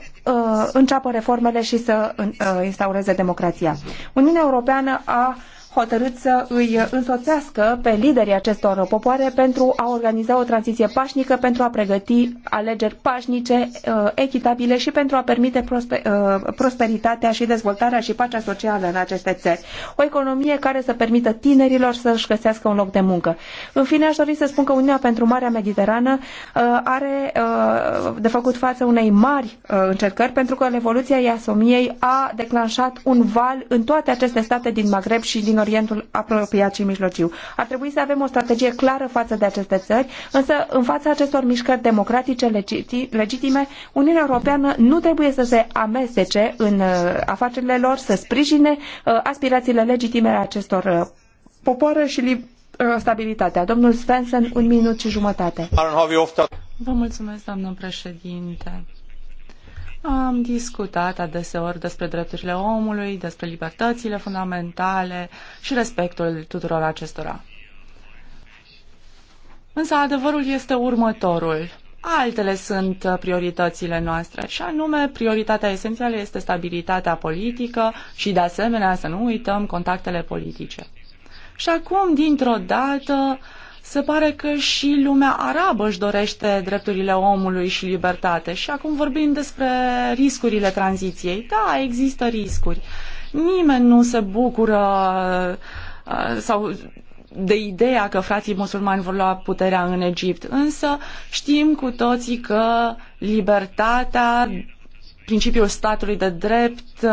înceapă reformele și să instaureze democrația. Uniunea Europeană a hotărât să îi însoțească pe liderii acestor popoare pentru a organiza o tranziție pașnică, pentru a pregăti alegeri pașnice, uh, echitabile și pentru a permite uh, prosperitatea și dezvoltarea și pacea socială în aceste țări. O economie care să permită tinerilor să-și găsească un loc de muncă. În fine, aș dori să spun că Uniunea pentru Marea Mediterană uh, are de făcut față unei mari încercări pentru că revoluția Iasomiei a declanșat un val în toate aceste state din Maghreb și din Orientul apropiat și mijlociu. Ar trebui să avem o strategie clară față de aceste țări, însă în fața acestor mișcări democratice legitime, Uniunea Europeană nu trebuie să se amestece în uh, afacerile lor, să sprijine uh, aspirațiile legitime ale acestor uh, popoare și stabilitatea. Domnul Svensson, un minut și jumătate. Vă mulțumesc, doamnă președinte. Am discutat adeseori despre drepturile omului, despre libertățile fundamentale și respectul tuturor acestora. Însă adevărul este următorul. Altele sunt prioritățile noastre și anume prioritatea esențială este stabilitatea politică și de asemenea să nu uităm contactele politice. Și acum, dintr-o dată, uh, se pare că și lumea arabă își dorește drepturile omului și libertate. Și acum vorbim despre riscurile tranziției. Da, există riscuri. Nimeni nu se bucură uh, sau de ideea că frații musulmani vor lua puterea în Egipt. Însă știm cu toții că libertatea principiul statului de drept, uh,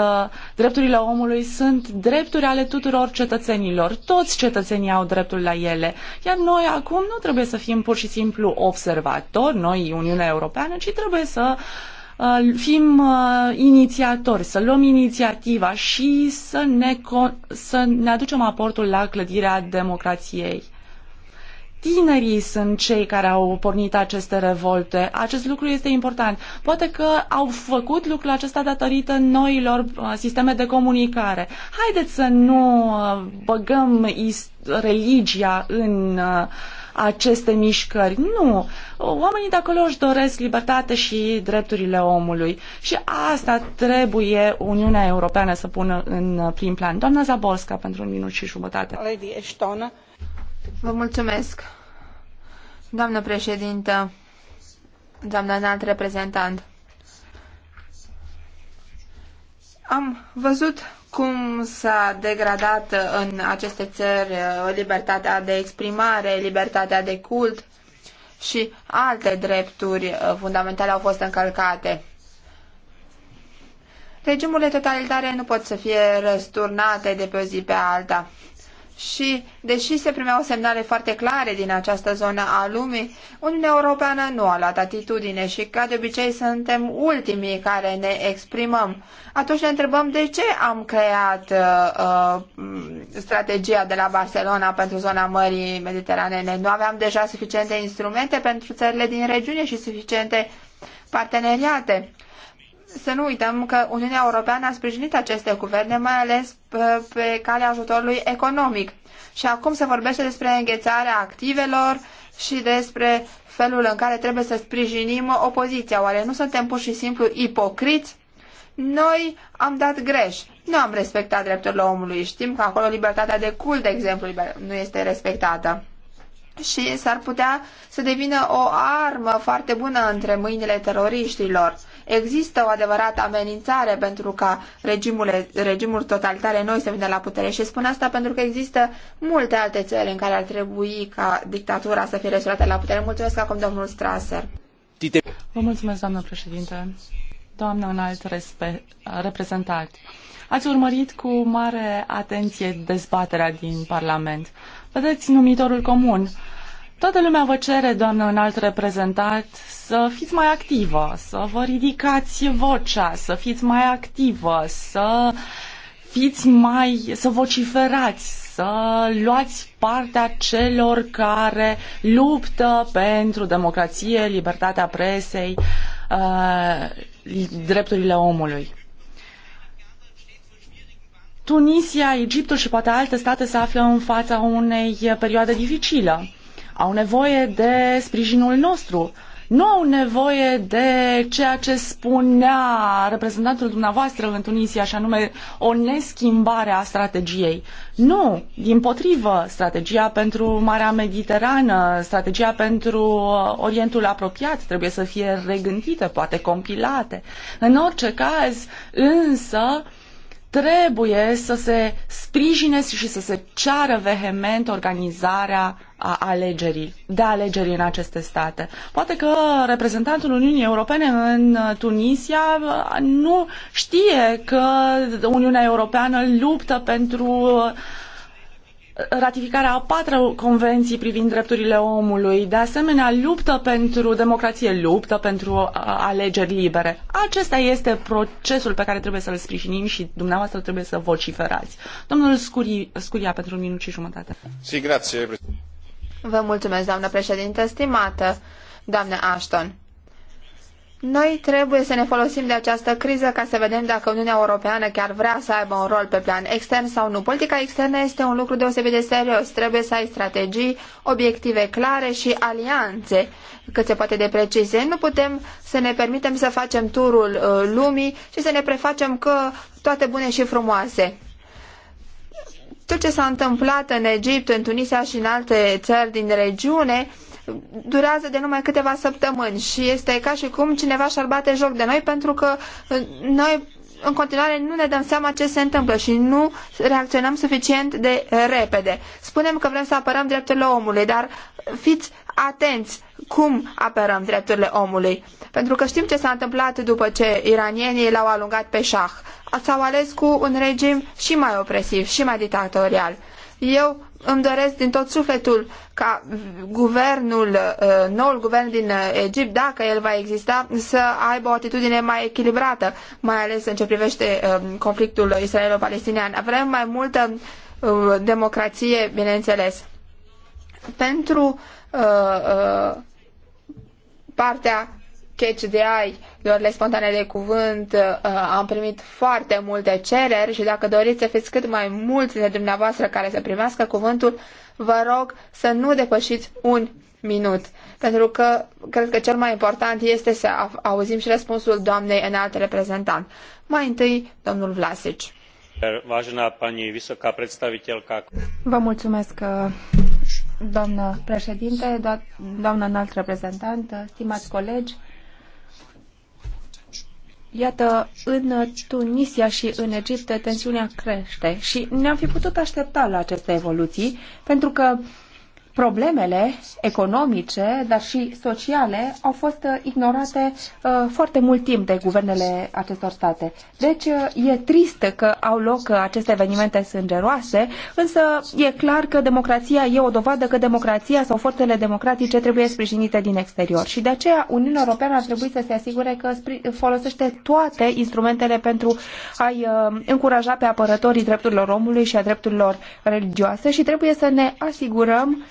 drepturile omului sunt drepturi ale tuturor cetățenilor. Toți cetățenii au dreptul la ele. Iar noi acum nu trebuie să fim pur și simplu observatori, noi, Uniunea Europeană, ci trebuie să uh, fim uh, inițiatori, să luăm inițiativa și să ne, să ne aducem aportul la clădirea democrației tinerii sunt cei care au pornit aceste revolte. Acest lucru este important. Poate că au făcut lucrul acesta datorită noilor uh, sisteme de comunicare. Haideți să nu uh, băgăm religia în uh, aceste mișcări. Nu! Oamenii de acolo își doresc libertate și drepturile omului. Și asta trebuie Uniunea Europeană să pună în prim plan. Doamna Zaborska pentru un minut și jumătate. Lady Ashton, Vă mulțumesc, doamnă președintă, doamnă înalt reprezentant. Am văzut cum s-a degradat în aceste țări uh, libertatea de exprimare, libertatea de cult și alte drepturi uh, fundamentale au fost încălcate. Regimurile totalitare nu pot să fie răsturnate de pe o zi pe alta și, deși se primeau semnale foarte clare din această zonă a lumii, Uniunea Europeană nu a luat atitudine și, ca de obicei, suntem ultimii care ne exprimăm. Atunci ne întrebăm de ce am creat uh, uh, strategia de la Barcelona pentru zona Mării Mediteranene. Nu aveam deja suficiente instrumente pentru țările din regiune și suficiente parteneriate să nu uităm că Uniunea Europeană a sprijinit aceste guverne, mai ales uh, pe calea ajutorului economic. Și acum se vorbește despre înghețarea activelor și despre felul în care trebuie să sprijinim opoziția. Oare nu suntem pur și simplu ipocriți? Noi am dat greș. Nu am respectat drepturile omului. Știm că acolo libertatea de cult, de exemplu, nu este respectată și s-ar putea să devină o armă foarte bună între mâinile teroriștilor. Există o adevărată amenințare pentru ca regimul, regimul totalitare noi să vină la putere și spun asta pentru că există multe alte țări în care ar trebui ca dictatura să fie resurată la putere. Mulțumesc acum domnul Strasser. Vă mulțumesc, doamnă președinte. Doamnă înalt reprezentant, ați urmărit cu mare atenție dezbaterea din Parlament. Vedeți numitorul comun. Toată lumea vă cere, doamnă înalt reprezentat, să fiți mai activă, să vă ridicați vocea, să fiți mai activă, să fiți mai, să vociferați, să luați partea celor care luptă pentru democrație, libertatea presei, uh, drepturile omului. Tunisia, Egiptul și poate alte state se află în fața unei perioade dificile. Au nevoie de sprijinul nostru. Nu au nevoie de ceea ce spunea reprezentantul dumneavoastră în Tunisia, și anume o neschimbare a strategiei. Nu, din potrivă, strategia pentru Marea Mediterană, strategia pentru Orientul Apropiat trebuie să fie regândită, poate compilate. În orice caz, însă, uh, trebuie să se sprijine și să se ceară vehement organizarea a alegerii, de alegeri în aceste state. Poate că reprezentantul Uniunii Europene în Tunisia nu știe că Uniunea Europeană luptă pentru uh, ratificarea a patru convenții privind drepturile omului, de asemenea luptă pentru democrație, luptă pentru uh, alegeri libere. Acesta este procesul pe care trebuie să-l sprijinim și dumneavoastră trebuie să vociferați. Domnul Scuri, Scuria, pentru un minut și jumătate. Si, grație. Vă mulțumesc, doamnă președinte, stimată doamnă Ashton. Noi trebuie să ne folosim de această criză ca să vedem dacă Uniunea Europeană chiar vrea să aibă un rol pe plan extern sau nu. Politica externă este un lucru deosebit de serios. Trebuie să ai strategii, obiective clare și alianțe cât se poate de precise. Nu putem să ne permitem să facem turul uh, lumii și să ne prefacem că toate bune și frumoase. Tot ce s-a întâmplat în Egipt, în Tunisia și în alte țări din regiune durează de numai câteva săptămâni și este ca și cum cineva și-ar bate joc de noi pentru că uh, noi în continuare nu ne dăm seama ce se întâmplă și nu reacționăm suficient de repede. Spunem că vrem să apărăm drepturile omului, dar fiți atenți cum apărăm drepturile omului. Pentru că știm ce s-a întâmplat după ce iranienii l-au alungat pe Shah. S-au ales cu un regim și mai opresiv, și mai dictatorial. Eu îmi doresc din tot sufletul ca guvernul, uh, noul guvern din uh, Egipt, dacă el va exista, să aibă o atitudine mai echilibrată, mai ales în ce privește um, conflictul israelo-palestinian. Avem mai multă uh, democrație, bineînțeles. Pentru uh, Uh, uh, partea catch de ai, lorile spontane de cuvânt, uh, am primit foarte multe cereri și dacă doriți să fiți cât mai mulți de dumneavoastră care să primească cuvântul, vă rog să nu depășiți un minut, pentru că cred că cel mai important este să auzim și răspunsul doamnei înalt reprezentant. Mai întâi, domnul Vlasici. Vă mulțumesc, Doamnă președinte, da, doamnă înalt reprezentant, stimați colegi, Iată, în Tunisia și în Egipt tensiunea crește și ne-am fi putut aștepta la aceste evoluții, pentru că uh, problemele economice, dar și sociale au fost uh, ignorate uh, foarte mult timp de guvernele acestor state. Deci uh, e trist că au loc uh, aceste evenimente sângeroase, însă e clar că democrația e o dovadă că democrația sau forțele democratice trebuie sprijinite din exterior și de aceea Uniunea Europeană ar trebui să se asigure că folosește toate instrumentele pentru a-i uh, încuraja pe apărătorii drepturilor omului și a drepturilor religioase și trebuie să ne asigurăm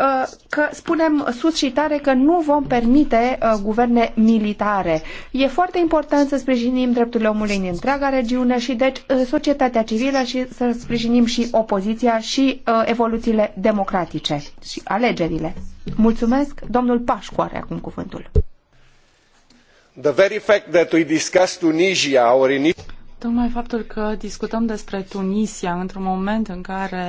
Uh, că spunem sus și tare că nu vom permite uh, guverne militare. E foarte important să sprijinim drepturile omului în întreaga regiune și deci uh, societatea civilă și să sprijinim și opoziția și evoluțiile democratice și alegerile. Mulțumesc. Domnul Pașcu are acum cuvântul. The very fact that we discuss Tunisia or in... Tocmai faptul că discutăm despre Tunisia într-un moment în care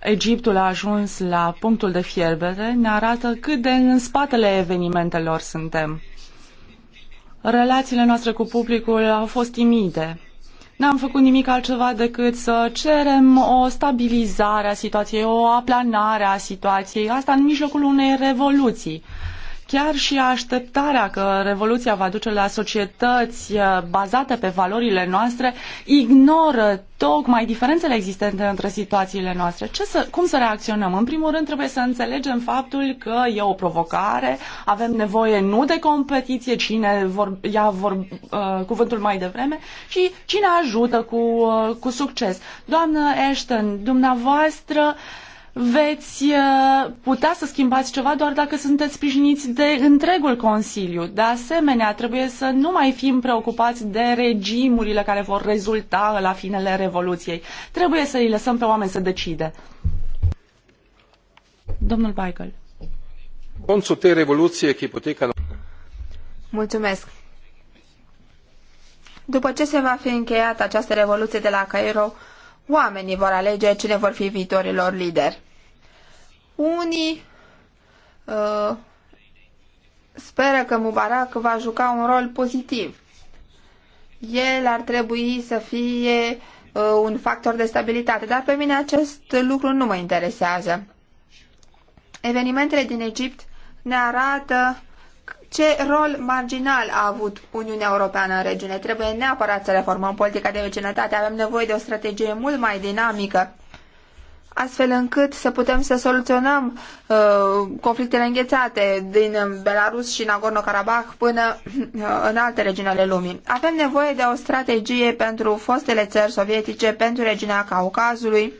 Egiptul a ajuns la punctul de fierbere ne arată cât de în spatele evenimentelor suntem. Relațiile noastre cu publicul au fost timide. N-am făcut nimic altceva decât să cerem o stabilizare a situației, o aplanare a situației, asta în mijlocul unei revoluții. Chiar și așteptarea că revoluția va duce la societăți eh, bazate pe valorile noastre ignoră tocmai diferențele existente între situațiile noastre. Ce să, cum să reacționăm? În primul rând trebuie să înțelegem faptul că e o provocare, avem nevoie nu de competiție, cine vor, ia vor, uh, cuvântul mai devreme, și cine ajută cu, uh, cu succes. Doamnă Ashton, dumneavoastră uh, veți uh, putea să schimbați ceva doar dacă sunteți sprijiniți de întregul Consiliu. De asemenea, trebuie să nu mai fim preocupați de regimurile care vor rezulta la finele Revoluției. Trebuie să îi lăsăm pe oameni să decide. Domnul Baigel. Koncu revoluție Mulțumesc. După ce se va fi încheiat această revoluție de la Cairo, oamenii vor alege cine vor fi viitorilor lideri. Unii uh, speră că Mubarak va juca un rol pozitiv. El ar trebui să fie uh, un factor de stabilitate, dar pe mine acest lucru nu mă interesează. Evenimentele din Egipt ne arată ce rol marginal a avut Uniunea Europeană în regiune. Trebuie neapărat să reformăm politica de vecinătate. Avem nevoie de o strategie mult mai dinamică astfel încât să putem să soluționăm uh, conflictele înghețate din Belarus și Nagorno-Karabakh până uh, în alte regiuni ale lumii. Avem nevoie de o strategie pentru fostele țări sovietice, pentru regiunea Caucazului,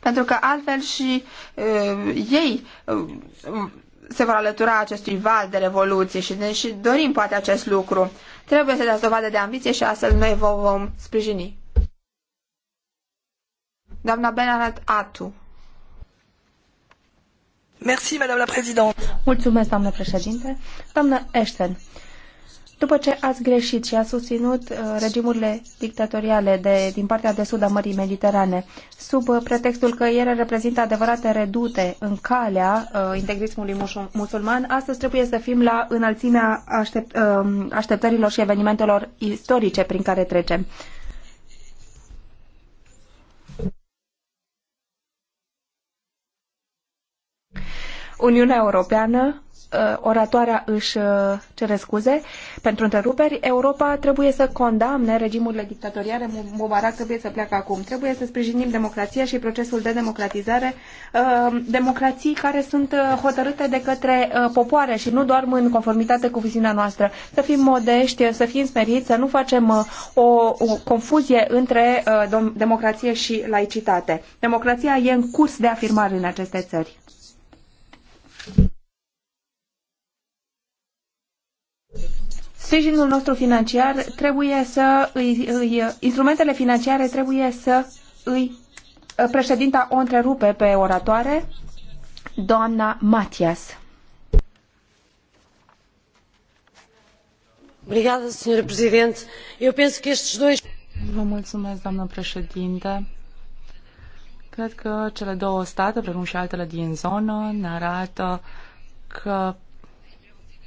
pentru că altfel și uh, ei uh, se vor alătura acestui val de revoluție și, și dorim poate acest lucru. Trebuie să dați dovadă de ambiție și astfel noi vă vom sprijini. Doamna Benarat Atu. Merci, Mulțumesc, doamnă președinte. Doamnă Eșten, după ce ați greșit și a susținut uh, regimurile dictatoriale de, din partea de sud a Mării Mediterane, sub uh, pretextul că ele reprezintă adevărate redute în calea uh, integrismului musulman, astăzi trebuie să fim la înălțimea aștept, uh, așteptărilor și evenimentelor istorice prin care trecem. Uniunea Europeană Uh, oratoarea își uh, cere scuze pentru întreruperi. Europa trebuie să condamne regimurile dictatoriale. Mubarak trebuie să pleacă acum. Trebuie să sprijinim democrația și procesul de democratizare. Uh, democrații care sunt hotărâte de către popoare și nu doar în conformitate cu viziunea noastră. Să fim modești, să fim smeriți, să nu facem o, o confuzie între democrație și laicitate. Democrația e în curs de afirmare în aceste țări. Sprijinul nostru financiar trebuie să îi, îi, instrumentele financiare trebuie să îi ă, președinta o întrerupe pe oratoare, doamna Matias. Obrigada, senhora presidente. Eu penso que estes dois Vă mulțumesc, doamnă președinte. Cred că cele două state, precum și altele din zonă, ne arată că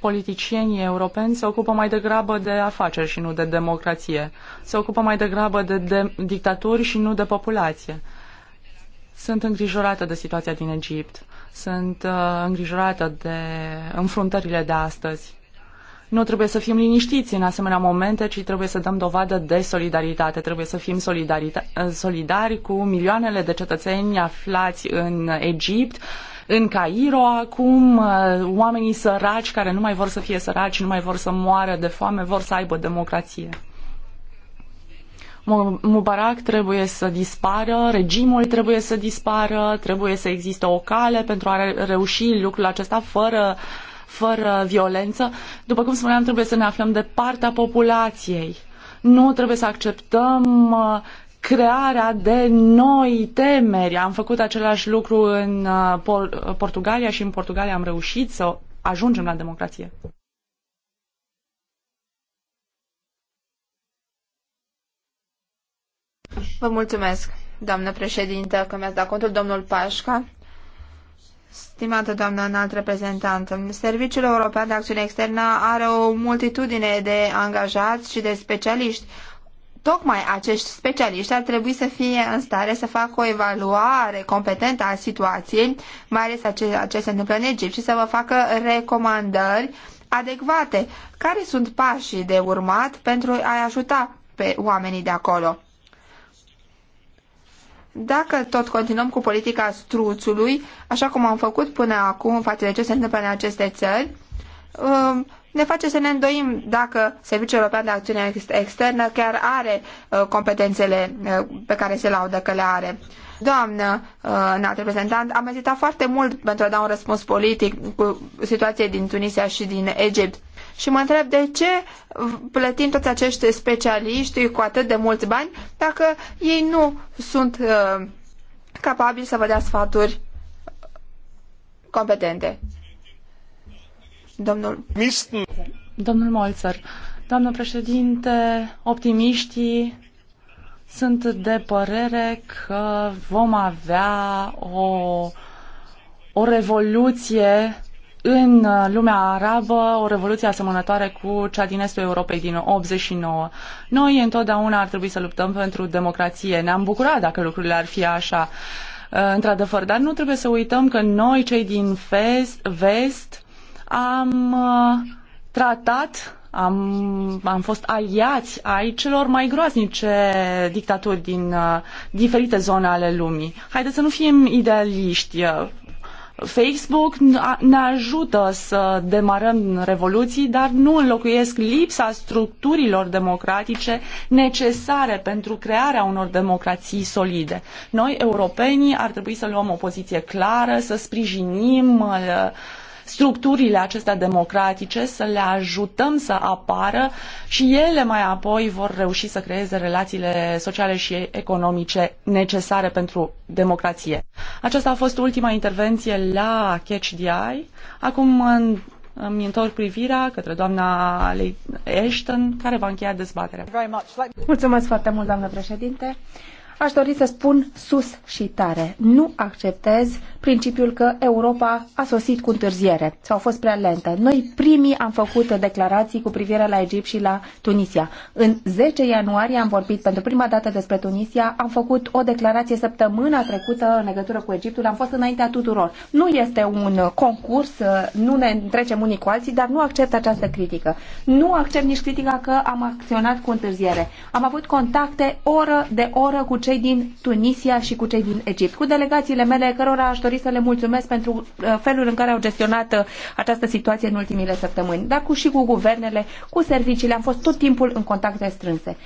politicienii europeni se ocupă mai degrabă de afaceri și nu de democrație. Se ocupă mai degrabă de, de dictaturi și nu de populație. Sunt îngrijorată de situația din Egipt. Sunt uh, îngrijorată de înfruntările de astăzi. Nu trebuie să fim liniștiți în asemenea momente, ci trebuie să dăm dovadă de solidaritate. Trebuie să fim solidari cu milioanele de cetățeni aflați în Egipt, în Cairo acum, uh, oamenii săraci care nu mai vor să fie săraci, nu mai vor să moară de foame, vor să aibă democrație. Mubarak trebuie să dispară, regimul trebuie să dispară, trebuie să existe o cale pentru a reuși lucrul acesta fără, fără violență. După cum spuneam, trebuie să ne aflăm de partea populației. Nu trebuie să acceptăm uh, crearea de noi temeri. Am făcut același lucru în uh, Pol- uh, Portugalia și în Portugalia am reușit să ajungem la democrație. Vă mulțumesc, doamnă președintă, că mi-ați dat contul, domnul Pașca. Stimată doamnă înalt reprezentant, Serviciul European de Acțiune Externă are o multitudine de angajați și de specialiști Tocmai acești specialiști ar trebui să fie în stare să facă o evaluare competentă a situației, mai ales a ce, ce se întâmplă în Egipt, și să vă facă recomandări adecvate. Care sunt pașii de urmat pentru a-i ajuta pe oamenii de acolo? Dacă tot continuăm cu politica struțului, așa cum am făcut până acum față de ce se întâmplă în aceste țări, um, ne face să ne îndoim dacă Serviciul European de Acțiune Externă chiar are uh, competențele uh, pe care se laudă că le are. Doamnă uh, înalt reprezentant, am ezitat foarte mult pentru a da un răspuns politic cu situației din Tunisia și din Egipt. Și mă întreb de ce plătim toți acești specialiști cu atât de mulți bani dacă ei nu sunt uh, capabili să vă dea sfaturi competente. Domnul... Domnul Molzer, doamnă președinte, optimiștii sunt de părere că vom avea o, o revoluție în lumea arabă, o revoluție asemănătoare cu cea din estul Europei din 89. Noi întotdeauna ar trebui să luptăm pentru democrație. Ne-am bucurat dacă lucrurile ar fi așa. Într-adevăr, dar nu trebuie să uităm că noi, cei din vest am uh, tratat, am, am fost aliați ai celor mai groaznice dictaturi din uh, diferite zone ale lumii. Haideți să nu fim idealiști. Uh, Facebook ne ajută să demarăm revoluții, dar nu înlocuiesc lipsa structurilor democratice necesare pentru crearea unor democrații solide. Noi, europenii, ar trebui să luăm o poziție clară, să sprijinim uh, structurile acestea democratice, să le ajutăm să apară și ele mai apoi vor reuși să creeze relațiile sociale și economice necesare pentru democrație. Aceasta a fost ultima intervenție la Catch the Eye. Acum îmi întorc privirea către doamna Ashton, care va încheia dezbaterea. Mulțumesc foarte mult, doamnă președinte aș dori să spun sus și tare. Nu acceptez principiul că Europa a sosit cu întârziere sau a fost prea lentă. Noi primii am făcut declarații cu privire la Egipt și la Tunisia. În 10 ianuarie am vorbit pentru prima dată despre Tunisia, am făcut o declarație săptămâna trecută în legătură cu Egiptul, am fost înaintea tuturor. Nu este un concurs, nu ne întrecem unii cu alții, dar nu accept această critică. Nu accept nici critica că am acționat cu întârziere. Am avut contacte oră de oră cu cei din Tunisia și cu cei din Egipt, cu delegațiile mele, cărora aș dori să le mulțumesc pentru uh, felul în care au gestionat uh, această situație în ultimile săptămâni, dar cu și cu guvernele, cu serviciile, am fost tot timpul în contacte strânse.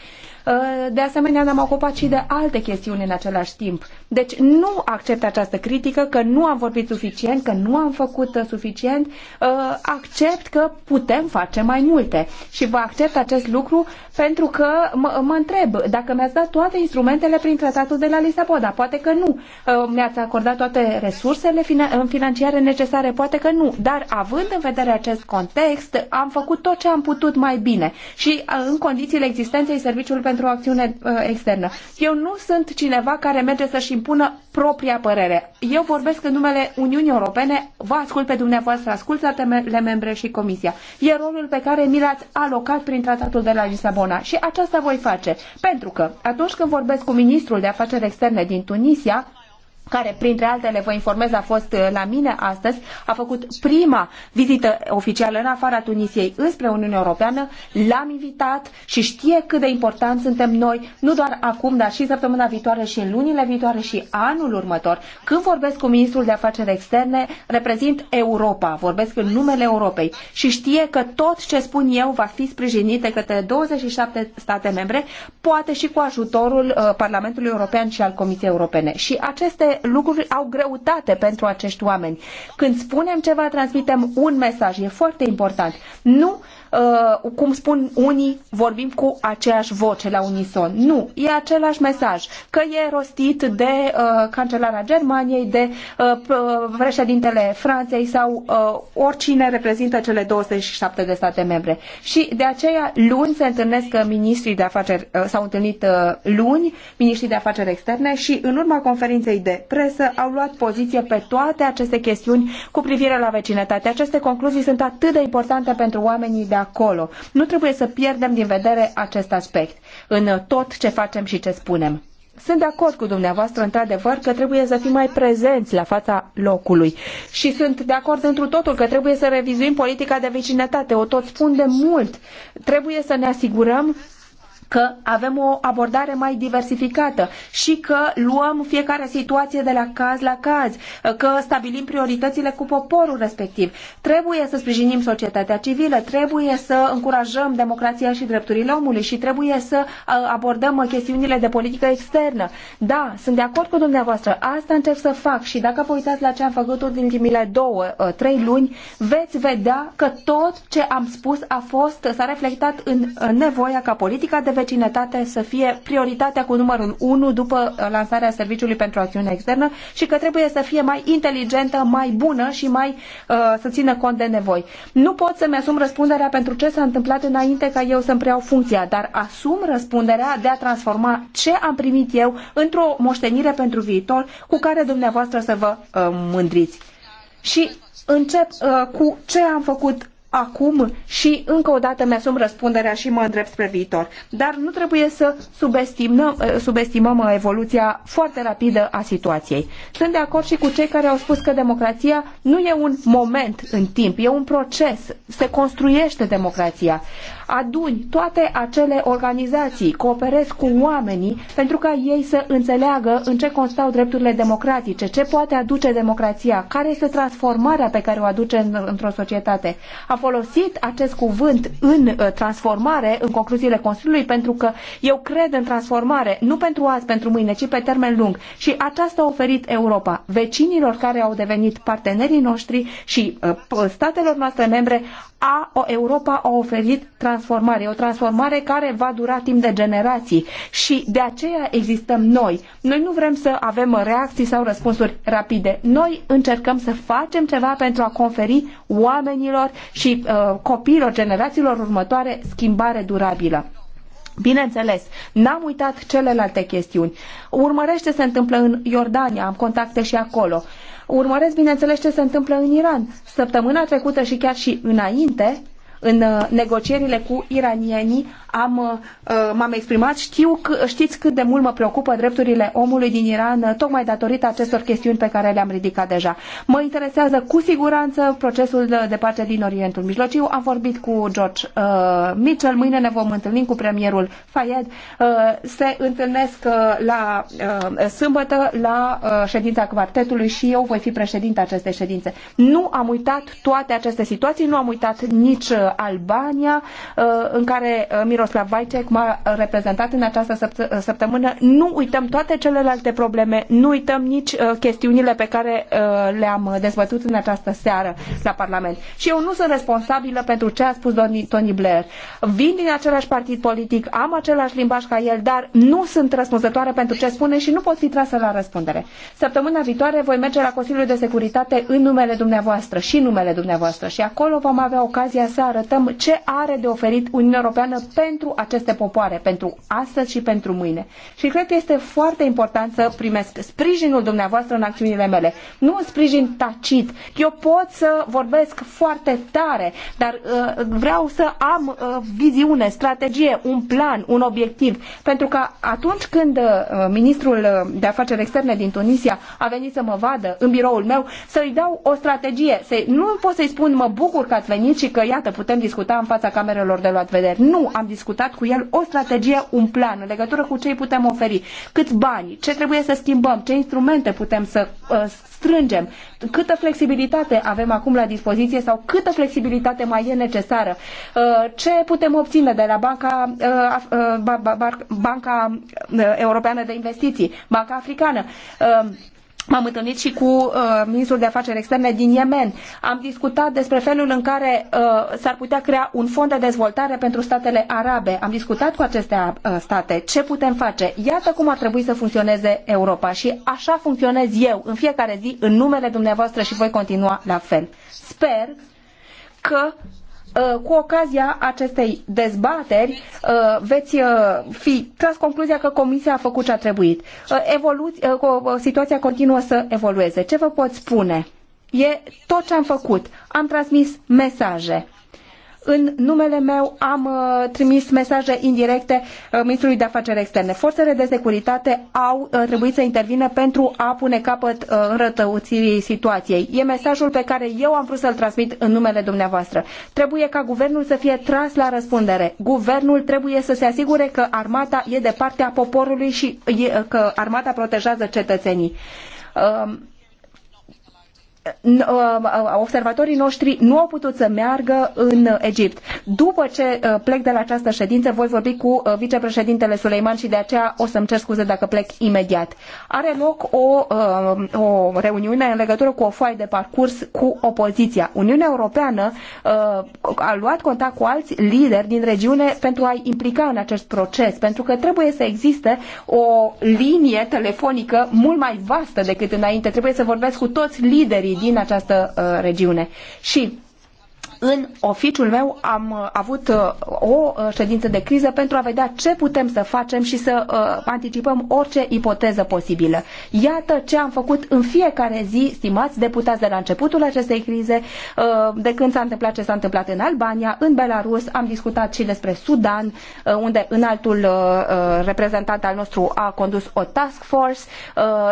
Uh, de asemenea ne-am ocupat și de alte chestiuni în același timp. Deci nu accept această critică că nu am vorbit suficient, că nu am făcut uh, suficient. Uh, accept că putem face mai multe și vă accept acest lucru pentru că mă întreb dacă mi-ați dat toate instrumentele prin tratatul de la Lisaboda, Poate că nu. Mi-ați acordat toate resursele financiare necesare. Poate că nu. Dar având în vedere acest context, am făcut tot ce am putut mai bine. Și în condițiile existenței Serviciului pentru pentru o acțiune uh, externă. Eu nu sunt cineva care merge să-și impună propria părere. Eu vorbesc în numele Uniunii Europene, vă ascult pe dumneavoastră, ascult statele membre și Comisia. E rolul pe care mi l-ați alocat prin tratatul de la Lisabona și aceasta voi face. Pentru că atunci când vorbesc cu ministrul de afaceri externe din Tunisia, care, printre altele, vă informez, a fost uh, la mine astăzi, a făcut prima vizită oficială în afara Tunisiei înspre Uniunea Europeană. L-am invitat și știe cât de important suntem noi, nu doar acum, dar și săptămâna viitoare și în lunile viitoare și anul următor. Când vorbesc cu ministrul de afaceri externe, reprezint Europa, vorbesc în numele Europei și știe că tot ce spun eu va fi sprijinit de către 27 state membre, poate și cu ajutorul uh, Parlamentului European și al Comisiei Europene. Și aceste lucruri au greutate pentru acești oameni. Când spunem ceva, transmitem un mesaj. E foarte important. Nu Uh, cum spun unii, vorbim cu aceeași voce la unison. Nu, e același mesaj, că e rostit de uh, cancelara Germaniei, de uh, președintele Franței sau oricine reprezintă cele 27 de state membre. Și de aceea luni se întâlnesc ministrii de afaceri, s-au întâlnit luni ministrii de afaceri externe și în urma conferinței de presă au luat poziție pe toate aceste chestiuni cu privire la vecinătate. Aceste concluzii sunt atât de importante pentru oamenii de acolo. Nu trebuie să pierdem din vedere acest aspect în tot ce facem și ce spunem. Sunt de acord cu dumneavoastră, într-adevăr, că trebuie să fim mai prezenți la fața locului. Și sunt de acord întru totul că trebuie să revizuim politica de vecinătate. O tot spun de mult. Trebuie să ne asigurăm că avem o abordare mai diversificată și că luăm fiecare situație de la caz la caz, că stabilim prioritățile cu poporul respectiv. Trebuie să sprijinim societatea civilă, trebuie să încurajăm democrația și drepturile omului și trebuie să abordăm chestiunile de politică externă. Da, sunt de acord cu dumneavoastră, asta încerc să fac și dacă vă uitați la ce am făcut în ultimile două, ă, trei luni, veți vedea că tot ce am spus a fost, s-a reflectat în nevoia ca politica de vecinătate să fie prioritatea cu numărul 1 după lansarea Serviciului pentru Acțiune Externă și că trebuie să fie mai inteligentă, mai bună și mai uh, să țină cont de nevoi. Nu pot să-mi asum răspunderea pentru ce s-a întâmplat înainte ca eu să-mi preiau funcția, dar asum răspunderea de a transforma ce am primit eu într-o moștenire pentru viitor cu care dumneavoastră să vă uh, mândriți. Și încep uh, cu ce am făcut acum și încă o dată mi-asum răspunderea și mă îndrept spre viitor. Dar nu trebuie să subestimăm, eh, subestimăm eh, evoluția foarte rapidă a situației. Sunt de acord și cu cei care au spus că democrația nu e un moment în timp, e un proces. Se construiește democrația aduni toate acele organizații, cooperezi cu oamenii pentru ca ei să înțeleagă în ce constau drepturile democratice, ce poate aduce democrația, care este transformarea pe care o aduce într-o societate. Am folosit acest cuvânt în uh, transformare, în concluziile Consiliului, pentru că eu cred în transformare, nu pentru azi, pentru mâine, ci pe termen lung. Și aceasta a oferit Europa vecinilor care au devenit partenerii noștri și uh, statelor noastre membre, a, Europa a oferit transformare transformare, e o transformare care va dura timp de generații și de aceea existăm noi. Noi nu vrem să avem reacții sau răspunsuri rapide. Noi încercăm să facem ceva pentru a conferi oamenilor și uh, copiilor, generațiilor următoare, schimbare durabilă. Bineînțeles, n-am uitat celelalte chestiuni. Urmărește ce se întâmplă în Iordania, am contacte și acolo. Urmăresc, bineînțeles, ce se întâmplă în Iran. Săptămâna trecută și chiar și înainte, în uh, negocierile cu iranienii am, uh, m-am exprimat. Știu, știți cât de mult mă preocupă drepturile omului din Iran, uh, tocmai datorită acestor chestiuni pe care le-am ridicat deja. Mă interesează cu siguranță procesul de pace din Orientul Mijlociu. Am vorbit cu George uh, Mitchell. Mâine ne vom întâlni cu premierul Fayed. Uh, se întâlnesc uh, la uh, sâmbătă la uh, ședința quartetului și eu voi fi președinte acestei ședințe. Nu am uitat toate aceste situații, nu am uitat nici uh, Albania, uh, în care uh, Miroslav Vajcek m-a reprezentat în această săptămână. Nu uităm toate celelalte probleme, nu uităm nici uh, chestiunile pe care uh, le-am dezbătut în această seară la Parlament. Și eu nu sunt responsabilă pentru ce a spus Tony Blair. Vin din același partid politic, am același limbaj ca el, dar nu sunt răspunzătoare pentru ce spune și nu pot fi trasă la răspundere. Săptămâna viitoare voi merge la Consiliul de Securitate în numele dumneavoastră și numele dumneavoastră și acolo vom avea ocazia să arătăm ce are de oferit Uniunea Europeană pentru pentru aceste popoare, pentru astăzi și pentru mâine. Și cred că este foarte important să primesc sprijinul dumneavoastră în acțiunile mele. Nu un sprijin tacit. Eu pot să vorbesc foarte tare, dar uh, vreau să am uh, viziune, strategie, un plan, un obiectiv. Pentru că atunci când uh, ministrul de afaceri externe din Tunisia a venit să mă vadă în biroul meu, să-i dau o strategie. Să nu pot să-i spun mă bucur că ați venit și că iată putem discuta în fața camerelor de luat vederi. Nu, am discutat discutat cu el o strategie, un plan în legătură cu ce îi putem oferi, cât bani, ce trebuie să schimbăm, ce instrumente putem să uh, strângem, câtă flexibilitate avem acum la dispoziție sau câtă flexibilitate mai e necesară, uh, ce putem obține de la Banca, uh, uh ba, ba, ba, Banca uh, Europeană de Investiții, Banca Africană. Uh, M-am întâlnit și cu uh, ministrul de afaceri externe din Yemen. Am discutat despre felul în care uh, s-ar putea crea un fond de dezvoltare pentru statele arabe. Am discutat cu aceste uh, state ce putem face. Iată cum ar trebui să funcționeze Europa și așa funcționez eu în fiecare zi în numele dumneavoastră și voi continua la fel. Sper că Uh, cu ocazia acestei dezbateri uh, veți uh, fi tras concluzia că Comisia a făcut ce a trebuit. Evolu- situația continuă să evolueze. Ce vă pot spune? E tot ce am făcut. Am transmis mesaje în numele meu am uh, trimis mesaje indirecte uh, ministrului de afaceri externe. Forțele de securitate au uh, trebuit să intervină pentru a pune capăt înrătăuțirii situației. E mesajul pe care eu am vrut să-l transmit în numele dumneavoastră. Trebuie ca guvernul să fie tras la răspundere. Guvernul trebuie să se asigure că armata e de partea poporului și că armata protejează cetățenii. Um, Uh, uh, observatorii noștri nu au putut să meargă în Egipt. După ce uh, plec de la această ședință, voi vorbi cu vicepreședintele Suleiman și de aceea o să-mi cer scuze dacă plec imediat. Are loc o, o reuniune în legătură cu o foaie de parcurs cu opoziția. Uniunea Europeană a luat contact cu alți lideri din regiune pentru a-i implica în acest proces, pentru că trebuie să existe o linie telefonică mult mai vastă decât înainte. Trebuie să vorbesc cu toți liderii din această uh, regiune. Și în oficiul meu am uh, avut uh, o uh, ședință de criză pentru a vedea ce putem să facem și să anticipăm orice ipoteză posibilă. Iată ce am făcut în fiecare zi, stimați deputați, de la începutul acestei crize, de când s-a întâmplat ce s-a întâmplat în Albania, în Belarus, am discutat și despre Sudan, unde altul reprezentant al nostru a condus o task force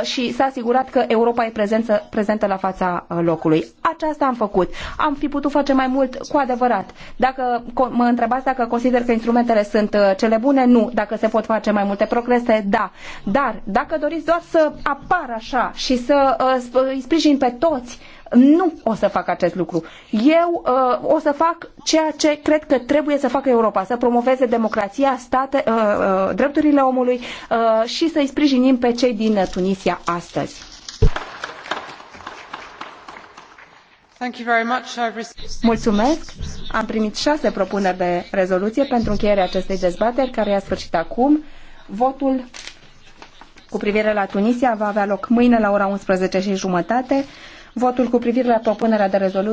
și s-a asigurat că Europa e prezentă, prezentă la fața locului. Aceasta am făcut. Am fi putut face mai mult mult cu adevărat. Dacă mă întrebați dacă consider că instrumentele sunt uh, cele bune, nu. Dacă se pot face mai multe progrese, da. Dar dacă doriți doar să apar așa și să uh, îi sprijin pe toți, nu o să fac acest lucru. Eu uh, o să fac ceea ce cred că trebuie să facă Europa, să promoveze democrația, state, uh, uh, drepturile omului uh, și să-i sprijinim pe cei din Tunisia astăzi. Mulțumesc. Am primit șase propuneri de rezoluție pentru încheierea acestei dezbateri, care a sfârșit acum. Votul cu privire la Tunisia va avea loc mâine la ora 11 și jumătate. Votul cu privire la propunerea de rezoluție